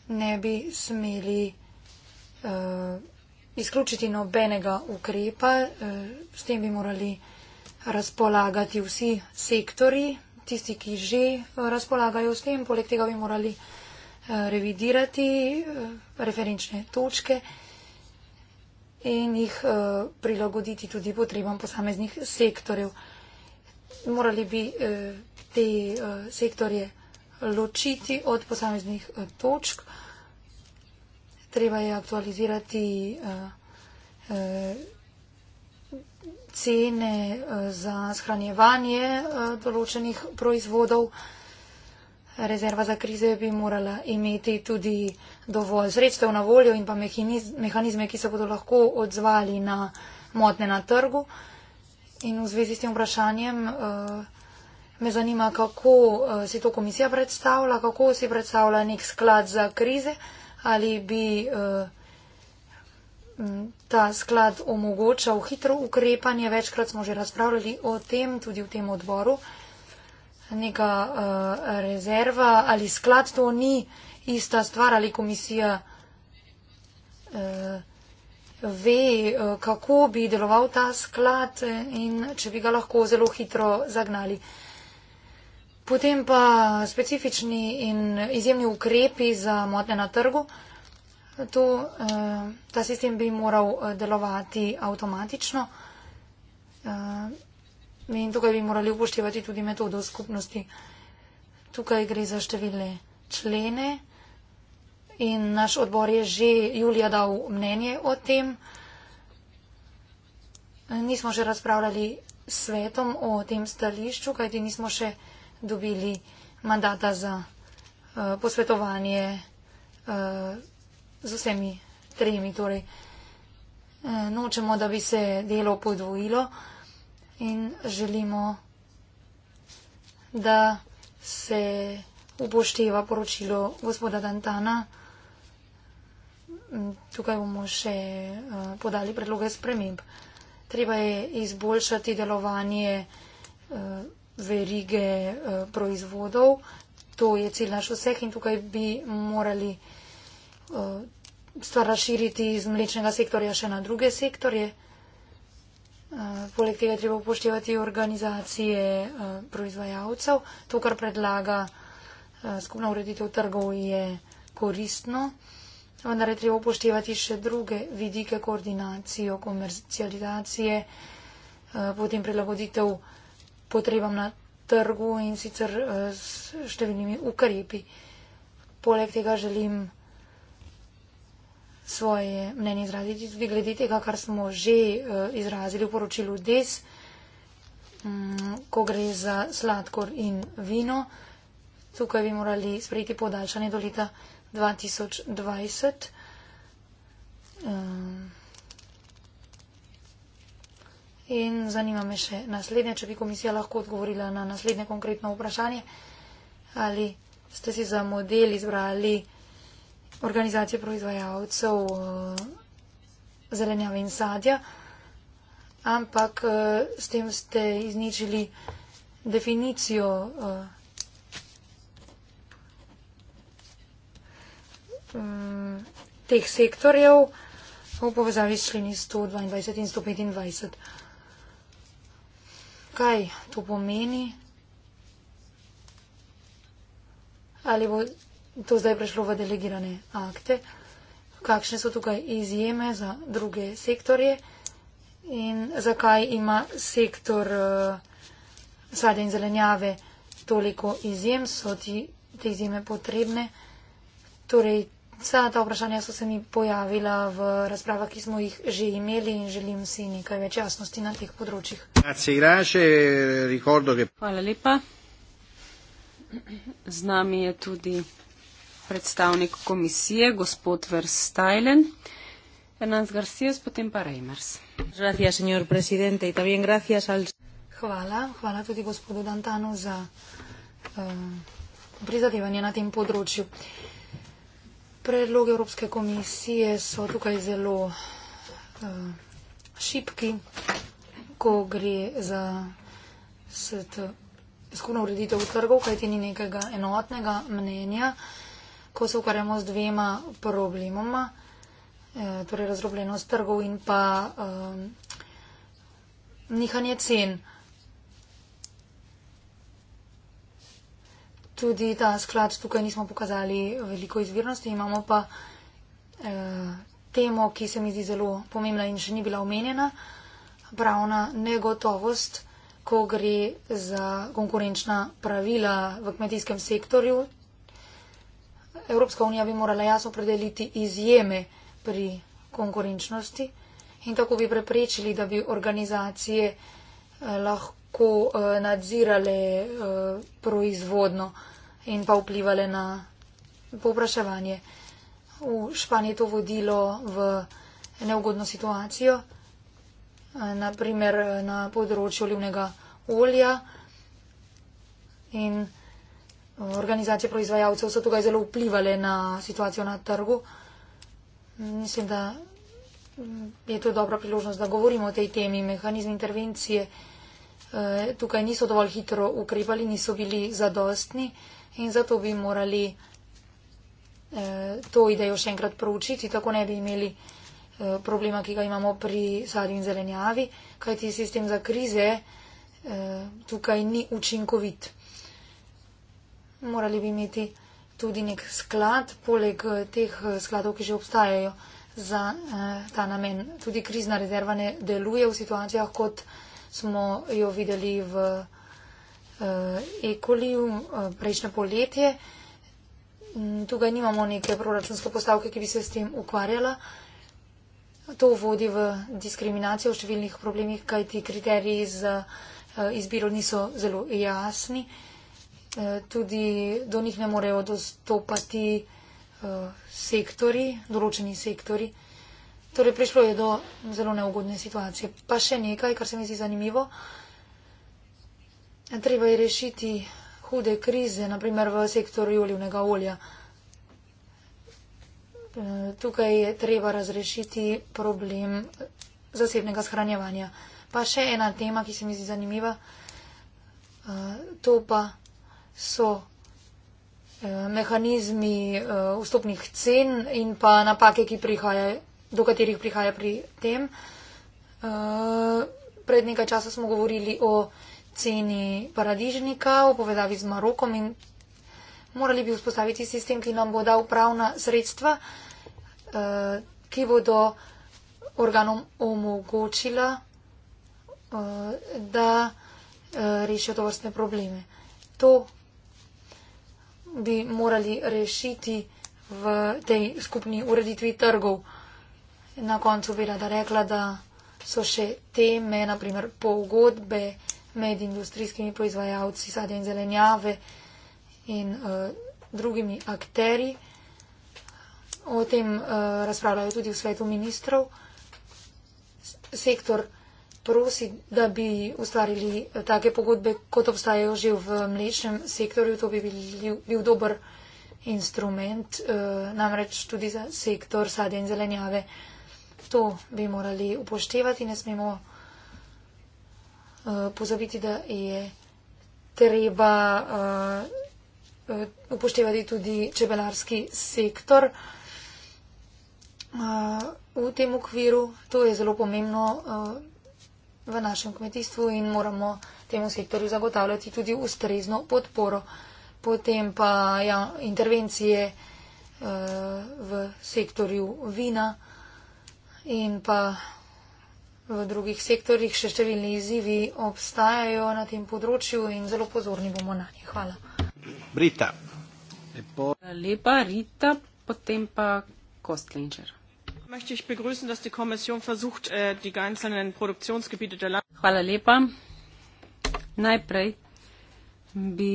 ne bi smeli uh, izključiti nobenega ukrepa, uh, s tem bi morali razpolagati vsi sektori, tisti, ki že eh, razpolagajo s tem, poleg tega bi morali revidirati referenčne točke in jih prilagoditi tudi potrebam posameznih sektorjev. Morali bi te sektorje ločiti od posameznih eh, točk. Treba je aktualizirati eh, eh, cene za shranjevanje določenih proizvodov. Rezerva za krize bi morala imeti tudi dovolj sredstev na voljo in pa mehanizme, ki se bodo lahko odzvali na motne na trgu. In v zvezi s tem vprašanjem. Uh, Me zanima, kako uh, si to komisija predstavlja, kako si predstavlja nek sklad za krize, ali bi uh, ta sklad omogočal hitro ukrepanje. Večkrat smo že razpravljali o tem, tudi v tem odboru. Neka uh, rezerva ali sklad to ni ista stvar ali komisija uh, ve, uh, kako bi deloval ta sklad in če bi ga lahko zelo hitro zagnali. Uh, Potem pa specifični in izjemni ukrepi za motnje na trgu. To, eh, ta sistem bi moral eh, delovati avtomatično eh, in tukaj bi morali upoštevati tudi metodo skupnosti. Tukaj gre za številne člene in naš odbor je že julija dal mnenje o tem. Nismo še razpravljali svetom o tem stališču, kajti nismo še razpravljali dobili mandata za uh, posvetovanje uh, z vsemi tremi. Torej, uh, nočemo, da bi se delo podvojilo in želimo, da se upošteva poročilo gospoda Dantana. Tukaj bomo še uh, podali predloge sprememb. Treba je izboljšati delovanje. Uh, verige eh, proizvodov. To je cilj naš vseh in tukaj bi morali eh, stvar razširiti iz mlečnega sektorja še na druge sektorje. Eh, poleg tega je treba upoštevati organizacije proizvajalcev. To, kar predlaga skupna ureditev trgov, je koristno, vendar je treba upoštevati še druge vidike koordinacijo, komercializacije, potem prilagoditev potrebam na trgu in sicer eh, s številnimi ukrepi. Poleg tega želim svoje mnenje izraziti tudi glede tega, kar smo že eh, izrazili v poročilu DES, mm, ko gre za sladkor in vino. Tukaj bi morali sprejeti podaljšanje do leta 2020. In zanima me še naslednje, če bi komisija lahko odgovorila na naslednje konkretno vprašanje. Ali ste si za model izbrali organizacije proizvajalcev eh, zelenjave in sadja, ampak eh, s tem ste izničili definicijo eh, mm, teh sektorjev v povezavi s členi 122 in 125 kaj to pomeni, ali bo to zdaj prešlo v delegirane akte, kakšne so tukaj izjeme za druge sektorje in zakaj ima sektor uh, eh, sadja in zelenjave toliko izjem, so ti, te izjeme potrebne. Torej, Vsa ta vprašanja so se mi pojavila v razpravah, ki smo jih že imeli in želim si nekaj več jasnosti na teh področjih. Hvala lepa. Z nami je tudi predstavnik komisije, gospod Verstajlen. Hernán García, potem pa Reimers. Hvala, hvala tudi gospodu Dantanu za uh, prizadevanje na tem področju. Uh, predlogi Evropske komisije so tukaj zelo uh, eh, šipki, ko gre za skupno ureditev trgov, kajti ni nekega enotnega mnenja, ko se ukvarjamo z dvema problemoma, eh, torej razrobljenost trgov in pa eh, nihanje cen. tudi ta sklad tukaj nismo pokazali veliko izvirnosti, imamo pa eh, temo, ki se mi zdi zelo pomembna in še ni bila omenjena, pravna negotovost, ko gre za konkurenčna pravila v kmetijskem sektorju. Evropska unija bi morala jasno predeliti izjeme pri konkurenčnosti in tako bi preprečili, da bi organizacije eh, lahko lahko uh, nadzirale uh, proizvodno in pa vplivale na popraševanje. V Španiji je to vodilo v neugodno situacijo, eh, naprimer na področju olivnega olja in organizacije proizvajalcev so tukaj zelo vplivali na situacijo na trgu. Mislim, da mm, je to dobra priložnost, da govorimo o tej temi mehanizmi intervencije. E, tukaj niso dovolj hitro ukrepali, niso bili zadostni in zato bi morali e, to idejo še enkrat proučiti, tako ne bi imeli e, problema, ki ga imamo pri sadju in zelenjavi, kajti sistem za krize tukaj ni učinkovit. Morali bi imeti tudi nek sklad, poleg teh skladov, ki že obstajajo za ta namen. Tudi krizna rezerva ne deluje v situacijah kot smo jo videli v uh, Ekoliju uh, prejšnje poletje. Mm, tukaj nimamo neke proračunske postavke, ki bi se s tem ukvarjala. To vodi v diskriminacijo v številnih problemih, kajti kriteriji za uh, izbiro niso zelo jasni. Tudi do njih ne morejo dostopati uh, sektori, določeni sektori. Uh, Torej, prišlo je do zelo neugodne situacije. Pa še nekaj, kar se mi zdi zanimivo. Treba je rešiti hude krize, naprimer v sektorju olivnega olja. E, tukaj je treba razrešiti problem zasebnega shranjevanja. Pa še ena tema, ki se mi zdi zanimiva, e, to pa so e, mehanizmi vstopnih cen in pa napake, ki prihajajo do katerih prihaja pri tem. Uh, pred nekaj časa smo govorili o ceni paradižnika v povezavi z Marokom in morali bi vzpostaviti sistem, ki nam bo dal pravna sredstva, uh, ki bodo organom omogočila, uh, da uh, rešijo to vrstne probleme. To bi morali rešiti v tej skupni ureditvi trgov. In na koncu bi rada rekla, da so še teme, naprimer pogodbe med industrijskimi proizvajalci sadja in zelenjave in uh, drugimi akteri. O tem uh, razpravljajo tudi v svetu ministrov. Sektor prosi, da bi ustvarili eh, take pogodbe, kot obstajajo že v mlečnem sektorju. To bi bil, bil dober instrument, uh, namreč tudi za sektor sadja in zelenjave. Uh, to bi morali upoštevati. Ne smemo uh, pozabiti, da je treba uh, uh, upoštevati tudi čebelarski sektor. Uh, v tem okviru to je zelo pomembno uh, v našem kmetijstvu in moramo temu sektorju zagotavljati tudi ustrezno podporo. Potem pa ja, intervencije uh, v sektorju vina in pa v drugih sektorjih še številni izzivi obstajajo na tem področju in zelo pozorni bomo na njih. Hvala. Brita. Lepo. Lepa, Rita, potem pa Kostlinčer. Äh, Hvala lepa. Najprej bi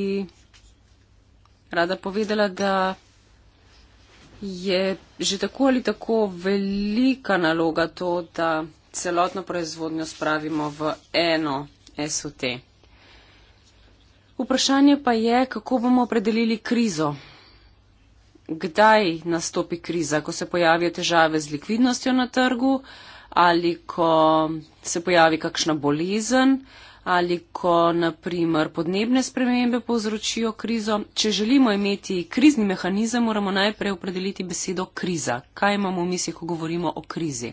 rada povedala, da je že tako ali tako velika naloga to, da celotno proizvodnjo spravimo v eno SOT. Vprašanje pa je, kako bomo opredelili krizo. Kdaj nastopi kriza, ko se pojavijo težave z likvidnostjo na trgu ali ko se pojavi kakšna bolezen? ali ko naprimer podnebne spremembe povzročijo krizo. Če želimo imeti krizni mehanizem, moramo najprej opredeliti besedo kriza. Kaj imamo v mislih, ko govorimo o krizi?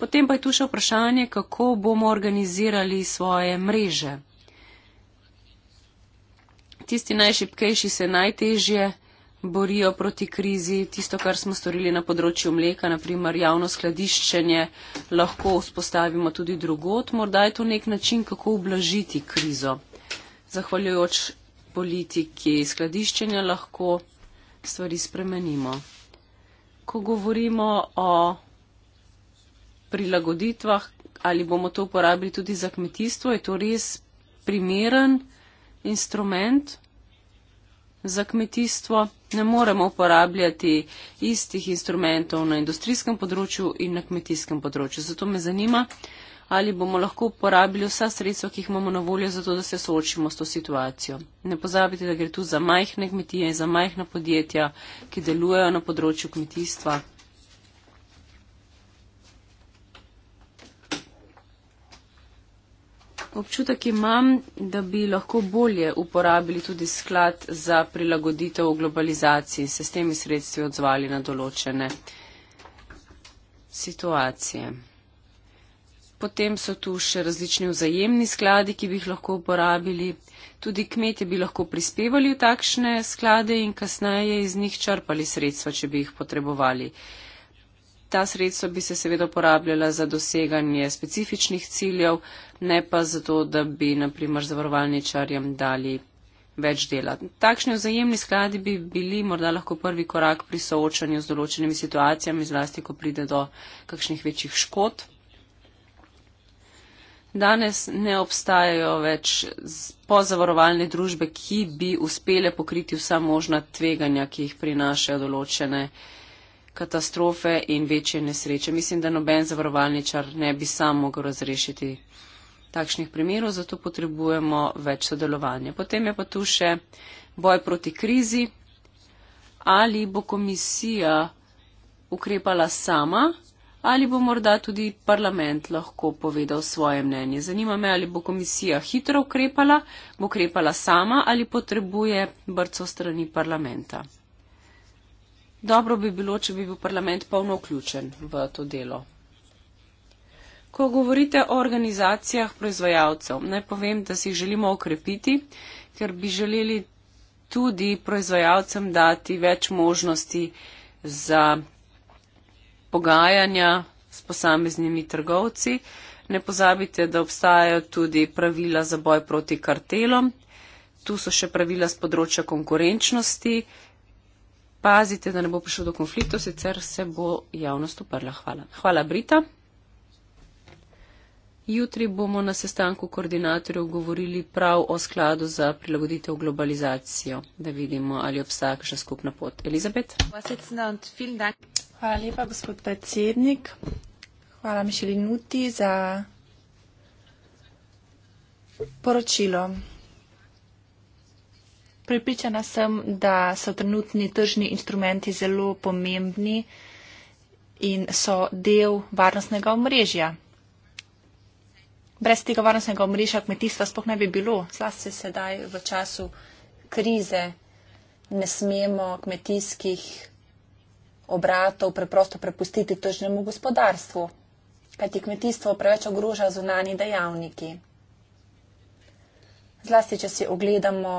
Potem pa je tu še vprašanje, kako bomo organizirali svoje mreže. Tisti najšipkejši se najtežje borijo proti krizi, tisto, kar smo storili na področju mleka, naprimer javno skladiščenje, lahko vzpostavimo tudi drugot. Morda je to nek način, kako oblažiti krizo. Zahvaljujoč politiki skladiščenja lahko stvari spremenimo. Ko govorimo o prilagoditvah, ali bomo to uporabili tudi za kmetijstvo, je to res primeren instrument za kmetijstvo ne moremo uporabljati istih instrumentov na industrijskem področju in na kmetijskem področju. Zato me zanima, ali bomo lahko uporabili vsa sredstva, ki jih imamo na voljo, zato da se soočimo s to situacijo. Ne pozabite, da gre tu za majhne kmetije in za majhna podjetja, ki delujejo na področju kmetijstva. občutek imam, da bi lahko bolje uporabili tudi sklad za prilagoditev globalizaciji, se s temi sredstvi odzvali na določene situacije. Potem so tu še različni vzajemni skladi, ki bi jih lahko uporabili. Tudi kmetje bi lahko prispevali v takšne sklade in kasneje iz njih črpali sredstva, če bi jih potrebovali. Ta sredstva bi se seveda uporabljala za doseganje specifičnih ciljev, ne pa zato, da bi naprimer zavarovalničarjem dali več dela. Takšni vzajemni skladi bi bili morda lahko prvi korak pri soočanju z določenimi situacijami, zlasti, ko pride do kakšnih večjih škod. Danes ne obstajajo več pozavarovalne družbe, ki bi uspele pokriti vsa možna tveganja, ki jih prinašajo določene katastrofe in večje nesreče. Mislim, da noben zavarovalničar ne bi sam mogel razrešiti takšnih primerov, zato potrebujemo več sodelovanja. Potem je pa tu še boj proti krizi. Ali bo komisija ukrepala sama, ali bo morda tudi parlament lahko povedal svoje mnenje. Zanima me, ali bo komisija hitro ukrepala, bo ukrepala sama ali potrebuje brco strani parlamenta. Dobro bi bilo, če bi bil parlament polno vključen v to delo. Ko govorite o organizacijah proizvajalcev, naj povem, da si jih želimo okrepiti, ker bi želeli tudi proizvajalcem dati več možnosti za pogajanja s posameznimi trgovci. Ne pozabite, da obstajajo tudi pravila za boj proti kartelom. Tu so še pravila z področja konkurenčnosti. Pazite, da ne bo prišlo do konfliktov, sicer se bo javnost uprla. Hvala. Hvala, Brita. Jutri bomo na sestanku koordinatorjev govorili prav o skladu za prilagoditev globalizacijo, da vidimo, ali obstaja kakšna skupna pot. Elizabet. Hvala lepa, gospod predsednik. Hvala Mišeli Nuti za poročilo. Pripričana sem, da so trenutni tržni instrumenti zelo pomembni in so del varnostnega omrežja brez tega varnostnega omrežja kmetijstva sploh ne bi bilo. Zlasti sedaj v času krize ne smemo kmetijskih obratov preprosto prepustiti tržnemu gospodarstvu, kajti kmetijstvo preveč ogroža zunani dejavniki. Zlasti, če si ogledamo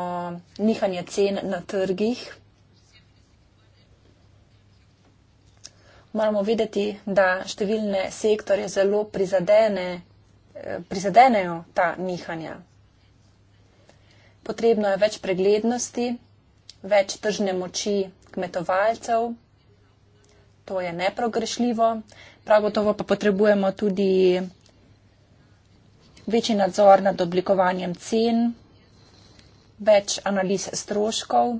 nihanje cen na trgih, moramo vedeti, da številne sektorje zelo prizadene prizadenejo ta nihanja. Potrebno je več preglednosti, več tržne moči kmetovalcev, to je neprogrešljivo, prav gotovo pa potrebujemo tudi večji nadzor nad oblikovanjem cen, več analiz stroškov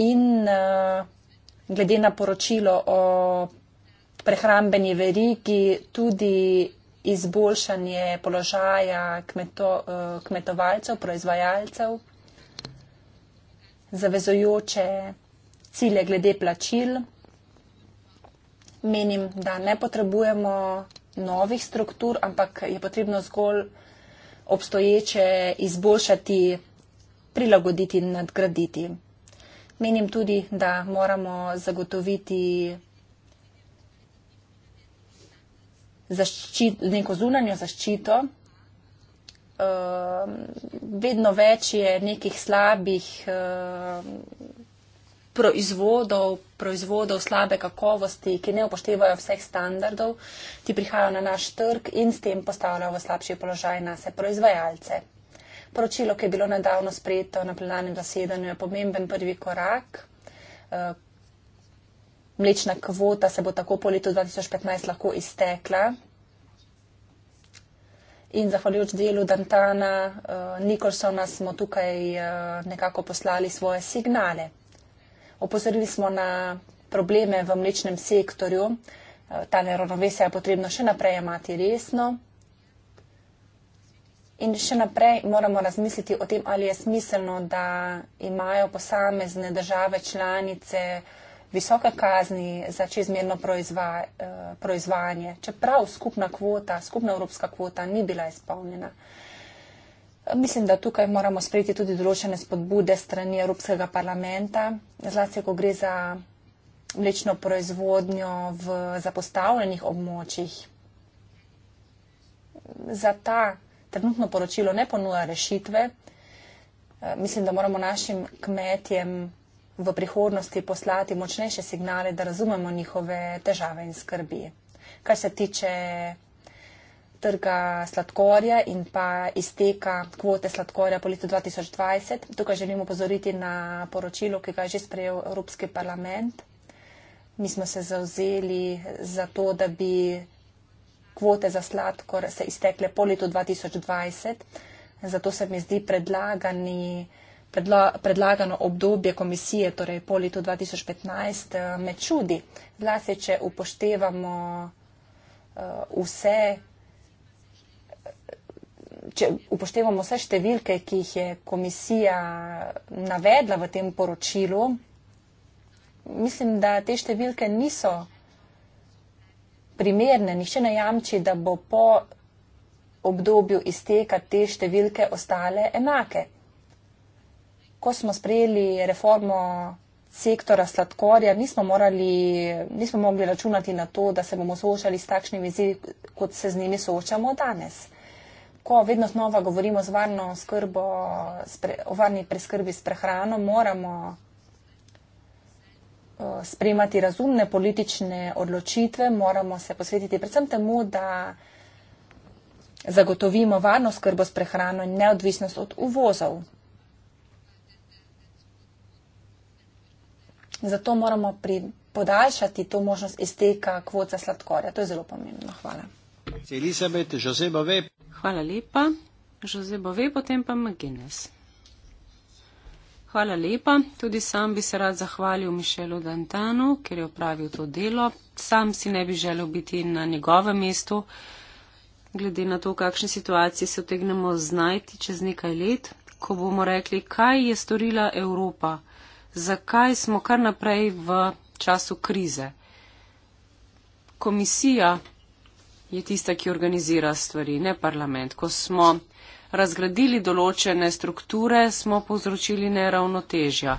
in uh, glede na poročilo o prehrambeni verigi, tudi izboljšanje položaja kmeto, eh, kmetovalcev, proizvajalcev, zavezojoče cilje glede plačil. Menim, da ne potrebujemo novih struktur, ampak je potrebno zgolj obstoječe izboljšati, prilagoditi in nadgraditi. Menim tudi, da moramo zagotoviti zaščit, neko zunanjo zaščito. Uh, vedno več je nekih slabih uh, proizvodov, proizvodov slabe kakovosti, ki ne upoštevajo vseh standardov, ki prihajajo na naš trg in s tem postavljajo v slabši položaj nas proizvajalce. Poročilo, ki je bilo nedavno sprejeto na plenarnem zasedanju, je pomemben prvi korak uh, mlečna kvota se bo tako po letu 2015 lahko iztekla. In zahvaljujoč delu Dantana uh, eh, Nikolsona smo tukaj uh, nekako poslali svoje signale. Opozorili smo na probleme v mlečnem sektorju, uh, eh, ta neravnovesja je potrebno še naprej imati resno. In še naprej moramo razmisliti o tem, ali je smiselno, da imajo posamezne države članice uh, visoke kazni za čezmerno proizva, eh, proizvajanje, čeprav skupna kvota, skupna evropska kvota ni bila izpolnjena. Mislim, da tukaj moramo sprejeti tudi določene spodbude strani Evropskega parlamenta, zlasti, ko gre za mlečno proizvodnjo v zapostavljenih območjih. Za ta trenutno poročilo ne ponuja rešitve. Eh, mislim, da moramo našim kmetjem v prihodnosti poslati močnejše signale, da razumemo njihove težave in skrbi. Kar se tiče trga sladkorja in pa izteka kvote sladkorja po letu 2020, tukaj želim upozoriti na poročilo, ki ga je že sprejel Evropski parlament. Mi smo se zauzeli za to, da bi kvote za sladkor se iztekle po letu 2020. Zato se mi zdi predlagani predlagano obdobje komisije, torej po letu 2015, eh, me čudi. Zlasti, če upoštevamo eh, vse, če upoštevamo vse številke, ki jih je komisija navedla v tem poročilu, mislim, da te številke niso primerne. Nihče ne jamči, da bo po obdobju izteka te številke ostale enake ko smo sprejeli reformo sektora sladkorja, nismo, morali, nismo mogli računati na to, da se bomo soočali s takšnimi izzivi, kot se z njimi soočamo danes. Ko vedno znova govorimo z varno skrbo, o varni preskrbi s prehrano, moramo eh, sprejemati razumne politične odločitve, moramo se posvetiti predvsem temu, da zagotovimo varno skrbo s prehrano in neodvisnost od uvozov. Zato moramo pri, podaljšati to možnost izteka kvot za sladkorja. To je zelo pomembno. Hvala. Elizabeth, Hvala lepa. Jose Bove, potem pa McGuinness. Hvala lepa. Tudi sam bi se rad zahvalil Mišelu Dantanu, ker je opravil to delo. Sam si ne bi želel biti na njegovem mestu, glede na to, v kakšni situaciji se otegnemo znajti čez nekaj let, ko bomo rekli, kaj je storila Evropa zakaj smo kar naprej v času krize. Komisija je tista, ki organizira stvari, ne parlament. Ko smo razgradili določene strukture, smo povzročili neravnotežja.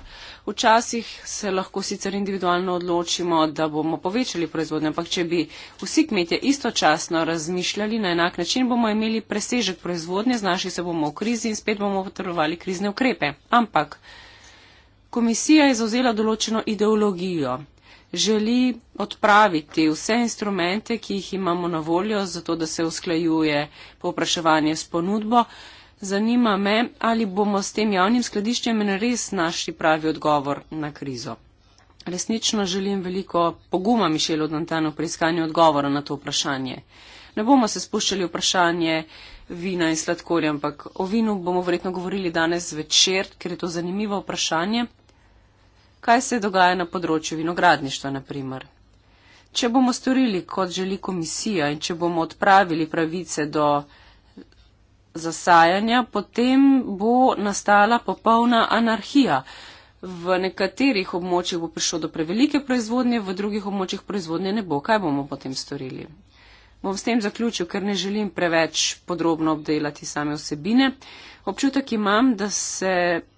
Včasih se lahko sicer individualno odločimo, da bomo povečali proizvodnje, ampak če bi vsi kmetje istočasno razmišljali na enak način, bomo imeli presežek proizvodnje, znašli se bomo v krizi in spet bomo potrebovali krizne ukrepe. Ampak komisija je zauzela določeno ideologijo. Želi odpraviti vse instrumente, ki jih imamo na voljo, zato da se usklajuje povpraševanje s ponudbo. Zanima me, ali bomo s tem javnim skladiščem res našli pravi odgovor na krizo. Resnično želim veliko poguma Mišelu Dantanu pri iskanju odgovora na to vprašanje. Ne bomo se spuščali v vprašanje vina in sladkorja, ampak o vinu bomo verjetno govorili danes večer, ker je to zanimivo vprašanje kaj se dogaja na področju vinogradništva, naprimer. Če bomo storili, kot želi komisija, in če bomo odpravili pravice do zasajanja, potem bo nastala popolna anarhija. V nekaterih območjih bo prišlo do prevelike proizvodnje, v drugih območjih proizvodnje ne bo. Kaj bomo potem storili? Bom s tem zaključil, ker ne želim preveč podrobno obdelati same osebine. Občutek imam, da se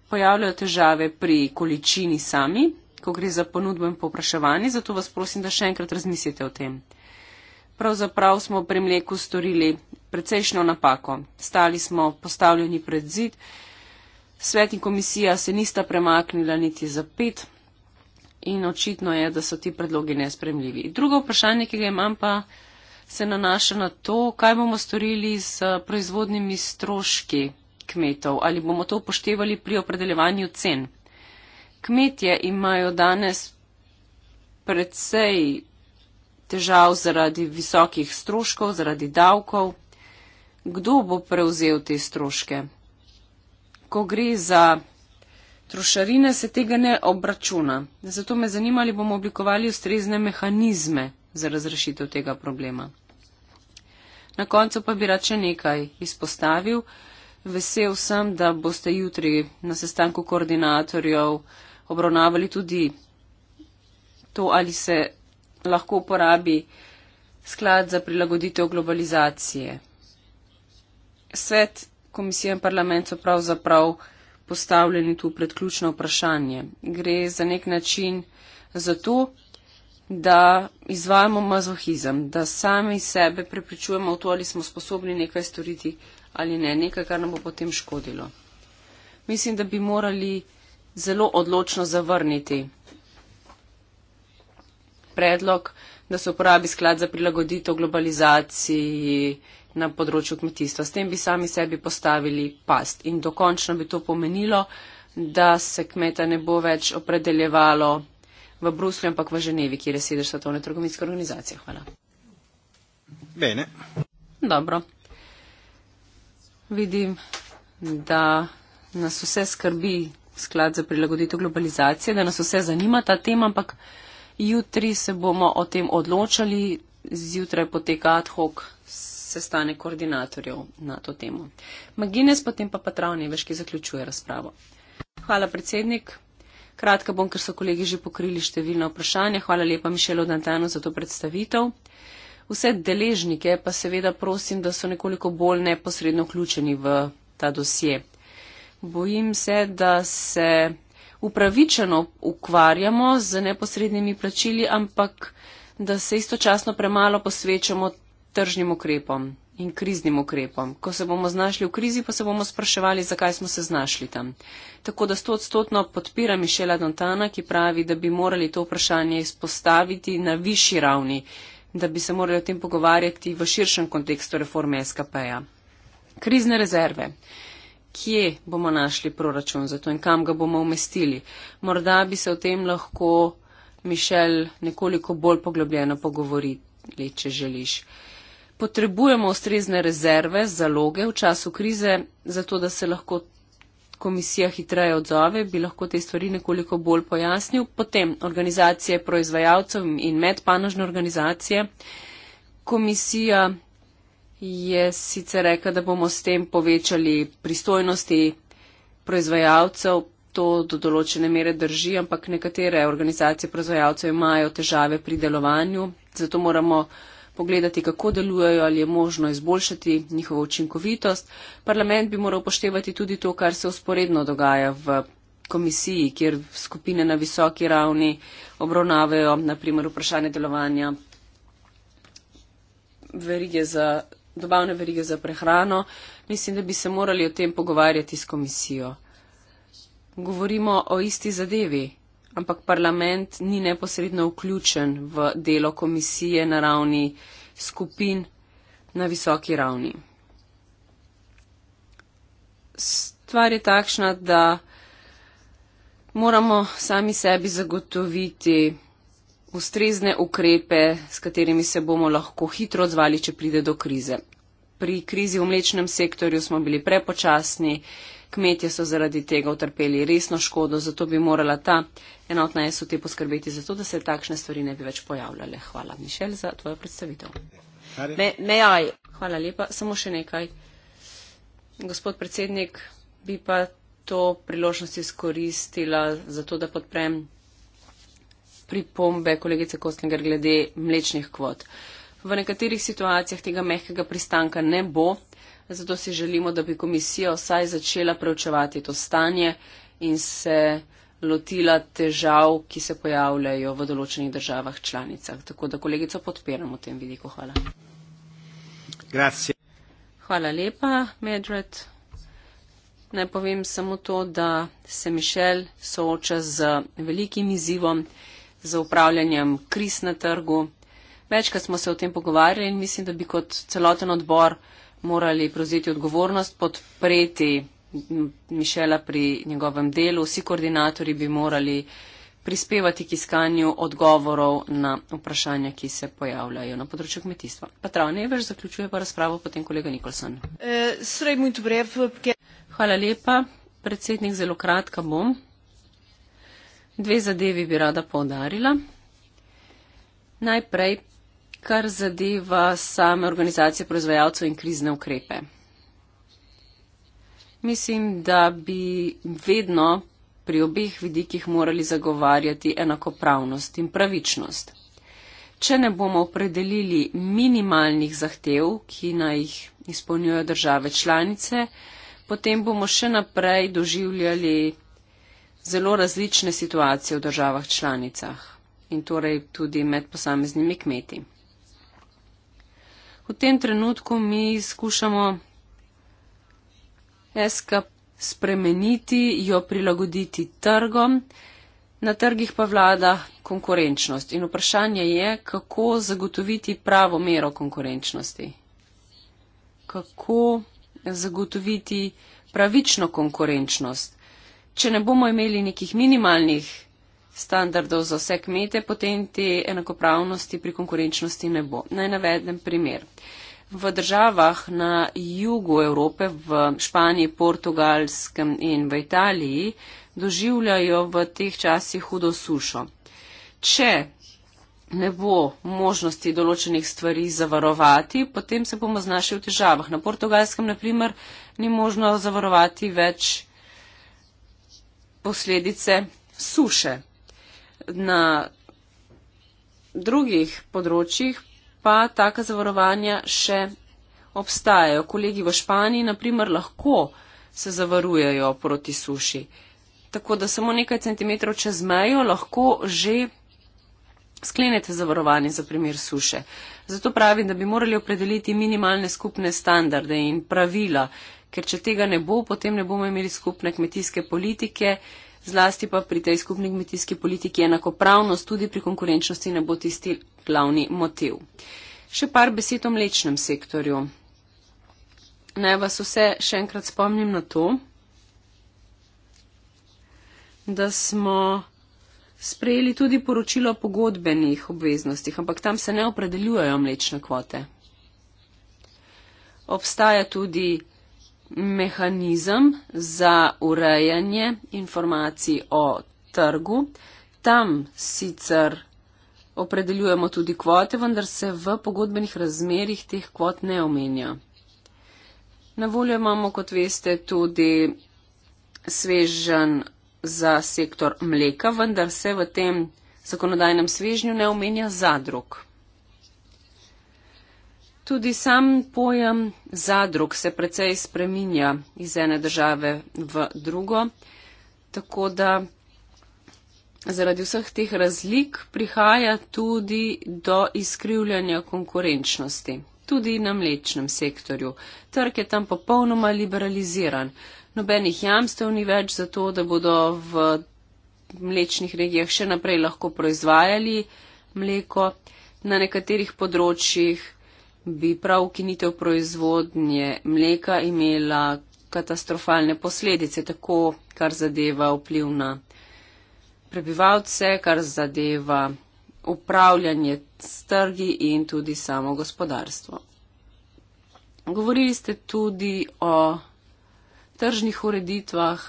pojavljajo težave pri količini sami, ko gre za ponudbo in popraševanje, zato vas prosim, da še enkrat razmislite o tem. Pravzaprav smo pri mleku storili precejšnjo napako. Stali smo postavljeni pred zid, svet in komisija se nista premaknila niti za pet in očitno je, da so ti predlogi nespremljivi. Drugo vprašanje, ki ga imam pa se nanaša na to, kaj bomo storili s proizvodnimi stroški kmetov, ali bomo to upoštevali pri opredeljevanju cen. Kmetje imajo danes predvsej težav zaradi visokih stroškov, zaradi davkov. Kdo bo prevzel te stroške? Ko gre za trošarine, se tega ne obračuna. Zato me zanima, ali bomo oblikovali ustrezne mehanizme za razrešitev tega problema. Na koncu pa bi rače nekaj izpostavil. Vesel sem, da boste jutri na sestanku koordinatorjev obravnavali tudi to, ali se lahko uporabi sklad za prilagoditev globalizacije. Svet, komisija in parlament so pravzaprav postavljeni tu pred ključno vprašanje. Gre za nek način za to, da izvajamo mazohizem, da sami sebe prepričujemo v to, ali smo sposobni nekaj storiti ali ne, nekaj, kar nam bo potem škodilo. Mislim, da bi morali zelo odločno zavrniti predlog, da se uporabi sklad za prilagoditev globalizaciji na področju kmetijstva. S tem bi sami sebi postavili past in dokončno bi to pomenilo, da se kmeta ne bo več opredeljevalo v Bruslju, ampak v Ženevi, kjer je sedež Svetovne trgovinske organizacije. Hvala. Bene. Dobro vidim, da nas vse skrbi sklad za prilagoditev globalizacije, da nas vse zanima ta tema, ampak jutri se bomo o tem odločali, zjutraj poteka ad hoc sestane koordinatorjev na to temo. Magines potem pa Patravni veški zaključuje razpravo. Hvala predsednik. Kratka bom, ker so kolegi že pokrili številna vprašanja. Hvala lepa Mišelu Dantanu za to predstavitev. Vse deležnike pa seveda prosim, da so nekoliko bolj neposredno vključeni v ta dosje. Bojim se, da se upravičeno ukvarjamo z neposrednimi plačili, ampak da se istočasno premalo posvečamo tržnim ukrepom in kriznim ukrepom. Ko se bomo znašli v krizi, pa se bomo spraševali, zakaj smo se znašli tam. Tako da stotstotno podpira Mišela Dantana, ki pravi, da bi morali to vprašanje izpostaviti na višji ravni, da bi se morali o tem pogovarjati v širšem kontekstu reforme SKP-ja. Krizne rezerve. Kje bomo našli proračun za to in kam ga bomo umestili? Morda bi se o tem lahko, Mišel, nekoliko bolj poglobljeno pogovorili, če želiš. Potrebujemo ustrezne rezerve, zaloge v času krize, zato da se lahko komisija hitreje odzove, bi lahko te stvari nekoliko bolj pojasnil. Potem organizacije proizvajalcev in medpanožne organizacije. Komisija je sicer rekla, da bomo s tem povečali pristojnosti proizvajalcev. To do določene mere drži, ampak nekatere organizacije proizvajalcev imajo težave pri delovanju. Zato moramo pogledati, kako delujejo, ali je možno izboljšati njihovo učinkovitost. Parlament bi moral poštevati tudi to, kar se usporedno dogaja v komisiji, kjer skupine na visoki ravni obravnavajo, naprimer, vprašanje delovanja verige za, dobavne verige za prehrano. Mislim, da bi se morali o tem pogovarjati s komisijo. Govorimo o isti zadevi ampak parlament ni neposredno vključen v delo komisije na ravni skupin na visoki ravni. Stvar je takšna, da moramo sami sebi zagotoviti ustrezne ukrepe, s katerimi se bomo lahko hitro odzvali, če pride do krize. Pri krizi v mlečnem sektorju smo bili prepočasni, Kmetje so zaradi tega utrpeli resno škodo, zato bi morala ta enotna SOT poskrbeti za to, da se takšne stvari ne bi več pojavljale. Hvala, Mišel, za tvojo predstavitev. Ne, ne aj. Hvala lepa. Samo še nekaj. Gospod predsednik, bi pa to priložnost izkoristila za to, da podprem pripombe kolegice Kostinger glede mlečnih kvot. V nekaterih situacijah tega mehkega pristanka ne bo, zato si želimo, da bi komisija vsaj začela preučevati to stanje in se lotila težav, ki se pojavljajo v določenih državah članicah. Tako da kolegico podpiramo v tem vidiku. Hvala. Grazie. Hvala lepa, Medved. Naj povem samo to, da se Mišel sooča z velikim izzivom za upravljanjem kriz na trgu. Večkrat smo se o tem pogovarjali in mislim, da bi kot celoten odbor morali prevzeti odgovornost, podpreti Mišela pri njegovem delu. Vsi koordinatori bi morali prispevati k iskanju odgovorov na vprašanja, ki se pojavljajo na področju kmetijstva. Petra Nevež zaključuje pa razpravo, potem kolega Nikolson. Hvala lepa. Predsednik, zelo kratka bom. Dve zadevi bi rada povdarila. Najprej kar zadeva same organizacije proizvajalcev in krizne ukrepe. Mislim, da bi vedno pri obeh vidikih morali zagovarjati enakopravnost in pravičnost. Če ne bomo opredelili minimalnih zahtev, ki naj jih izpolnjujejo države članice, potem bomo še naprej doživljali zelo različne situacije v državah članicah in torej tudi med posameznimi kmetimi v tem trenutku mi skušamo SK spremeniti, jo prilagoditi trgom, na trgih pa vlada konkurenčnost. In vprašanje je, kako zagotoviti pravo mero konkurenčnosti. Kako zagotoviti pravično konkurenčnost. Če ne bomo imeli nekih minimalnih standardov za vse kmete, potem te enakopravnosti pri konkurenčnosti ne bo. Naj navedem primer. V državah na jugu Evrope, v Španiji, Portugalskem in v Italiji, doživljajo v teh časih hudo sušo. Če ne bo možnosti določenih stvari zavarovati, potem se bomo znašli v težavah. Na portugalskem, na primer, ni možno zavarovati več posledice suše na drugih področjih pa taka zavarovanja še obstajajo. Kolegi v Španiji, naprimer, lahko se zavarujejo proti suši. Tako da samo nekaj centimetrov čez mejo lahko že sklenete zavarovanje za primer suše. Zato pravim, da bi morali opredeliti minimalne skupne standarde in pravila, ker če tega ne bo, potem ne bomo imeli skupne kmetijske politike, zlasti pa pri tej skupni kmetijski politiki enakopravnost tudi pri konkurenčnosti ne bo tisti glavni motiv. Še par besed o mlečnem sektorju. Naj vas vse še enkrat spomnim na to, da smo sprejeli tudi poročilo o pogodbenih obveznostih, ampak tam se ne opredeljujejo mlečne kvote. Obstaja tudi mehanizem za urejanje informacij o trgu. Tam sicer opredeljujemo tudi kvote, vendar se v pogodbenih razmerjih teh kvot ne omenja. Na voljo imamo, kot veste, tudi svežen za sektor mleka, vendar se v tem zakonodajnem svežnju ne omenja zadrug. Tudi sam pojem zadrug se precej spreminja iz ene države v drugo, tako da zaradi vseh teh razlik prihaja tudi do izkrivljanja konkurenčnosti, tudi na mlečnem sektorju. Trg je tam popolnoma liberaliziran. Nobenih jamstev ni več za to, da bodo v mlečnih regijah še naprej lahko proizvajali mleko. Na nekaterih področjih bi prav ukinitev proizvodnje mleka imela katastrofalne posledice, tako kar zadeva vpliv na prebivalce, kar zadeva upravljanje s trgi in tudi samo gospodarstvo. Govorili ste tudi o tržnih ureditvah.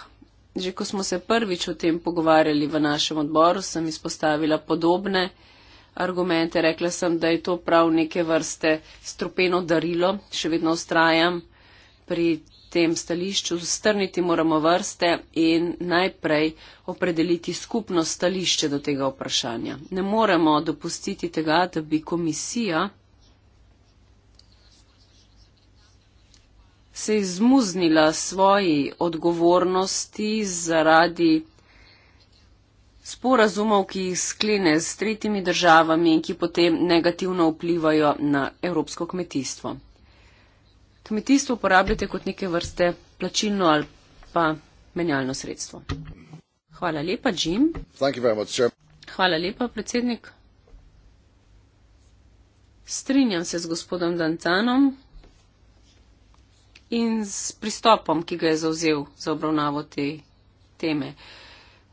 Že ko smo se prvič o tem pogovarjali v našem odboru, sem izpostavila podobne argumente, rekla sem, da je to prav neke vrste strupeno darilo, še vedno ustrajam pri tem stališču. Strniti moramo vrste in najprej opredeliti skupno stališče do tega vprašanja. Ne moremo dopustiti tega, da bi komisija se izmuznila svoji odgovornosti zaradi sporazumov, ki jih sklene s tretjimi državami in ki potem negativno vplivajo na evropsko kmetijstvo. Kmetijstvo uporabljate kot neke vrste plačilno ali pa menjalno sredstvo. Hvala lepa, Jim. Much, Hvala lepa, predsednik. Strinjam se z gospodom Dancanom in s pristopom, ki ga je zauzel za obravnavo te teme.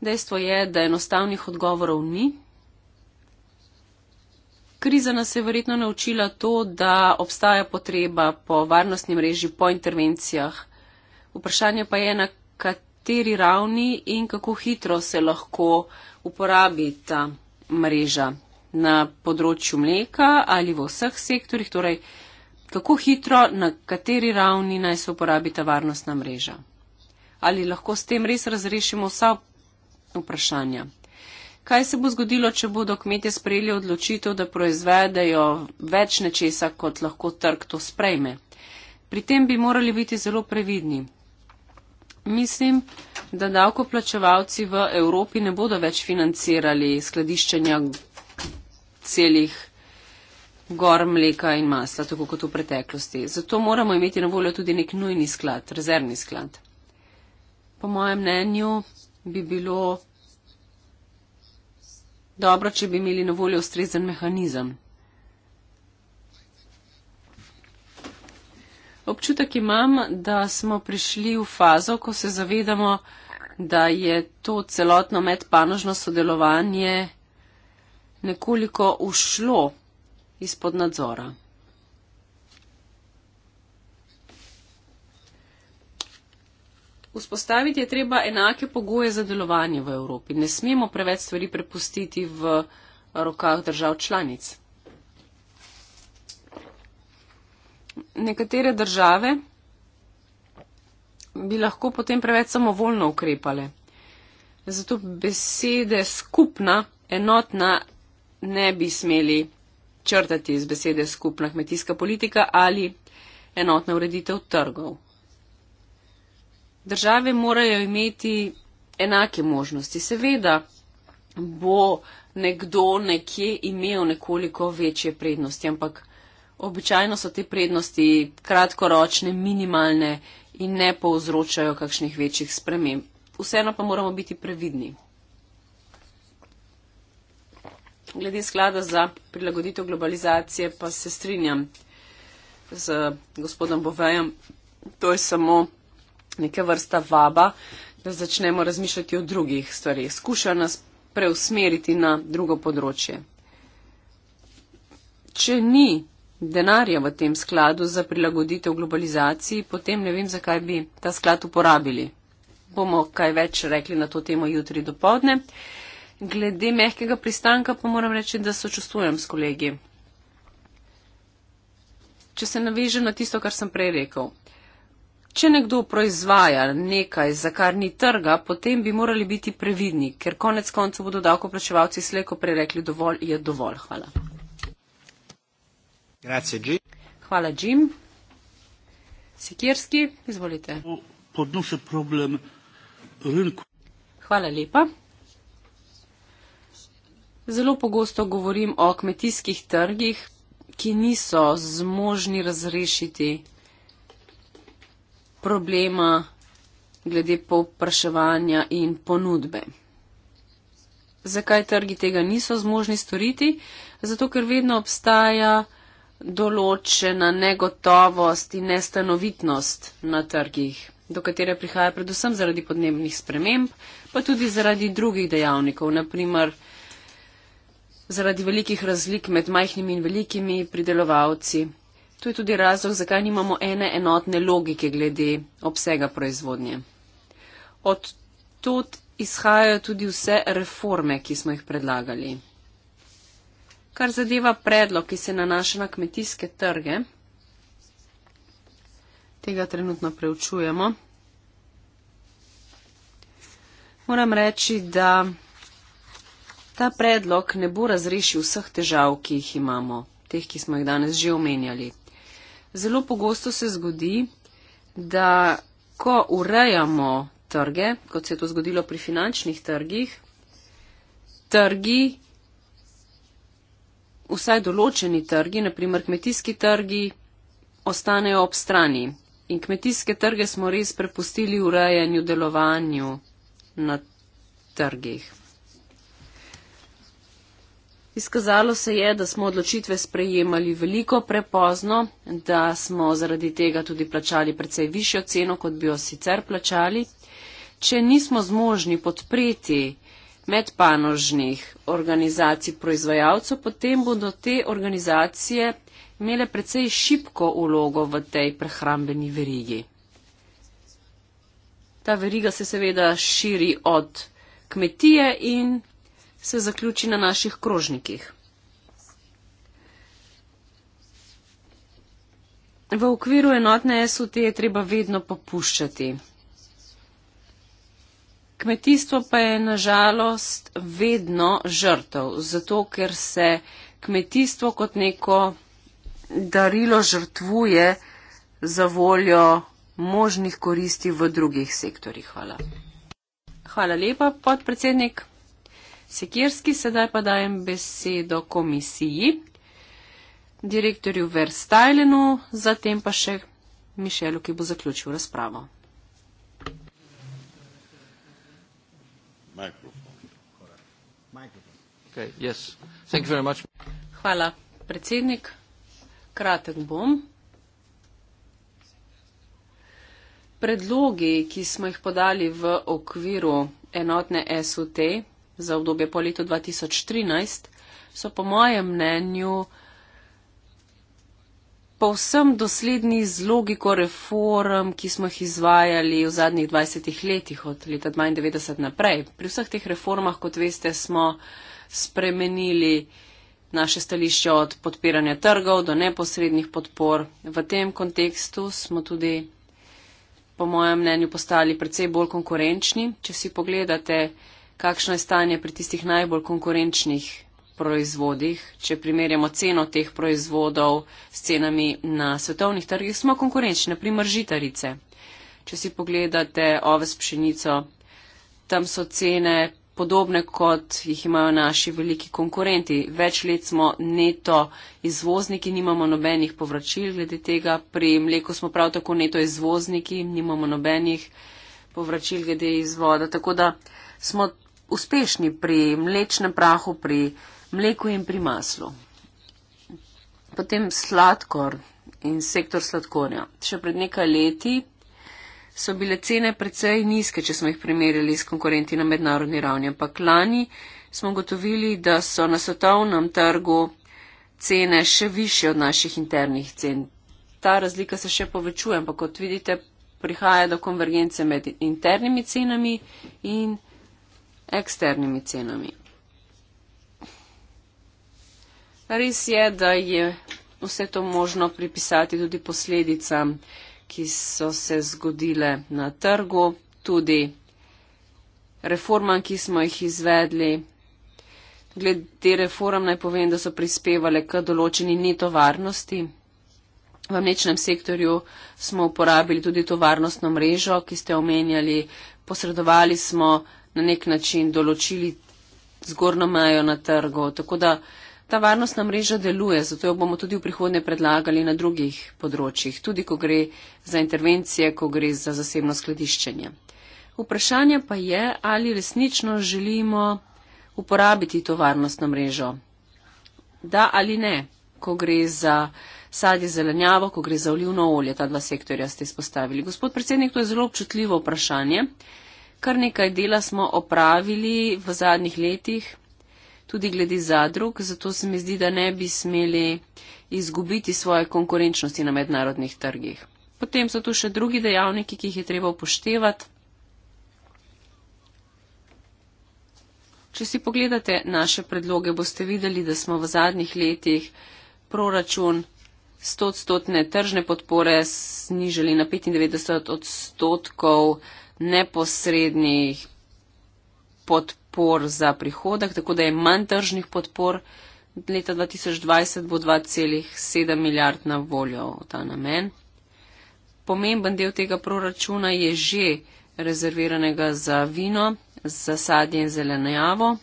Dejstvo je, da enostavnih odgovorov ni. Kriza nas je verjetno naučila to, da obstaja potreba po varnostni mreži, po intervencijah. Vprašanje pa je, na kateri ravni in kako hitro se lahko uporabi ta mreža na področju mleka ali v vseh sektorjih. Torej, kako hitro, na kateri ravni naj se uporabi ta varnostna mreža. Ali lahko s tem res razrešimo vsa vprašanja? vprašanja. Kaj se bo zgodilo, če bodo kmetje sprejeli odločitev, da proizvedejo več nečesa, kot lahko trg to sprejme? Pri tem bi morali biti zelo previdni. Mislim, da davkoplačevalci v Evropi ne bodo več financirali skladiščenja celih gor mleka in masla, tako kot v preteklosti. Zato moramo imeti na voljo tudi nek nujni sklad, rezervni sklad. Po mojem mnenju bi bilo dobro, če bi imeli na voljo ustrezen mehanizem. Občutek imam, da smo prišli v fazo, ko se zavedamo, da je to celotno medpanožno sodelovanje nekoliko ušlo izpod nadzora. Vzpostaviti je treba enake pogoje za delovanje v Evropi. Ne smemo preveč stvari prepustiti v rokah držav članic. Nekatere države bi lahko potem preveč samovoljno ukrepale. Zato besede skupna, enotna ne bi smeli črtati iz besede skupna kmetijska politika ali enotna ureditev trgov države morajo imeti enake možnosti. Seveda bo nekdo nekje imel nekoliko večje prednosti, ampak običajno so te prednosti kratkoročne, minimalne in ne povzročajo kakšnih večjih sprememb. Vseeno pa moramo biti previdni. Glede sklada za prilagoditev globalizacije pa se strinjam z gospodom Bovejem. To je samo neke vrste vaba, da začnemo razmišljati o drugih stvarih. Skuša nas preusmeriti na drugo področje. Če ni denarja v tem skladu za prilagoditev globalizaciji, potem ne vem, zakaj bi ta sklad uporabili. Bomo kaj več rekli na to temo jutri do povdne. Glede mehkega pristanka pa moram reči, da sočustvujem s kolegi. Če se navežem na tisto, kar sem prej rekel, Če nekdo proizvaja nekaj, za kar ni trga, potem bi morali biti previdni, ker konec koncev bodo davkoplačevalci sleko prerekli dovolj je dovolj. Hvala. Grazie, Jim. Hvala, Jim. Sikirski, izvolite. Hvala lepa. Zelo pogosto govorim o kmetijskih trgih, ki niso zmožni razrešiti problema glede povpraševanja in ponudbe. Zakaj trgi tega niso zmožni storiti? Zato, ker vedno obstaja določena negotovost in nestanovitnost na trgih, do katere prihaja predvsem zaradi podnebnih sprememb, pa tudi zaradi drugih dejavnikov, naprimer zaradi velikih razlik med majhnimi in velikimi pridelovalci To je tudi razlog, zakaj nimamo ene enotne logike glede obsega proizvodnje. Od tud izhajajo tudi vse reforme, ki smo jih predlagali. Kar zadeva predlog, ki se nanaša na kmetijske trge, tega trenutno preučujemo. Moram reči, da ta predlog ne bo razrešil vseh težav, ki jih imamo, teh, ki smo jih danes že omenjali zelo pogosto se zgodi, da ko urejamo trge, kot se je to zgodilo pri finančnih trgih, trgi, vsaj določeni trgi, naprimer kmetijski trgi, ostanejo ob strani. In kmetijske trge smo res prepustili urejanju, delovanju na trgih. Izkazalo se je, da smo odločitve sprejemali veliko prepozno, da smo zaradi tega tudi plačali precej višjo ceno, kot bi jo sicer plačali. Če nismo zmožni podpreti medpanožnih organizacij proizvajalcev, potem bodo te organizacije imele precej šipko ulogo v tej prehrambeni verigi. Ta veriga se seveda širi od kmetije in se zaključi na naših krožnikih. V okviru enotne SUT je treba vedno popuščati. Kmetijstvo pa je nažalost vedno žrtov, zato ker se kmetijstvo kot neko darilo žrtvuje za voljo možnih koristi v drugih sektorjih. Hvala. Hvala lepa, podpredsednik. Sikirski, sedaj pa dajem besedo komisiji, direktorju Verstajlenu, zatem pa še Mišelu, ki bo zaključil razpravo. Okay, yes. Hvala, predsednik. Kratek bom. Predlogi, ki smo jih podali v okviru enotne SUT, za obdobje po letu 2013, so po mojem mnenju povsem dosledni z logiko reform, ki smo jih izvajali v zadnjih 20 letih, od leta 92 naprej. Pri vseh teh reformah, kot veste, smo spremenili naše stališče od podpiranja trgov do neposrednih podpor. V tem kontekstu smo tudi, po mojem mnenju, postali precej bolj konkurenčni. Če si pogledate, kakšno je stanje pri tistih najbolj konkurenčnih proizvodih. Če primerjamo ceno teh proizvodov s cenami na svetovnih trgih, smo konkurenčni, naprimer žitarice. Če si pogledate oves pšenico, tam so cene podobne, kot jih imajo naši veliki konkurenti. Več let smo neto izvozniki, nimamo nobenih povračil glede tega. Pri mleku smo prav tako neto izvozniki, nimamo nobenih povračil glede izvoda. Tako da smo uspešni pri mlečnem prahu, pri mleku in pri maslu. Potem sladkor in sektor sladkorja. Še pred nekaj leti so bile cene precej nizke, če smo jih primerjali s konkurenti na mednarodni ravni, ampak lani smo gotovili, da so na svetovnem trgu cene še više od naših internih cen. Ta razlika se še povečuje, ampak kot vidite, prihaja do konvergence med internimi cenami in internimi eksternimi cenami. Res je, da je vse to možno pripisati tudi posledicam, ki so se zgodile na trgu, tudi reformam, ki smo jih izvedli. Glede reform naj povem, da so prispevale k določeni netovarnosti. V mlečnem sektorju smo uporabili tudi to varnostno mrežo, ki ste omenjali. Posredovali smo na nek način določili zgornjo majo na trgu. Tako da ta varnostna mreža deluje, zato jo bomo tudi v prihodnje predlagali na drugih področjih, tudi ko gre za intervencije, ko gre za zasebno skladiščenje. Vprašanje pa je, ali resnično želimo uporabiti to varnostno mrežo. Da ali ne, ko gre za sadje zelenjavo, ko gre za olivno olje, ta dva sektorja ste izpostavili. Gospod predsednik, to je zelo občutljivo vprašanje. Kar nekaj dela smo opravili v zadnjih letih, tudi glede zadrug, zato se mi zdi, da ne bi smeli izgubiti svoje konkurenčnosti na mednarodnih trgih. Potem so tu še drugi dejavniki, ki jih je treba upoštevati. Če si pogledate naše predloge, boste videli, da smo v zadnjih letih proračun stotstotne tržne podpore znižali na 95 odstotkov neposrednih podpor za prihodek, tako da je manj tržnih podpor. Leta 2020 bo 2,7 milijard na voljo v ta namen. Pomemben del tega proračuna je že rezerviranega za vino, za sadje in zelenjavo.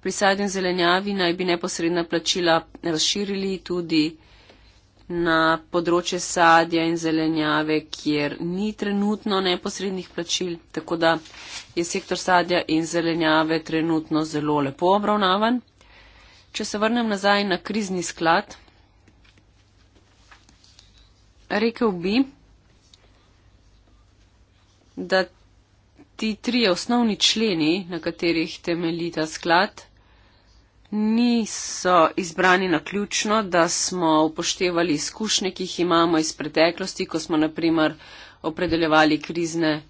Pri sadjem zelenjavi naj bi neposredna plačila razširili tudi na področje sadja in zelenjave, kjer ni trenutno neposrednih plačil, tako da je sektor sadja in zelenjave trenutno zelo lepo obravnavan. Če se vrnem nazaj na krizni sklad, rekel bi, da ti trije osnovni členi, na katerih temeljita sklad, niso izbrani na ključno, da smo upoštevali izkušnje, ki jih imamo iz preteklosti, ko smo naprimer opredeljevali krizne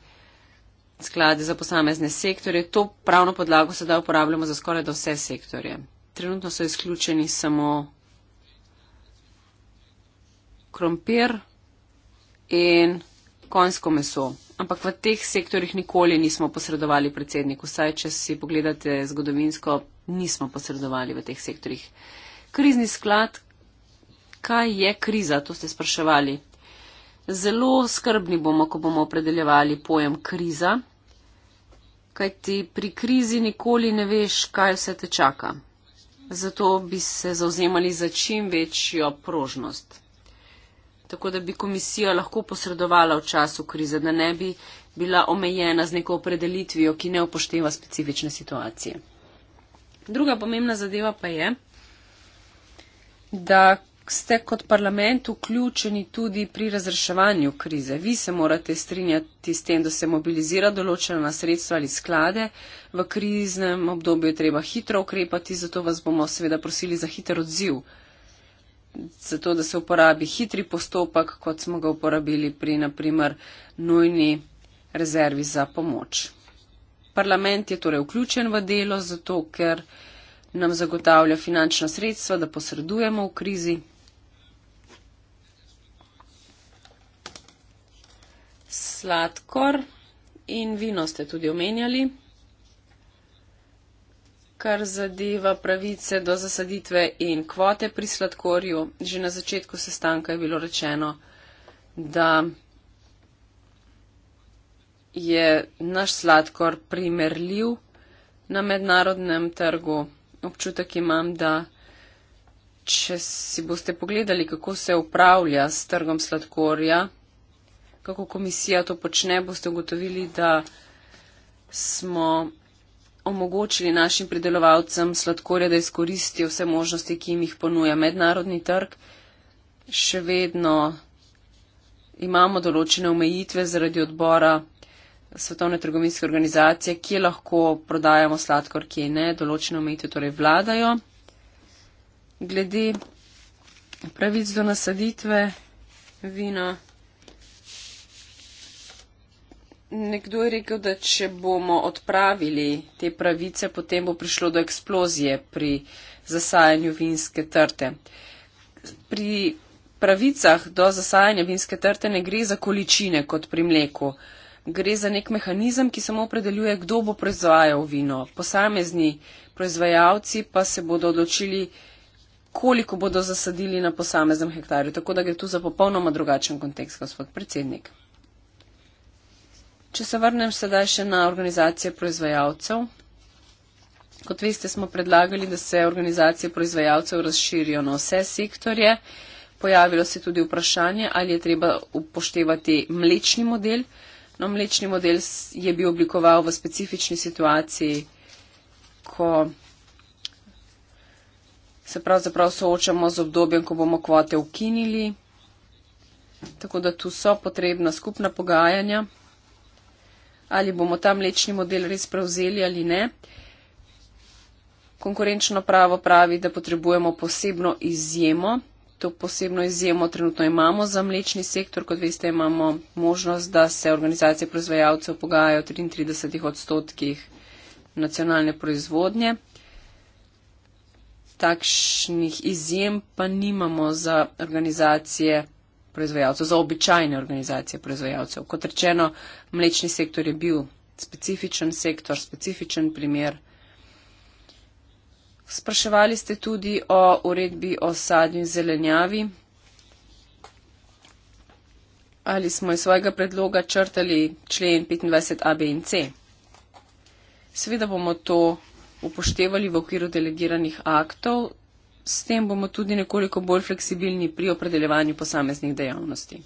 sklade za posamezne sektorje. To pravno podlago sedaj uporabljamo za skoraj da vse sektorje. Trenutno so izključeni samo krompir in konjsko meso. Ampak v teh sektorjih nikoli nismo posredovali predsedniku. Saj, če si pogledate zgodovinsko nismo posredovali v teh sektorjih. Krizni sklad, kaj je kriza, to ste spraševali. Zelo skrbni bomo, ko bomo opredeljevali pojem kriza, kajti pri krizi nikoli ne veš, kaj vse te čaka. Zato bi se zauzemali za čim večjo prožnost. Tako da bi komisija lahko posredovala v času krize, da ne bi bila omejena z neko opredelitvijo, ki ne upošteva specifične situacije. Druga pomembna zadeva pa je, da ste kot parlament vključeni tudi pri razreševanju krize. Vi se morate strinjati s tem, da se mobilizira določena sredstva ali sklade. V kriznem obdobju je treba hitro ukrepati, zato vas bomo seveda prosili za hiter odziv. Zato, da se uporabi hitri postopek, kot smo ga uporabili pri naprimer nujni rezervi za pomoč. Parlament je torej vključen v delo, zato ker nam zagotavlja finančna sredstva, da posredujemo v krizi. Sladkor in vino ste tudi omenjali. Kar zadeva pravice do zasaditve in kvote pri sladkorju, že na začetku sestanka je bilo rečeno, da je naš sladkor primerljiv na mednarodnem trgu. Občutek imam, da če si boste pogledali, kako se upravlja s trgom sladkorja, kako komisija to počne, boste ugotovili, da smo omogočili našim pridelovalcem sladkorja, da izkoristijo vse možnosti, ki jim jih ponuja mednarodni trg. Še vedno imamo določene omejitve zaradi odbora svetovne trgovinske organizacije, kje lahko prodajamo sladkor, kje ne, določene omejitve torej vladajo. Glede pravic do nasaditve vina. Nekdo je rekel, da če bomo odpravili te pravice, potem bo prišlo do eksplozije pri zasajanju vinske trte. Pri pravicah do zasajanja vinske trte ne gre za količine kot pri mleku. Uh, gre za nek mehanizem, ki samo opredeljuje, kdo bo proizvajal vino. Posamezni proizvajalci pa se bodo odločili, koliko bodo zasadili na posameznem hektarju. Tako da gre tu za popolnoma drugačen kontekst, gospod predsednik. Če se vrnem sedaj še na organizacije proizvajalcev. Kot veste, smo predlagali, da se organizacije proizvajalcev razširijo na vse sektorje. Pojavilo se je tudi vprašanje, ali je treba upoštevati mlečni model. Uh, No, mlečni model je bil oblikoval v specifični situaciji, ko se pravzaprav soočamo z obdobjem, ko bomo kvote ukinili. Tako da tu so potrebna skupna pogajanja, ali bomo ta mlečni model res prevzeli ali ne. Konkurenčno pravo pravi, da potrebujemo posebno izjemo to posebno izjemo trenutno imamo za mlečni sektor. Kot veste, imamo možnost, da se organizacije proizvajalcev pogajajo v 33 odstotkih nacionalne proizvodnje. Takšnih izjem pa nimamo za organizacije proizvajalcev, za običajne organizacije proizvajalcev. Kot rečeno, mlečni sektor je bil specifičen sektor, specifičen primer. Spraševali ste tudi o uredbi o sadju in zelenjavi. Ali smo iz svojega predloga črtali člen 25a, b in c? Seveda bomo to upoštevali v okviru delegiranih aktov, s tem bomo tudi nekoliko bolj fleksibilni pri opredeljevanju posameznih dejavnosti.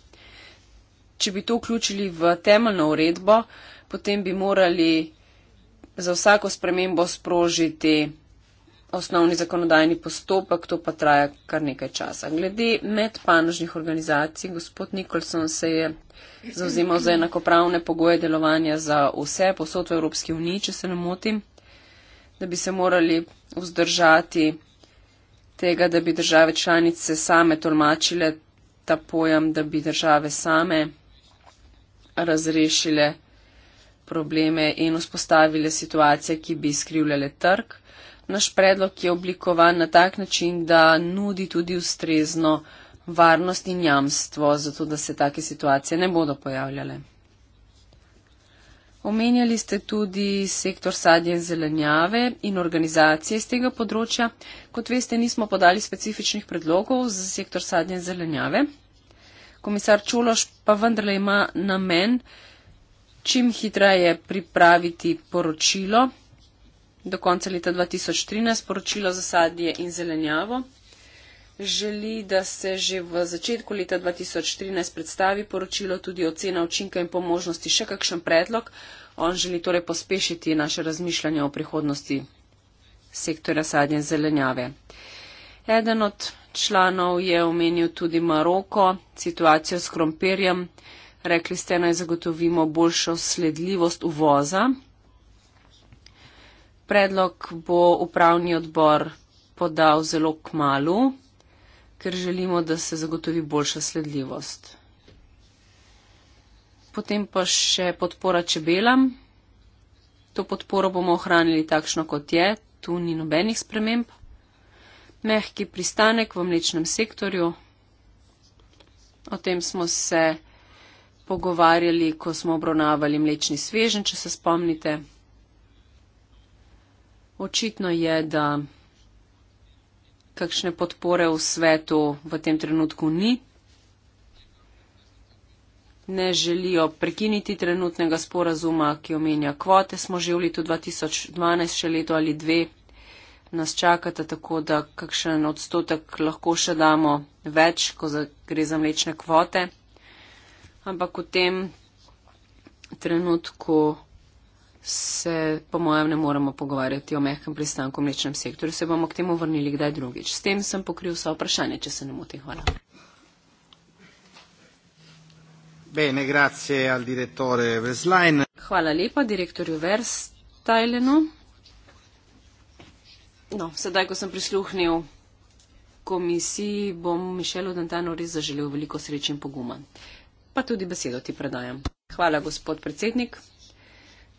Če bi to vključili v temeljno uredbo, potem bi morali za vsako spremembo sprožiti osnovni zakonodajni postopek, to pa traja kar nekaj časa. Glede medpanožnih organizacij, gospod Nikolson se je zauzemal za enakopravne pogoje delovanja za vse posod v Evropski uniji, če se ne motim, da bi se morali vzdržati tega, da bi države članice same tolmačile ta pojem, da bi države same razrešile probleme in vzpostavile situacije, ki bi skrivljale trg naš predlog je oblikovan na tak način, da nudi tudi ustrezno varnost in jamstvo, zato da se take situacije ne bodo pojavljale. Omenjali ste tudi sektor sadje in zelenjave in organizacije iz tega področja. Kot veste, nismo podali specifičnih predlogov za sektor sadje in zelenjave. Komisar Čuloš pa vendarle ima namen čim hitreje pripraviti poročilo do konca leta 2013 poročilo za sadje in zelenjavo. Želi, da se že v začetku leta 2013 predstavi poročilo tudi ocena učinka in po možnosti še kakšen predlog. On želi torej pospešiti naše razmišljanje o prihodnosti sektora sadje in zelenjave. Eden od članov je omenil tudi Maroko, situacijo s krompirjem. Rekli ste, naj zagotovimo boljšo sledljivost uvoza. Predlog bo upravni odbor podal zelo k malu, ker želimo, da se zagotovi boljša sledljivost. Potem pa še podpora čebelam. To podporo bomo ohranili takšno, kot je, tu ni nobenih sprememb. Mehki pristanek v mlečnem sektorju. O tem smo se pogovarjali, ko smo obravnavali mlečni svežen, če se spomnite očitno je, da kakšne podpore v svetu v tem trenutku ni. Ne želijo prekiniti trenutnega sporazuma, ki omenja kvote. Smo že v letu 2012, še leto ali dve nas čakata, tako da kakšen odstotek lahko še damo več, ko za, gre za mlečne kvote. Ampak v tem trenutku se, po mojem, ne moramo pogovarjati o mehkem pristanku v mlečnem sektorju. Se bomo k temu vrnili kdaj drugič. S tem sem pokril vse vprašanje, če se ne motim. Hvala. Bene, grazie al direttore Veslein. Hvala lepa direktorju Verstajlenu. No, sedaj, ko sem prisluhnil komisiji, bom Mišelu Dantanu res zaželil veliko sreče in poguma. Pa tudi besedo ti predajam. Hvala, gospod predsednik.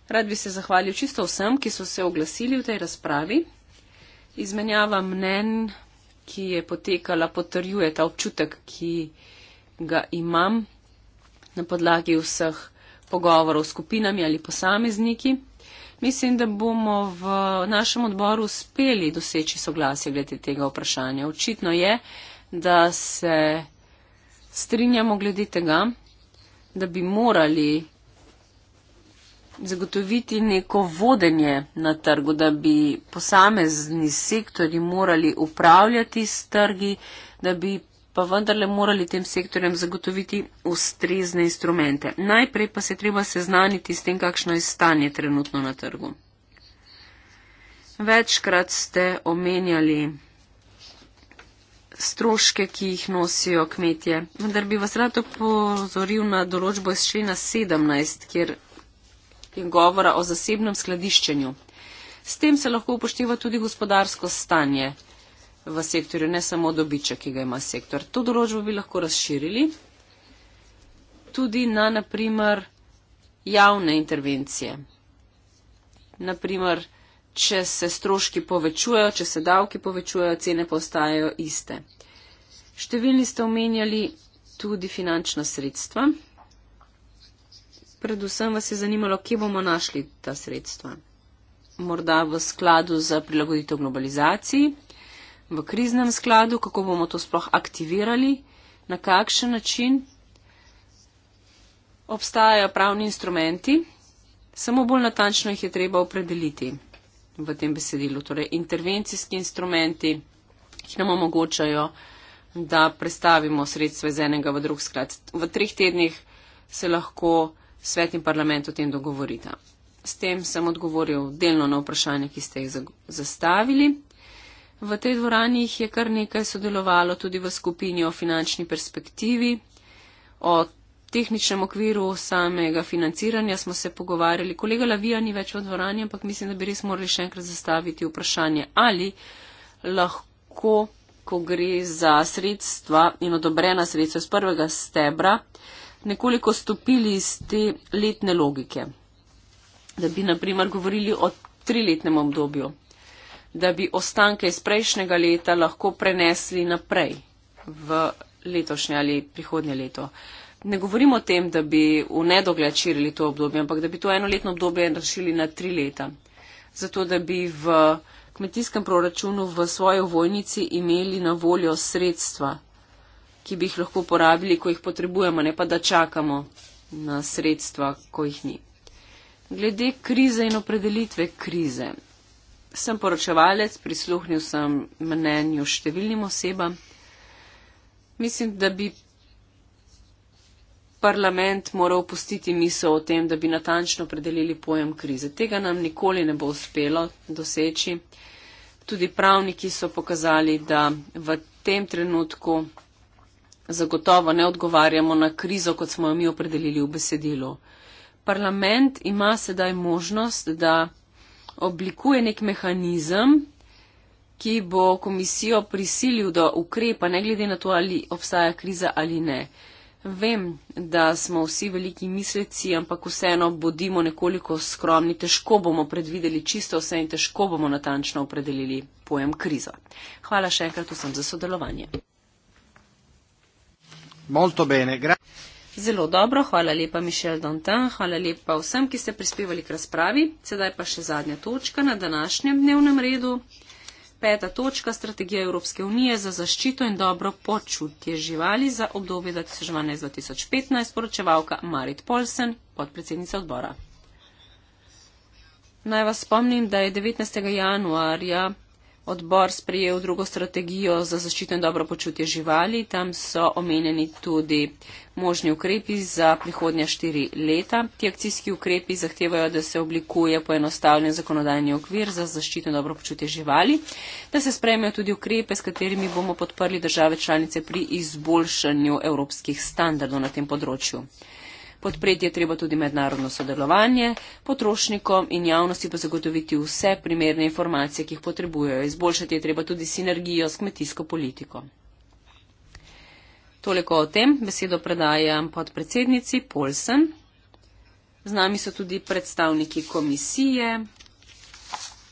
Rad bi se zahvalil čisto vsem, ki so se oglasili v tej razpravi. Izmenjava mnen, ki je potekala, potrjuje ta občutek, ki ga imam na podlagi vseh pogovorov s skupinami ali posamezniki. Mislim, da bomo v našem odboru uspeli doseči soglasje glede tega vprašanja. Očitno je, da se strinjamo glede tega, da bi morali zagotoviti neko vodenje na trgu, da bi posamezni sektori morali upravljati s trgi, da bi pa vendarle morali tem sektorjem zagotoviti ustrezne instrumente. Najprej pa se treba seznaniti s tem, kakšno je stanje trenutno na trgu. Večkrat ste omenjali stroške, ki jih nosijo kmetje. Vendar bi vas rad opozoril na določbo iz člena 17, kjer ki je govora o zasebnem skladiščenju. S tem se lahko upošteva tudi gospodarsko stanje v sektorju, ne samo dobiček, ki ga ima sektor. To določbo bi lahko razširili tudi na naprimer javne intervencije. Naprimer, če se stroški povečujejo, če se davki povečujejo, cene pa ostajajo iste. Številni ste omenjali tudi finančna sredstva. Predvsem vas je zanimalo, kje bomo našli ta sredstva. Morda v skladu za prilagoditev globalizaciji, v kriznem skladu, kako bomo to sploh aktivirali, na kakšen način. Obstajajo pravni instrumenti, samo bolj natančno jih je treba opredeliti v tem besedilu. Torej, intervencijski instrumenti, ki nam omogočajo, da prestavimo sredstva iz enega v drug sklad. V treh tednih se lahko svet in parlament o tem dogovorita. S tem sem odgovoril delno na vprašanje, ki ste jih zastavili. V tej dvorani jih je kar nekaj sodelovalo tudi v skupini o finančni perspektivi. O tehničnem okviru samega financiranja smo se pogovarjali. Kolega Lavija ni več v dvorani, ampak mislim, da bi res morali še enkrat zastaviti vprašanje, ali lahko, ko gre za sredstva in odobrena sredstva iz prvega stebra, nekoliko stopili iz te letne logike, da bi naprimer govorili o triletnem obdobju, da bi ostanke iz prejšnjega leta lahko prenesli naprej v letošnje ali prihodnje leto. Ne govorim o tem, da bi v nedogled širili to obdobje, ampak da bi to enoletno obdobje razširili na tri leta. Zato, da bi v kmetijskem proračunu v svoji vojnici imeli na voljo sredstva ki bi jih lahko uporabili, ko jih potrebujemo, ne pa da čakamo na sredstva, ko jih ni. Glede krize in opredelitve krize. Sem poročevalec, prisluhnil sem mnenju številnim osebam. Mislim, da bi parlament moral pustiti misel o tem, da bi natančno opredelili pojem krize. Tega nam nikoli ne bo uspelo doseči. Tudi pravniki so pokazali, da v tem trenutku zagotovo ne odgovarjamo na krizo, kot smo jo mi opredelili v besedilu. Parlament ima sedaj možnost, da oblikuje nek mehanizem, ki bo komisijo prisilil, da ukrepa, ne glede na to, ali obstaja kriza ali ne. Vem, da smo vsi veliki misleci, ampak vseeno bodimo nekoliko skromni. Težko bomo predvideli čisto vse in težko bomo natančno opredelili pojem kriza. Hvala še enkrat vsem za sodelovanje. Molto bene, grazie. Zelo dobro, hvala lepa Mišel Dantan, hvala lepa vsem, ki ste prispevali k razpravi. Sedaj pa še zadnja točka na današnjem dnevnem redu. Peta točka, strategija Evropske unije za zaščito in dobro počutje živali za obdobje 2012-2015, poročevalka Marit Polsen, podpredsednica odbora. Naj vas spomnim, da je 19. januarja odbor sprejel drugo strategijo za zaščito in dobro počutje živali. Tam so omenjeni tudi možni ukrepi za prihodnja štiri leta. Ti akcijski ukrepi zahtevajo, da se oblikuje poenostavljen zakonodajni okvir za zaščito in dobro počutje živali, da se sprejmejo tudi ukrepe, s katerimi bomo podprli države članice pri izboljšanju evropskih standardov na tem področju. Podpreti je treba tudi mednarodno sodelovanje, potrošnikom in javnosti pa zagotoviti vse primerne informacije, ki jih potrebujejo. Izboljšati je treba tudi sinergijo s kmetijsko politiko. Toliko o tem. Besedo predajam podpredsednici Polsen. Z nami so tudi predstavniki komisije.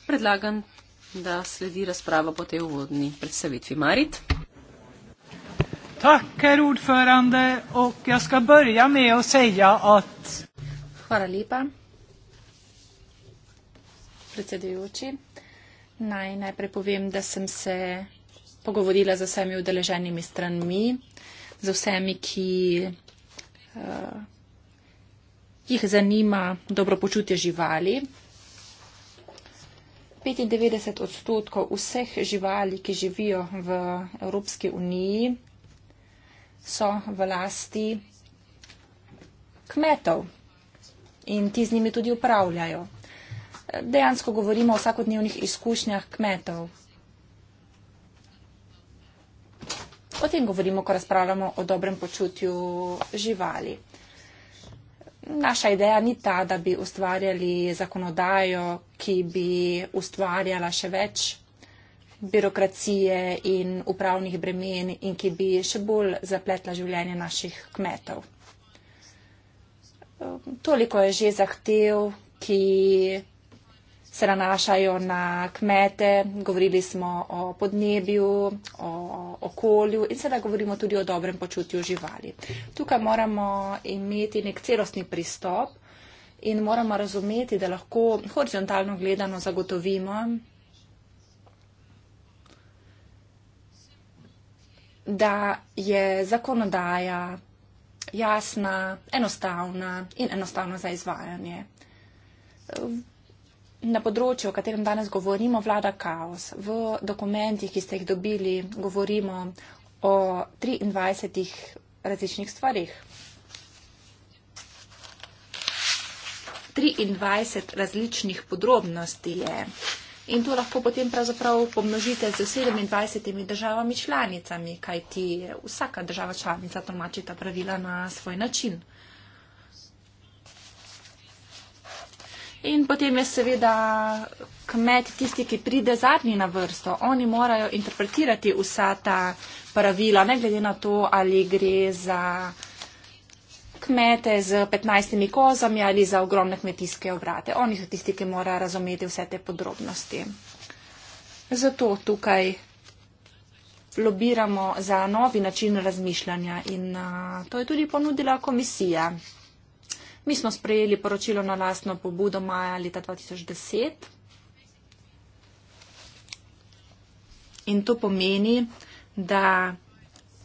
Predlagam, da sledi razprava po tej uvodni predstavitvi Marit. Tack, herr ordförande. Och jag ska börja med att säga att... Hvala lepa, predsedujoči. Naj najprej povem, da sem se pogovorila z vsemi udeleženimi stranmi, z vsemi, ki uh, jih zanima dobro počutje živali. 95 odstotkov vseh živali, ki živijo v Evropski uniji, so v lasti kmetov in ti z njimi tudi upravljajo. Dejansko govorimo o vsakodnevnih izkušnjah kmetov. O tem govorimo, ko razpravljamo o dobrem počutju živali. Naša ideja ni ta, da bi ustvarjali zakonodajo, ki bi ustvarjala še več birokracije in upravnih bremen in ki bi še bolj zapletla življenje naših kmetov. Ehm, toliko je že zahtev, ki se nanašajo na kmete. Govorili smo o podnebju, o okolju in sedaj govorimo tudi o dobrem počutju živali. Tukaj moramo imeti nek celostni pristop in moramo razumeti, da lahko horizontalno gledano zagotovimo da je zakonodaja jasna, enostavna in enostavna za izvajanje. Na področju, o katerem danes govorimo, vlada kaos. V dokumentih, ki ste jih dobili, govorimo o 23 različnih stvarih. 23 različnih podrobnosti je In to lahko potem pravzaprav pomnožite z 27 državami članicami, kajti vsaka država članica tolmači ta pravila na svoj način. In potem je seveda kmet tisti, ki pride zadnji na vrsto. Oni morajo interpretirati vsa ta pravila, ne glede na to, ali gre za kmete z 15 kozami ali za ogromne kmetijske obrate. Oni so tisti, ki morajo razumeti vse te podrobnosti. Zato tukaj lobiramo za novi način razmišljanja in a, to je tudi ponudila komisija. Mi smo sprejeli poročilo na lastno pobudo maja leta 2010 in to pomeni, da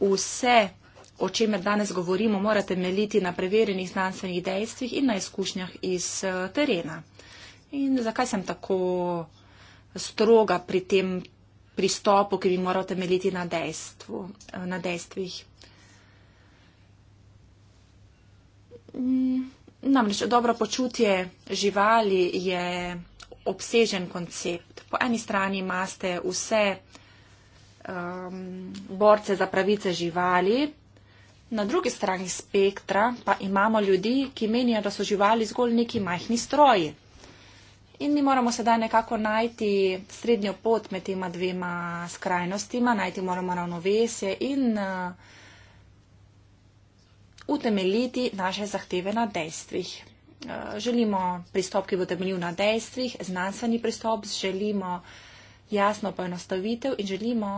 vse o čemer danes govorimo, mora temeljiti na preverjenih znanstvenih dejstvih in na izkušnjah iz eh, terena. In zakaj sem tako stroga pri tem pristopu, ki bi moral temeljiti na, dejstvu, eh, na dejstvih? Mm, namreč dobro počutje živali je obsežen koncept. Po eni strani imate vse um, borce za pravice živali, Na drugi strani spektra pa imamo ljudi, ki menijo, da so živali zgolj neki majhni stroji. In mi moramo sedaj nekako najti srednjo pot med tema dvema skrajnostima, najti moramo ravnovesje in uh, utemeliti naše zahteve na dejstvih. Uh, želimo pristop, ki bo temeljil na dejstvih, znanstveni pristop, želimo jasno poenostavitev in želimo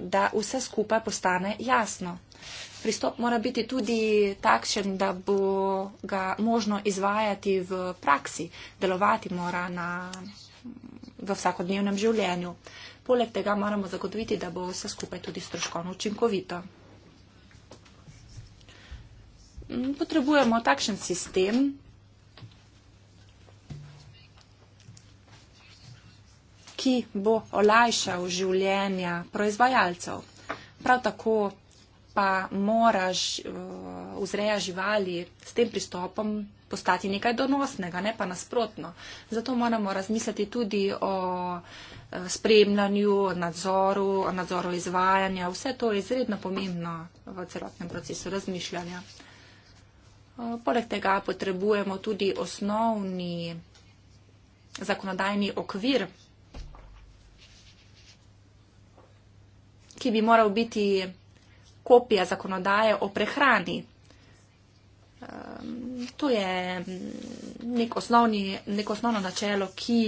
da vse skupaj postane jasno. Pristop mora biti tudi takšen, da bo ga možno izvajati v praksi, delovati mora na, v vsakodnevnem življenju. Poleg tega moramo zagotoviti, da bo vse skupaj tudi stroškovno učinkovito. Potrebujemo takšen sistem, ki bo olajšal življenja proizvajalcev. Prav tako pa mora eh, vzreja živali s tem pristopom postati nekaj donosnega, ne pa nasprotno. Zato moramo razmisliti tudi o eh, spremljanju, nadzoru, o nadzoru izvajanja. Vse to je izredno pomembno v celotnem procesu razmišljanja. Eh, poleg tega potrebujemo tudi osnovni zakonodajni okvir ki bi moral biti kopija zakonodaje o prehrani. Ehm, to je mm, nek, osnovni, nek osnovno načelo, ki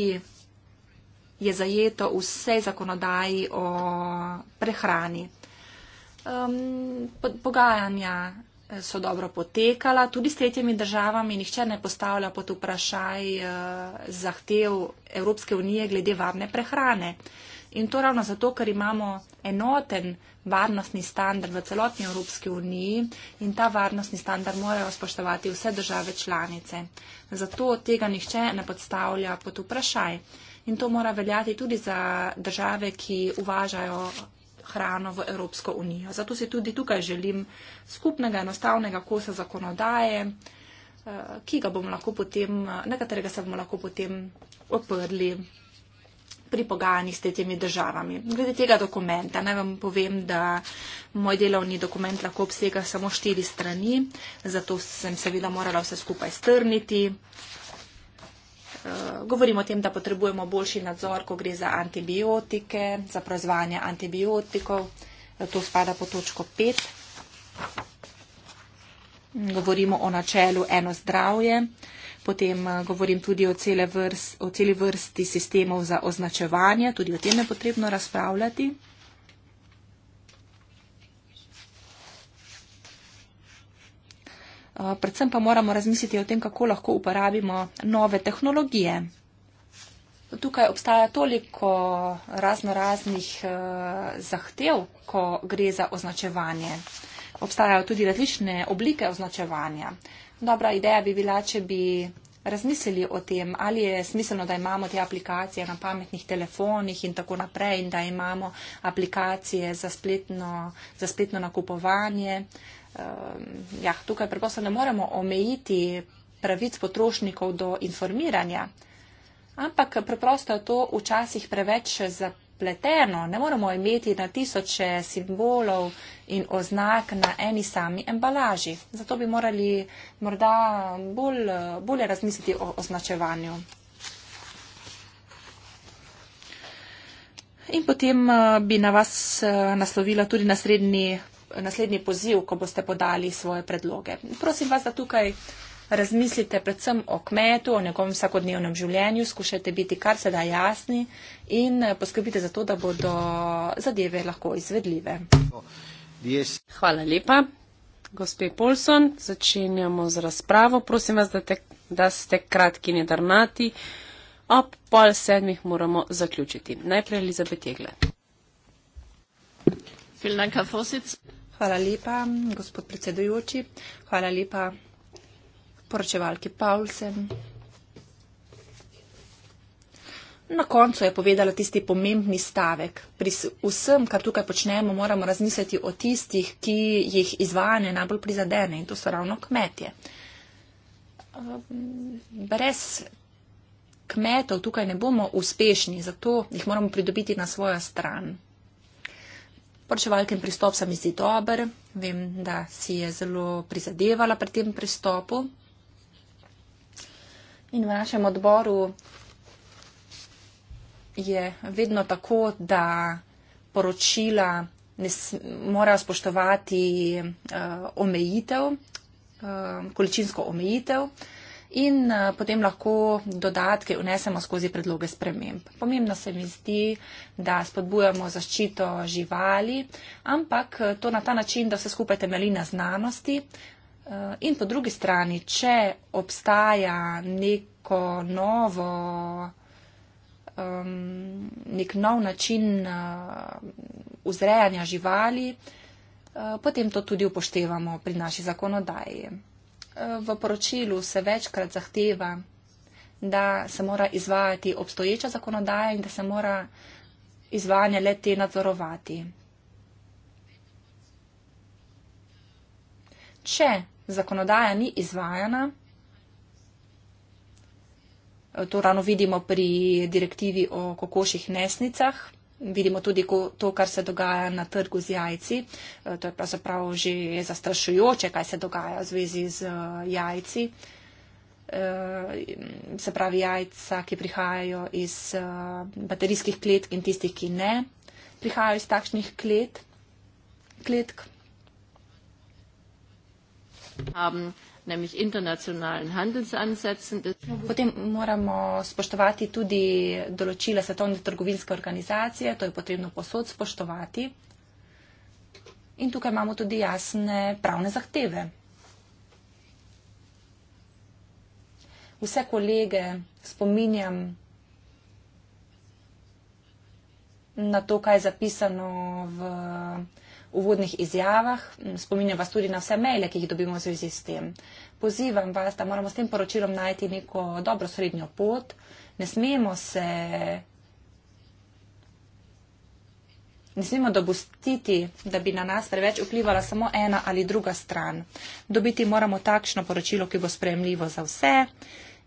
je zajeto v vsej zakonodaji o prehrani. Ehm, pogajanja eh, so dobro potekala, tudi s tretjimi državami nihče ne postavlja pod vprašaj eh, zahtev Evropske unije glede varne prehrane. In to ravno zato, ker imamo enoten varnostni standard v celotni Evropski uniji in ta varnostni standard morajo spoštovati vse države članice. Zato tega nihče ne podstavlja pod vprašaj. In to mora veljati tudi za države, ki uvažajo hrano v Evropsko unijo. Zato si tudi tukaj želim skupnega enostavnega kosa zakonodaje, eh, ki ga bomo lahko potem, eh, na katerega se bomo lahko potem oprli pri pogajanjih s temi državami. Glede tega dokumenta, naj vam povem, da moj delovni dokument lahko obsega samo štiri strani, zato sem seveda morala vse skupaj strniti. Eh, Govorimo o tem, da potrebujemo boljši nadzor, ko gre za antibiotike, za proizvajanje antibiotikov. Eh, to spada po točko 5. Govorimo o načelu eno zdravje potem eh, govorim tudi o, vrst, o celi vrsti sistemov za označevanje, tudi o tem je potrebno razpravljati. Eh, predvsem pa moramo razmisliti o tem, kako lahko uporabimo nove tehnologije. Tukaj obstaja toliko razno raznih eh, zahtev, ko gre za označevanje. Obstajajo tudi različne oblike označevanja. Dobra ideja bi bila, če bi razmislili o tem, ali je smiselno, da imamo te aplikacije na pametnih telefonih in tako naprej in da imamo aplikacije za spletno, za spletno nakupovanje. Ehm, ja, tukaj preprosto ne moremo omejiti pravic potrošnikov do informiranja, ampak preprosto je to včasih preveč zapisano prepleteno, ne moramo imeti na tisoče simbolov in oznak na eni sami embalaži. Zato bi morali morda bolj, bolje razmisliti o označevanju. In potem eh, bi na vas eh, naslovila tudi naslednji, naslednji poziv, ko boste podali svoje predloge. Prosim vas, da tukaj razmislite predvsem o kmetu, o njegovem vsakodnevnem življenju, skušajte biti kar se da jasni, in eh, poskrbite za to, da bodo zadeve lahko izvedljive. Hvala lepa. Gospe Polson, začenjamo z razpravo. Prosim vas, da, te, da ste kratki in jedrnati. Ob pol sedmih moramo zaključiti. Najprej Elizabet Jegle. Hvala lepa, gospod predsedujoči. Hvala lepa poročevalki Paulsen. Na koncu je povedala tisti pomembni stavek. Pri vsem, kar tukaj počnemo, moramo razmisliti o tistih, ki jih izvajanje najbolj prizadene in to so ravno kmetje. Ehm, brez kmetov tukaj ne bomo uspešni, zato jih moramo pridobiti na svojo stran. Porčevalkin pristop se mi zdi dober, vem, da si je zelo prizadevala pri tem pristopu. In v našem odboru je vedno tako, da poročila ne morajo spoštovati uh, omejitev, uh, količinsko omejitev in uh, potem lahko dodatke unesemo skozi predloge sprememb. Pomembno se mi zdi, da spodbujamo zaščito živali, ampak to na ta način, da vse skupaj temelji na znanosti. In po drugi strani, če obstaja neko novo um, nek nov način uh, vzrejanja živali, uh, potem to tudi upoštevamo pri naši zakonodaji. Uh, v poročilu se večkrat zahteva, da se mora izvajati obstoječa zakonodaja in da se mora izvajanje le te nadzorovati. Če zakonodaja ni izvajana, To ravno vidimo pri direktivi o kokoših nesnicah. Vidimo tudi to, kar se dogaja na trgu z jajci. E, to je pravzaprav že zastrašujoče, kaj se dogaja v zvezi z e, jajci. E, se pravi jajca, ki prihajajo iz baterijskih kletk in tistih, ki ne prihajajo iz takšnih klet, kletk. Um, nämlich internationalen Handelsansätzen. Potem moramo spoštovati tudi določila Svetovne trgovinske organizacije, to je potrebno posod spoštovati. In tukaj imamo tudi jasne pravne zahteve. Vse kolege spominjam na to, kaj je zapisano v uvodnih izjavah, mm, spominjam vas tudi na vse maile, ki jih dobimo v zvezi s tem. Pozivam vas, da moramo s tem poročilom najti neko dobro srednjo pot. Ne smemo se. Ne smemo dopustiti, da bi na nas preveč vplivala samo ena ali druga stran. Dobiti moramo takšno poročilo, ki bo sprejemljivo za vse.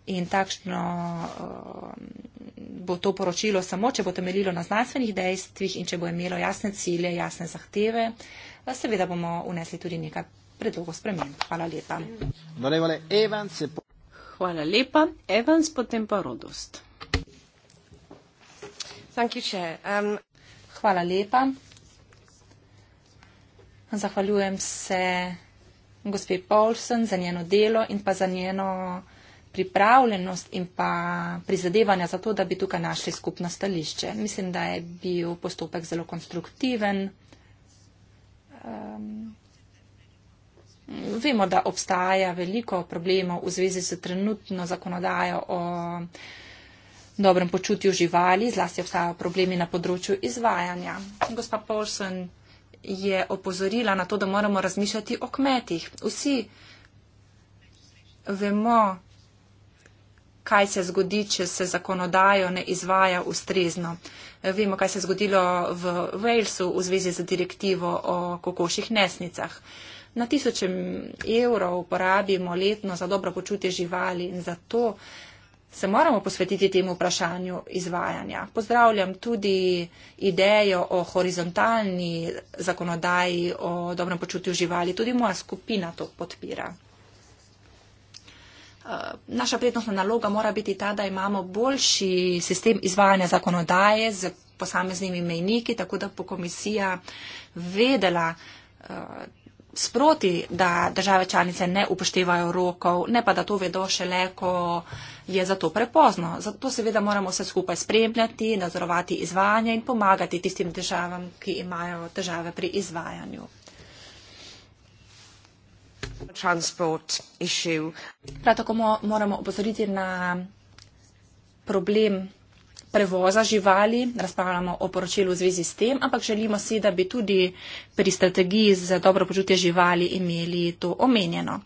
In takšno eh, bo to poročilo samo, če bo temeljilo na znanstvenih dejstvih in če bo imelo jasne cilje, jasne zahteve. Eh, seveda bomo unesli tudi nekaj predlogov sprememb. Hvala lepa. Hvala lepa. Evans, potem pa Rodost. Um, Hvala lepa. Zahvaljujem se gospe Paulsen za njeno delo in pa za njeno pripravljenost in pa prizadevanja za to, da bi tukaj našli skupno stališče. Mislim, da je bil postopek zelo konstruktiven. Um, vemo, da obstaja veliko problemov v zvezi s trenutno zakonodajo o dobrem počutju živali, zlasti obstajajo problemi na področju izvajanja. Gospa Polson je opozorila na to, da moramo razmišljati o kmetih. Vsi vemo, kaj se zgodi, če se zakonodajo ne izvaja ustrezno. E, vemo, kaj se je zgodilo v Walesu v zvezi z direktivo o kokoših nesnicah. Na tisoče evrov porabimo letno za dobro počutje živali in zato se moramo posvetiti temu vprašanju izvajanja. Pozdravljam tudi idejo o horizontalni zakonodaji o dobrem počutju živali. Tudi moja skupina to podpira. Eh, naša prednostna naloga mora biti ta, da imamo boljši sistem izvajanja zakonodaje z posameznimi mejniki, tako da bo komisija vedela uh, sproti, da države članice ne upoštevajo rokov, ne pa da to vedo šele, ko je za to prepozno. Zato seveda moramo vse skupaj spremljati, nadzorovati izvajanje in pomagati tistim državam, ki imajo težave pri izvajanju. Prav tako moramo opozoriti na problem prevoza živali. Razpravljamo o poročilu v zvezi s tem, ampak želimo si, da bi tudi pri strategiji za dobro počutje živali imeli to omenjeno.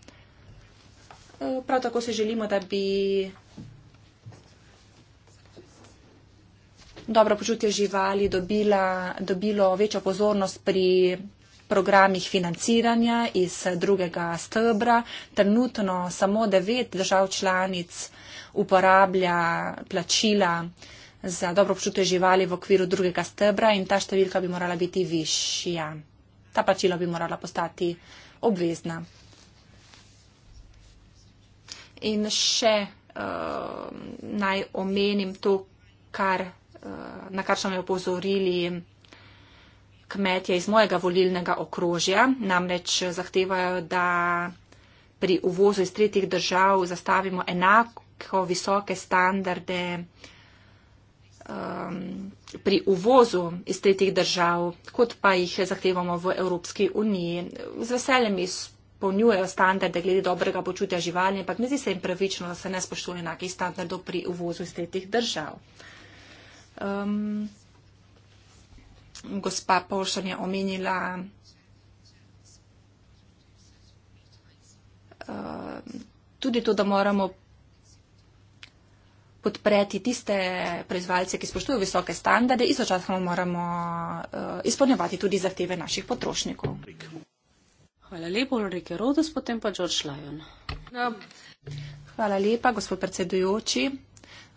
E, prav tako se želimo, da bi dobro počutje živali dobila, dobilo večjo pozornost pri programih financiranja iz drugega stebra. Trenutno samo devet držav članic uporablja plačila za dobro počutje živali v okviru drugega stebra in ta številka bi morala biti višja. Ta plačila bi morala postati obvezna. In še uh, naj omenim to, kar, uh, na kar so me opozorili kmetje iz mojega volilnega okrožja, namreč zahtevajo, da pri uvozu iz tretjih držav zastavimo enako visoke standarde um, pri uvozu iz tretjih držav, kot pa jih zahtevamo v Evropski uniji. Z veseljem izpolnjujejo standarde glede dobrega počutja živali, ampak ne zdi se jim pravično, da se ne spoštuje enakih standardov pri uvozu iz tretjih držav. Um, gospa Pošan je omenila eh, tudi to, da moramo podpreti tiste proizvajalce, ki spoštujejo visoke standarde, istočasno moramo eh, izpolnjevati tudi zahteve naših potrošnikov. Hvala lepa, Ulrike Rodos, potem pa George Lyon. No. Hvala lepa, gospod predsedujoči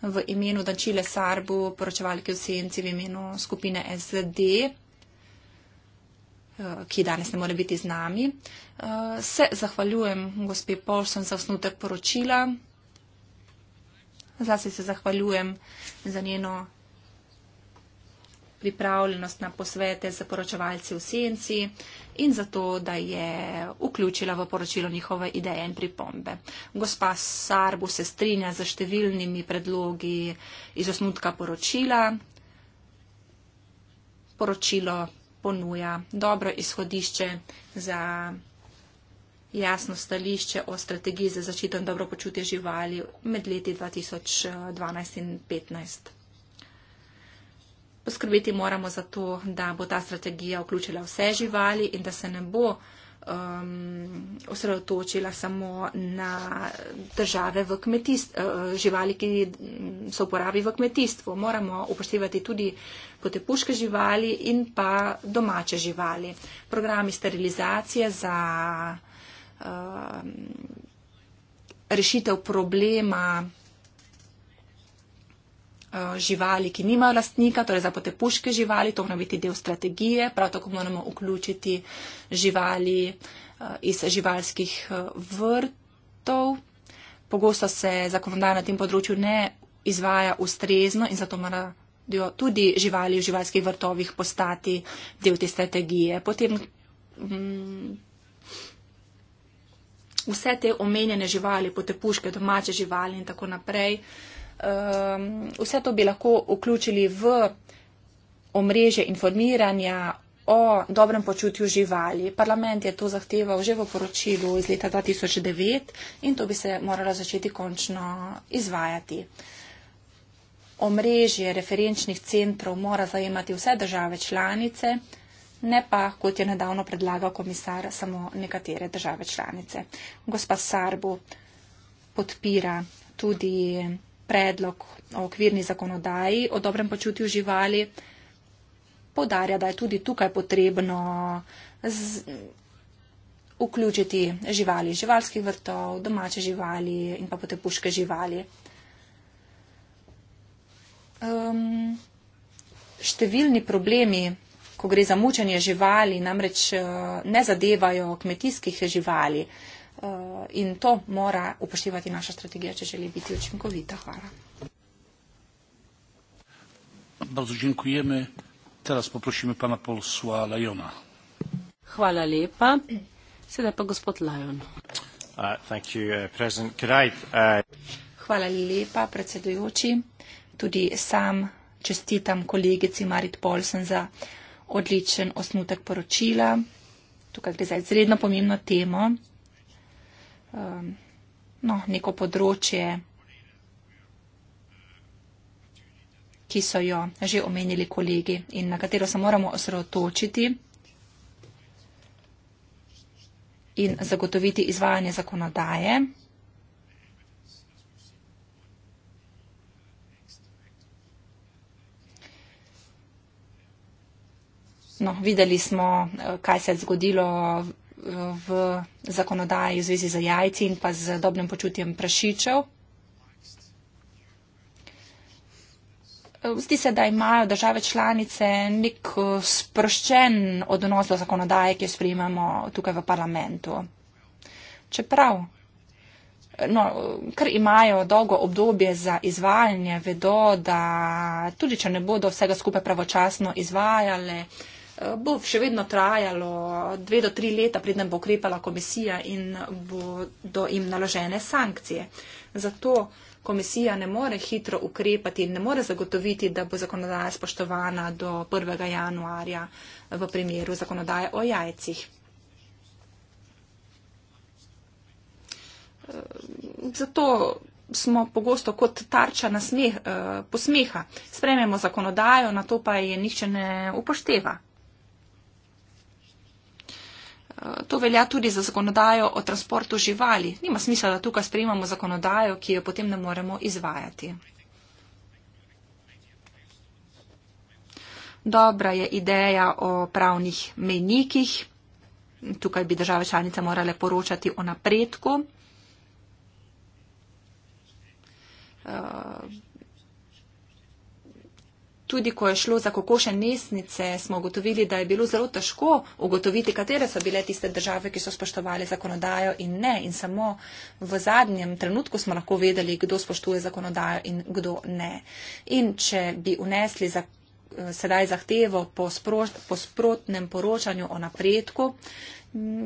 v imenu Dančile Sarbu, poročevalke v senci v imenu skupine SD, eh, ki danes ne more biti z nami. Eh, se zahvaljujem gospe Polson za osnutek poročila. Zase se zahvaljujem za njeno pripravljenost na posvete z poročevalci v senci in zato, da je vključila v poročilo njihove ideje in pripombe. Gospa Sarbu se strinja z številnimi predlogi iz osnutka poročila. Poročilo ponuja dobro izhodišče za jasno stališče o strategiji za začito in dobro počutje živali med leti 2012 in 2015 poskrbeti moramo za to, da bo ta strategija vključila vse živali in da se ne bo um, osredotočila samo na države v kmetijstvu, eh, živali, ki so uporabi v kmetijstvu. Moramo upoštevati tudi potepuške živali in pa domače živali. Programi sterilizacije za. Um, rešitev problema Eh, živali, ki nimajo lastnika, torej za potepuške živali, to mora biti del strategije, prav tako moramo vključiti živali eh, iz živalskih eh, vrtov. Pogosto se zakonodaja na tem področju ne izvaja ustrezno in zato mora tudi živali v živalskih vrtovih postati del te strategije. Potem mm, vse te omenjene živali, potepuške, domače živali in tako naprej um, vse to bi lahko vključili v omrežje informiranja o dobrem počutju živali. Parlament je to zahteval že v poročilu iz leta 2009 in to bi se moralo začeti končno izvajati. Omrežje referenčnih centrov mora zajemati vse države članice, ne pa, kot je nedavno predlagal komisar, samo nekatere države članice. Gospa Sarbu podpira tudi predlog o okvirni zakonodaji o dobrem počutju živali podarja, da je tudi tukaj potrebno z, vključiti živali živalskih vrtov, domače živali in pa potepuške živali. Um, številni problemi, ko gre za mučenje živali, namreč eh, ne zadevajo kmetijskih živali. Uh, Eh, in to mora upoštevati naša strategija, če želi biti učinkovita. Hvala. Bardzo dziękujemy. Teraz poprosimy pana posła Lajona. Hvala lepa. Sedaj pa gospod Lajon. Uh, thank you, uh, President. Could I, uh... Hvala lepa, predsedujoči. Tudi sam čestitam kolegici Marit Polsen za odličen osnutek poročila. Tukaj gre za izredno pomembno temo um, no, neko področje, ki so jo že omenili kolegi in na katero se moramo osredotočiti in zagotoviti izvajanje zakonodaje. No, videli smo, eh, kaj se je zgodilo v zakonodaji v zvezi z jajci in pa z dobrim počutjem prašičev. Zdi se, da imajo države članice nek eh, sproščen odnos do zakonodaje, ki jo sprejemamo tukaj v parlamentu. Čeprav, no, ker imajo dolgo obdobje za izvajanje, vedo, da tudi če ne bodo vsega skupaj pravočasno izvajale, uh, bo še vedno trajalo dve do tri leta, predtem bo ukrepala komisija in bodo jim naložene sankcije. Zato komisija ne more hitro ukrepati in ne more zagotoviti, da bo zakonodaja spoštovana do 1. januarja v primeru zakonodaje o jajcih. Zato smo pogosto kot tarča nasmeha, eh, posmeha. Sprememo zakonodajo, na to pa je nihče ne upošteva. To velja tudi za zakonodajo o transportu živali. Nima smisla, da tukaj sprejemamo zakonodajo, ki jo potem ne moremo izvajati. Dobra je ideja o pravnih menikih. Tukaj bi države članice morale poročati o napredku. Uh, tudi ko je šlo za kokoše nesnice, smo ugotovili, da je bilo zelo težko ugotoviti, katere so bile tiste države, ki so spoštovali zakonodajo in ne. In samo v zadnjem trenutku smo lahko vedeli, kdo spoštuje zakonodajo in kdo ne. In če bi unesli za, eh, sedaj zahtevo po, sprož, po sprotnem poročanju o napredku,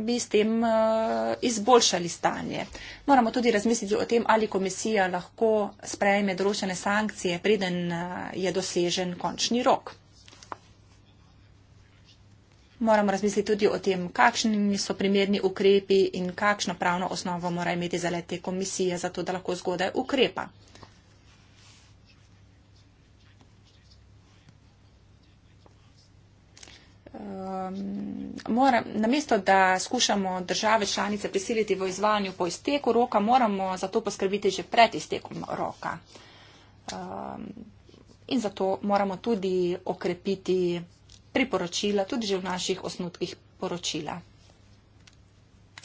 bi s tem eh, izboljšali stanje. Moramo tudi razmisliti o tem, ali komisija lahko sprejme določene sankcije, preden eh, je dosežen končni rok. Moramo razmisliti tudi o tem, kakšni so primerni ukrepi in kakšno pravno osnovo mora imeti zalete komisije, zato da lahko zgodaj ukrepa. mora, namesto da skušamo države članice prisiliti v izvajanju po izteku roka, moramo za to poskrbiti že pred iztekom roka. Um, in zato moramo tudi okrepiti priporočila, tudi že v naših osnutkih poročila.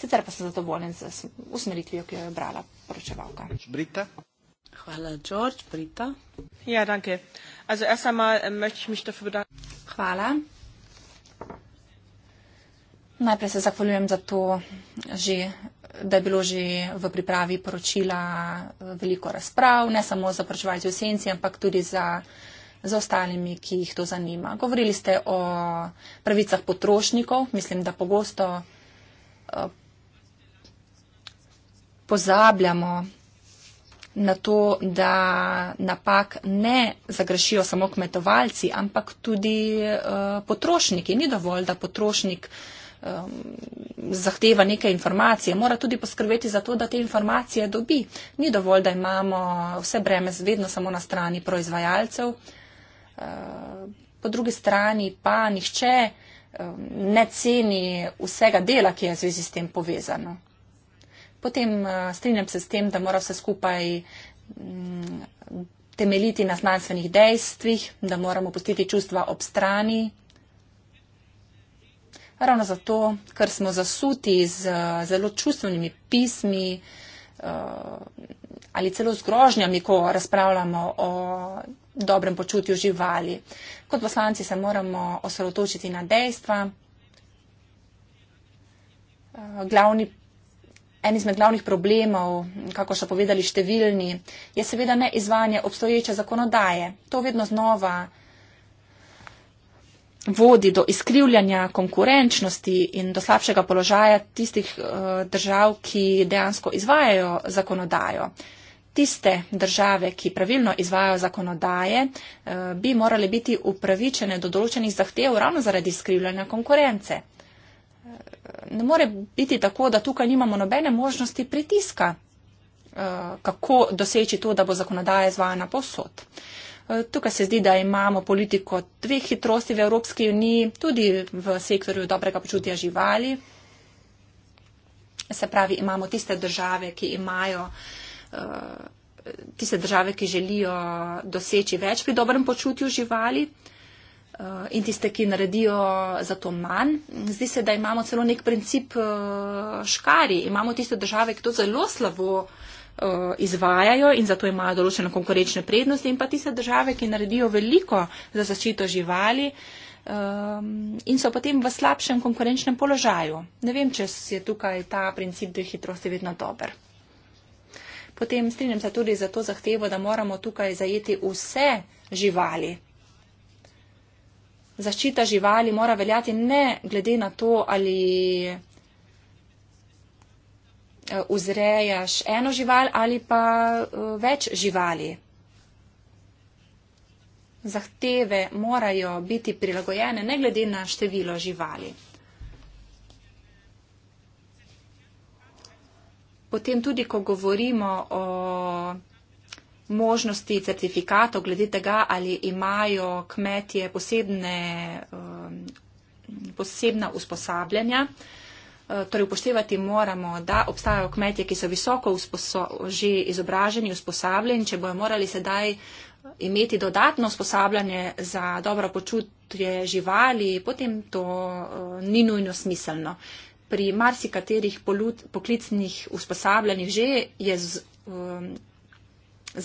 Sicer pa sem zadovoljen z usmeritvijo, ki jo je brala poročevalka. Brita. Hvala, George. Brita. Ja, danke. Also, erst einmal äh, möchte ich mich dafür bedanken. Hvala. Najprej se zahvaljujem za to, že, da je bilo že v pripravi poročila veliko razprav, ne samo za pročevalce v senci, ampak tudi za, za ostalimi, ki jih to zanima. Govorili ste o pravicah potrošnikov. Mislim, da pogosto pozabljamo na to, da napak ne zagrešijo samo kmetovalci, ampak tudi uh, potrošniki. Ni dovolj, da potrošnik uh, um, zahteva neke informacije, mora tudi poskrbeti za to, da te informacije dobi. Ni dovolj, da imamo vse breme vedno samo na strani proizvajalcev. Uh, po drugi strani pa nihče um, ne ceni vsega dela, ki je v zvezi s tem povezano. Potem uh, strinjam se s tem, da mora vse skupaj. Mm, temeljiti na znanstvenih dejstvih, da moramo pustiti čustva ob strani ravno zato, ker smo zasuti z eh, zelo čustvenimi pismi eh, ali celo z grožnjami, ko razpravljamo o dobrem počutju živali. Kot poslanci se moramo osredotočiti na dejstva. Eh, glavni, en izmed glavnih problemov, kako so povedali številni, je seveda ne izvanje obstoječe zakonodaje. To vedno znova vodi do izkrivljanja konkurenčnosti in do slabšega položaja tistih eh, držav, ki dejansko izvajajo zakonodajo. Tiste države, ki pravilno izvajo zakonodaje, eh, bi morali biti upravičene do določenih zahtev ravno zaradi skrivljanja konkurence. Eh, ne more biti tako, da tukaj nimamo nobene možnosti pritiska, kako doseči to, da bo zakonodaja izvajana posod. Eh, tukaj se zdi, da imamo politiko dveh hitrosti v Evropski uniji, tudi v sektorju dobrega počutja živali. Se pravi, imamo tiste države, ki imajo. Eh, tiste države, ki želijo doseči več pri dobrem počutju živali eh, in tiste, ki naredijo za to manj. Zdi se, da imamo celo nek princip škari. Imamo tiste države, ki to zelo slabo uh, Eh, izvajajo in zato imajo določene konkurenčne prednosti in pa tiste države, ki naredijo veliko za zaščito živali um, in so potem v slabšem konkurenčnem položaju. Ne vem, če je tukaj ta princip dve hitrosti vedno dober. Potem strinjam se tudi za to zahtevo, da moramo tukaj zajeti vse živali. Zaščita živali mora veljati ne glede na to, ali vzrejaš eh, eno žival ali pa eh, več živali. Zahteve morajo biti prilagojene ne glede na število živali. Potem tudi, ko govorimo o možnosti certifikatov glede tega, ali imajo kmetje posebne, eh, posebna usposabljanja, Eh, torej upoštevati moramo, da obstajajo kmetje, ki so visoko usposo, že izobraženi, usposabljeni, če bojo morali sedaj imeti dodatno usposabljanje za dobro počutje živali, potem to uh, ni nujno smiselno. Pri marsikaterih polut, poklicnih usposabljanjih že je z, um,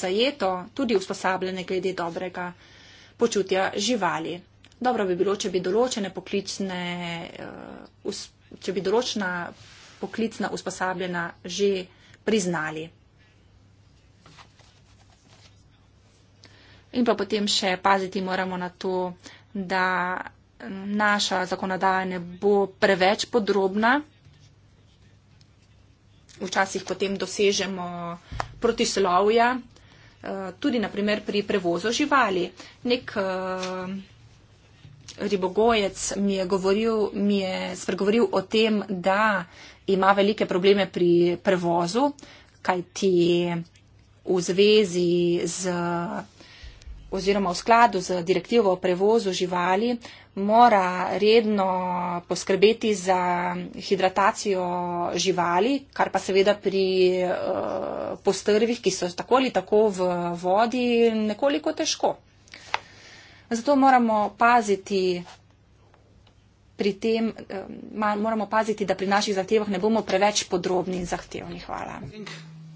zajeto tudi usposabljanje glede dobrega počutja živali. Dobro bi bilo, če bi določene poklicne uh, eh, usposabljanje če bi določena poklicna usposabljena že priznali. In pa potem še paziti moramo na to, da naša zakonodaja ne bo preveč podrobna. Včasih potem dosežemo protislovja, eh, tudi naprimer pri prevozu živali. Nek, uh, ribogojec mi je, govoril, mi je spregovoril o tem, da ima velike probleme pri prevozu, kaj ti v zvezi z oziroma v skladu z direktivo o prevozu živali mora redno poskrbeti za hidratacijo živali, kar pa seveda pri uh, postrvih, ki so tako ali tako v vodi, nekoliko težko. Zato moramo paziti pri tem, moramo paziti, da pri naših zahtevah ne bomo preveč podrobni in zahtevni. Hvala.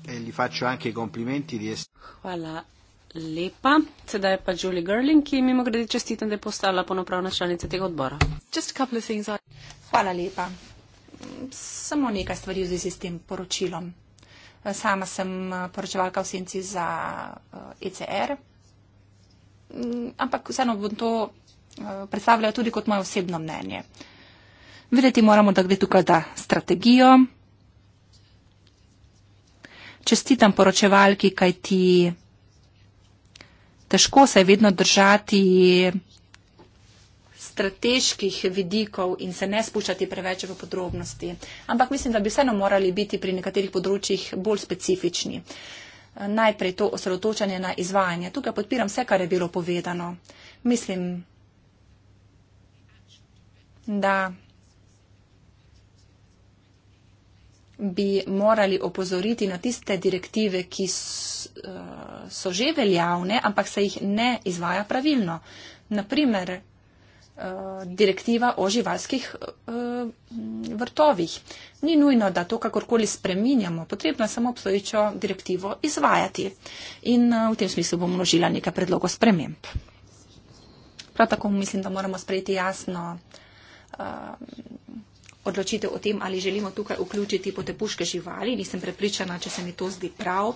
E, Hvala lepa. Sedaj je pa Julie Gerling, ki mimo grede čestitam, da je postala ponopravna članica tega odbora. Hvala lepa. Samo nekaj stvari v zvezi s tem poročilom. Sama sem eh, poročevalka v senci za ECR. Eh, e Mm, ampak vseeno bom to eh, predstavljala tudi kot moje osebno mnenje. Videti moramo, da gre tukaj za strategijo. Čestitam poročevalki, kaj ti težko se je vedno držati strateških vidikov in se ne spuščati preveč v podrobnosti. Ampak mislim, da bi vseeno morali biti pri nekaterih področjih bolj specifični. Uh, najprej to osredotočanje na izvajanje. Tukaj podpiram vse, kar je bilo povedano. Mislim, da bi morali opozoriti na tiste direktive, ki so, eh, so že veljavne, ampak se jih ne izvaja pravilno. Naprimer, Eh, direktiva o živalskih eh, vrtovih. Ni nujno, da to kakorkoli spreminjamo, potrebno je samo obstoječo direktivo izvajati. In eh, v tem smislu bom vložila nekaj predlogov sprememb. Prav tako mislim, da moramo sprejeti jasno odločitev o tem, ali želimo tukaj vključiti potepuške živali. Nisem prepričana, če se mi to zdi prav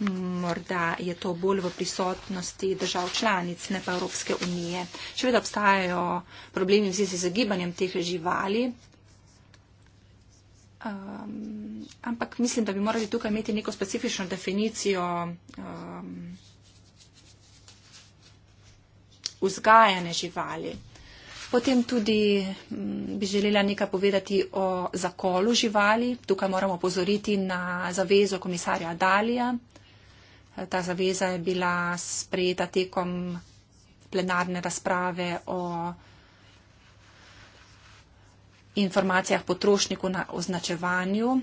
morda je to bolj v prisotnosti držav članic, ne pa Evropske unije. Še vedno obstajajo problemi v zvezi z gibanjem teh živali. Um, ampak mislim, da bi morali tukaj imeti neko specifično definicijo um, vzgajane živali. Potem tudi mm, bi želela nekaj povedati o zakolu živali. Tukaj moramo pozoriti na zavezo komisarja Dalija, Ta zaveza je bila sprejeta tekom plenarne razprave o informacijah potrošniku na označevanju.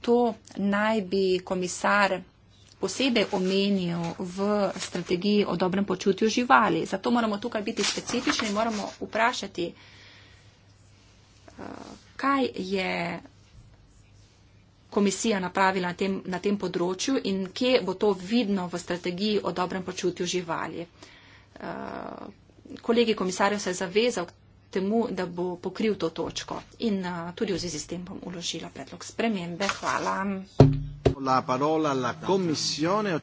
To naj bi komisar posebej omenil v strategiji o dobrem počutju živali. Zato moramo tukaj biti specifični in moramo vprašati, eh, kaj je komisija napravila na tem, na tem področju in kje bo to vidno v strategiji o dobrem počutju živali. Eh, kolegi komisarjev se je zavezal k temu, da bo pokril to točko in eh, tudi v zvezi s tem bom uložila predlog spremembe. Hvala. La parola, la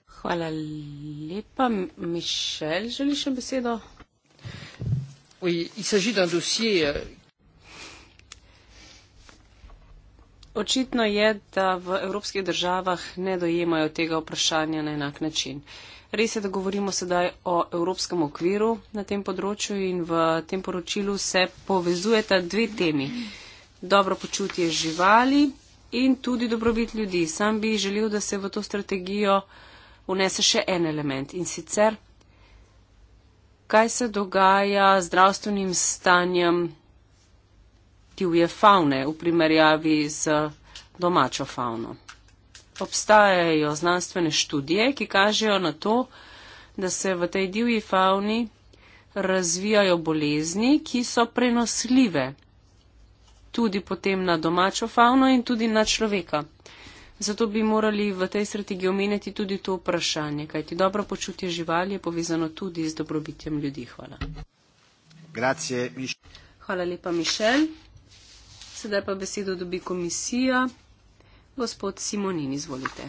Hvala lepa. Mišel, želiš še besedo? Oui, il s'agit d'un dossier euh, očitno je, da v evropskih državah ne dojemajo tega vprašanja na enak način. Res je, da govorimo sedaj o evropskem okviru na tem področju in v tem poročilu se povezujeta dve temi. Dobro počutje živali in tudi dobrobit ljudi. Sam bi želel, da se v to strategijo unese še en element in sicer, kaj se dogaja z zdravstvenim stanjem divje favne v primerjavi z domačo favno. Obstajajo znanstvene študije, ki kažejo na to, da se v tej divji favni razvijajo bolezni, ki so prenosljive tudi potem na domačo favno in tudi na človeka. Zato bi morali v tej strategiji omeniti tudi to vprašanje, kajti dobro počutje živali je povezano tudi z dobrobitjem ljudi. Hvala. Grazie, Hvala lepa, Mišel. Sedaj pa besedo dobi komisija. Gospod Simonin, izvolite.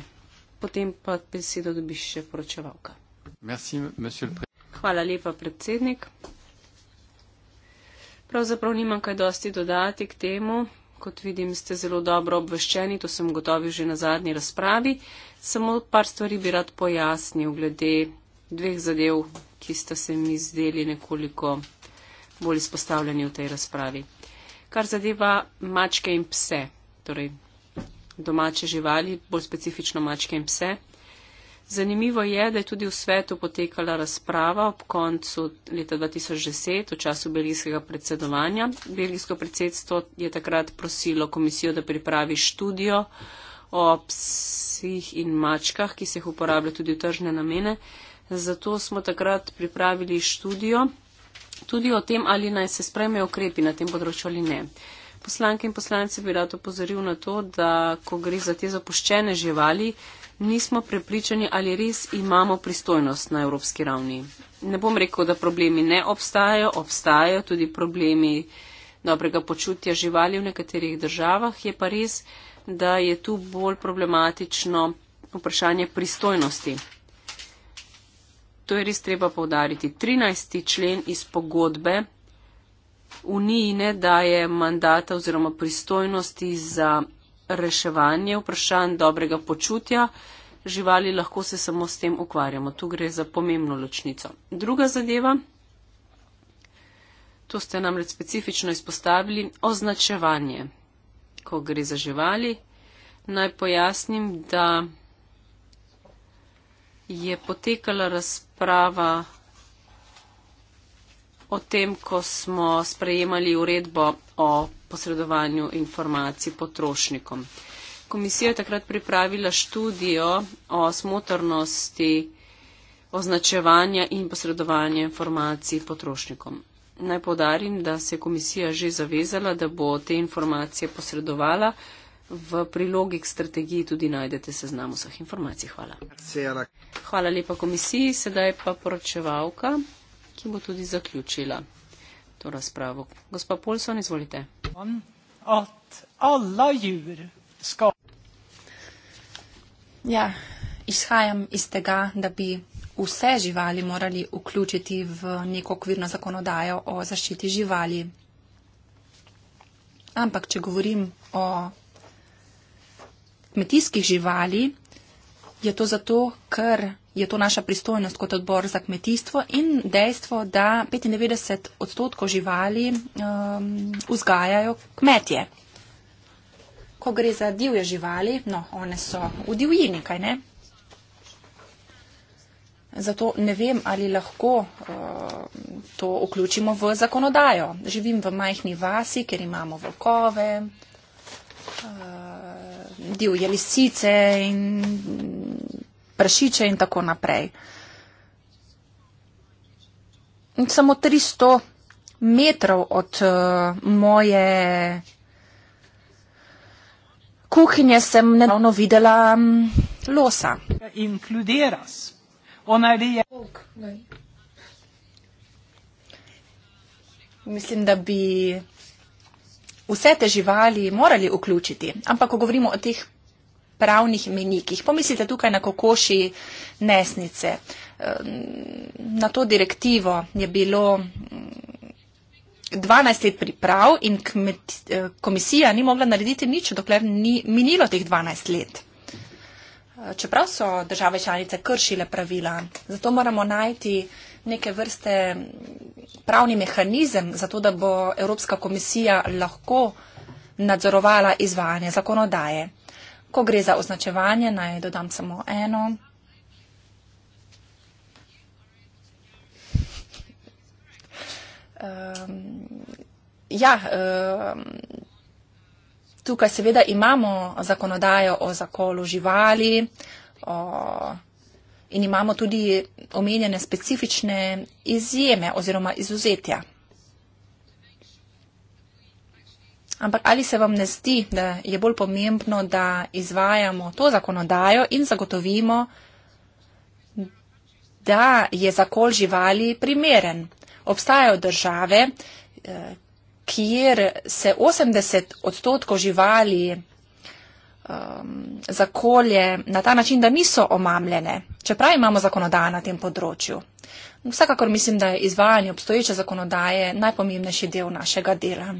Potem pa besedo dobi še poročevalka. Merci, Hvala lepa, predsednik. Pravzaprav nimam kaj dosti dodati k temu. Kot vidim, ste zelo dobro obveščeni, to sem gotovil že na zadnji razpravi. Samo par stvari bi rad pojasnil glede dveh zadev, ki sta se mi zdeli nekoliko bolj izpostavljeni v tej razpravi kar zadeva mačke in pse, torej domače živali, bolj specifično mačke in pse. Zanimivo je, da je tudi v svetu potekala razprava ob koncu leta 2010 v času belgijskega predsedovanja. Belgijsko predsedstvo je takrat prosilo komisijo, da pripravi študijo o psih in mačkah, ki se jih uporablja tudi v tržne namene. Zato smo takrat pripravili študijo, tudi o tem, ali naj se spreme okrepi na tem področju ali ne. Poslanke in poslance bi rado pozoril na to, da ko gre za te zapuščene živali, nismo prepričani, ali res imamo pristojnost na evropski ravni. Ne bom rekel, da problemi ne obstajajo, obstajajo tudi problemi dobrega počutja živali v nekaterih državah, je pa res, da je tu bolj problematično vprašanje pristojnosti to je res treba povdariti. 13. člen iz pogodbe Unije ne daje mandata oziroma pristojnosti za reševanje vprašanj dobrega počutja živali, lahko se samo s tem ukvarjamo. Tu gre za pomembno ločnico. Druga zadeva, to ste namreč specifično izpostavili, označevanje. Ko gre za živali, naj pojasnim, da je potekala razprava o tem, ko smo sprejemali uredbo o posredovanju informacij potrošnikom. Komisija je takrat pripravila študijo o smotrnosti označevanja in posredovanja informacij potrošnikom. Naj podarim, da se je komisija že zavezala, da bo te informacije posredovala. V prilogi k strategiji tudi najdete seznam vseh informacij. Hvala. Hvala lepa komisiji, sedaj pa poročevalka, ki bo tudi zaključila to razpravo. Gospa Polson, izvolite. Ja, izhajam iz tega, da bi vse živali morali vključiti v neko okvirno zakonodajo o zaščiti živali. Ampak, če govorim o kmetijskih živali, je to zato, ker je to naša pristojnost kot odbor za kmetijstvo in dejstvo, da 95 odstotkov živali um, vzgajajo kmetje. Ko gre za divje živali, no, one so v divjini, kaj ne? Zato ne vem, ali lahko uh, to vključimo v zakonodajo. Živim v majhni vasi, ker imamo volkove. Uh, divje lisice in prašiče in tako naprej. In samo 300 metrov od uh, moje kuhinje sem nedavno videla um, losa. Mislim, da bi vse te živali morali vključiti. Ampak, ko govorimo o teh pravnih menikih, pomislite tukaj na kokoši nesnice. Na to direktivo je bilo 12 mm, let priprav in kmet, eh, komisija ni mogla narediti nič, dokler ni minilo teh 12 let. Eh, čeprav so države članice kršile pravila, zato moramo najti neke vrste pravni mehanizem za to, da bo Evropska komisija lahko nadzorovala izvajanje zakonodaje. Ko gre za označevanje, naj dodam samo eno. Um, ja, um, tukaj seveda imamo zakonodajo o zakolu živali, o in imamo tudi omenjene specifične izjeme oziroma izuzetja. Ampak ali se vam ne zdi, da je bolj pomembno, da izvajamo to zakonodajo in zagotovimo, da je zakol živali primeren? Obstajajo države, eh, kjer se 80 odstotkov živali um, zakolje na ta način, da niso omamljene, čeprav imamo zakonodajo na tem področju. Vsekakor mislim, da je izvajanje obstoječe zakonodaje najpomembnejši del našega dela.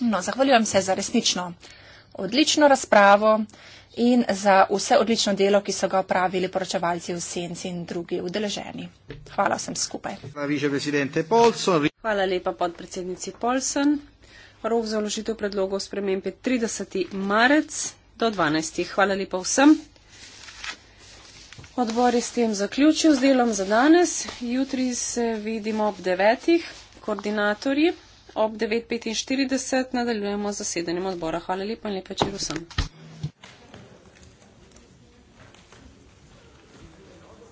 No, zahvaljujem se za resnično odlično razpravo in za vse odlično delo, ki so ga opravili poročevalci v Senci in drugi udeleženi. Hvala vsem skupaj. Hvala lepa podpredsednici Polson. Rok za vložitev predlogov sprememb je 30. marec do 12. Hvala lepo vsem. Odbor je s tem zaključil z delom za danes. Jutri se vidimo ob 9. Koordinatorji ob 9.45 nadaljujemo z zasedanjem odbora. Hvala lepo in lepo večer vsem.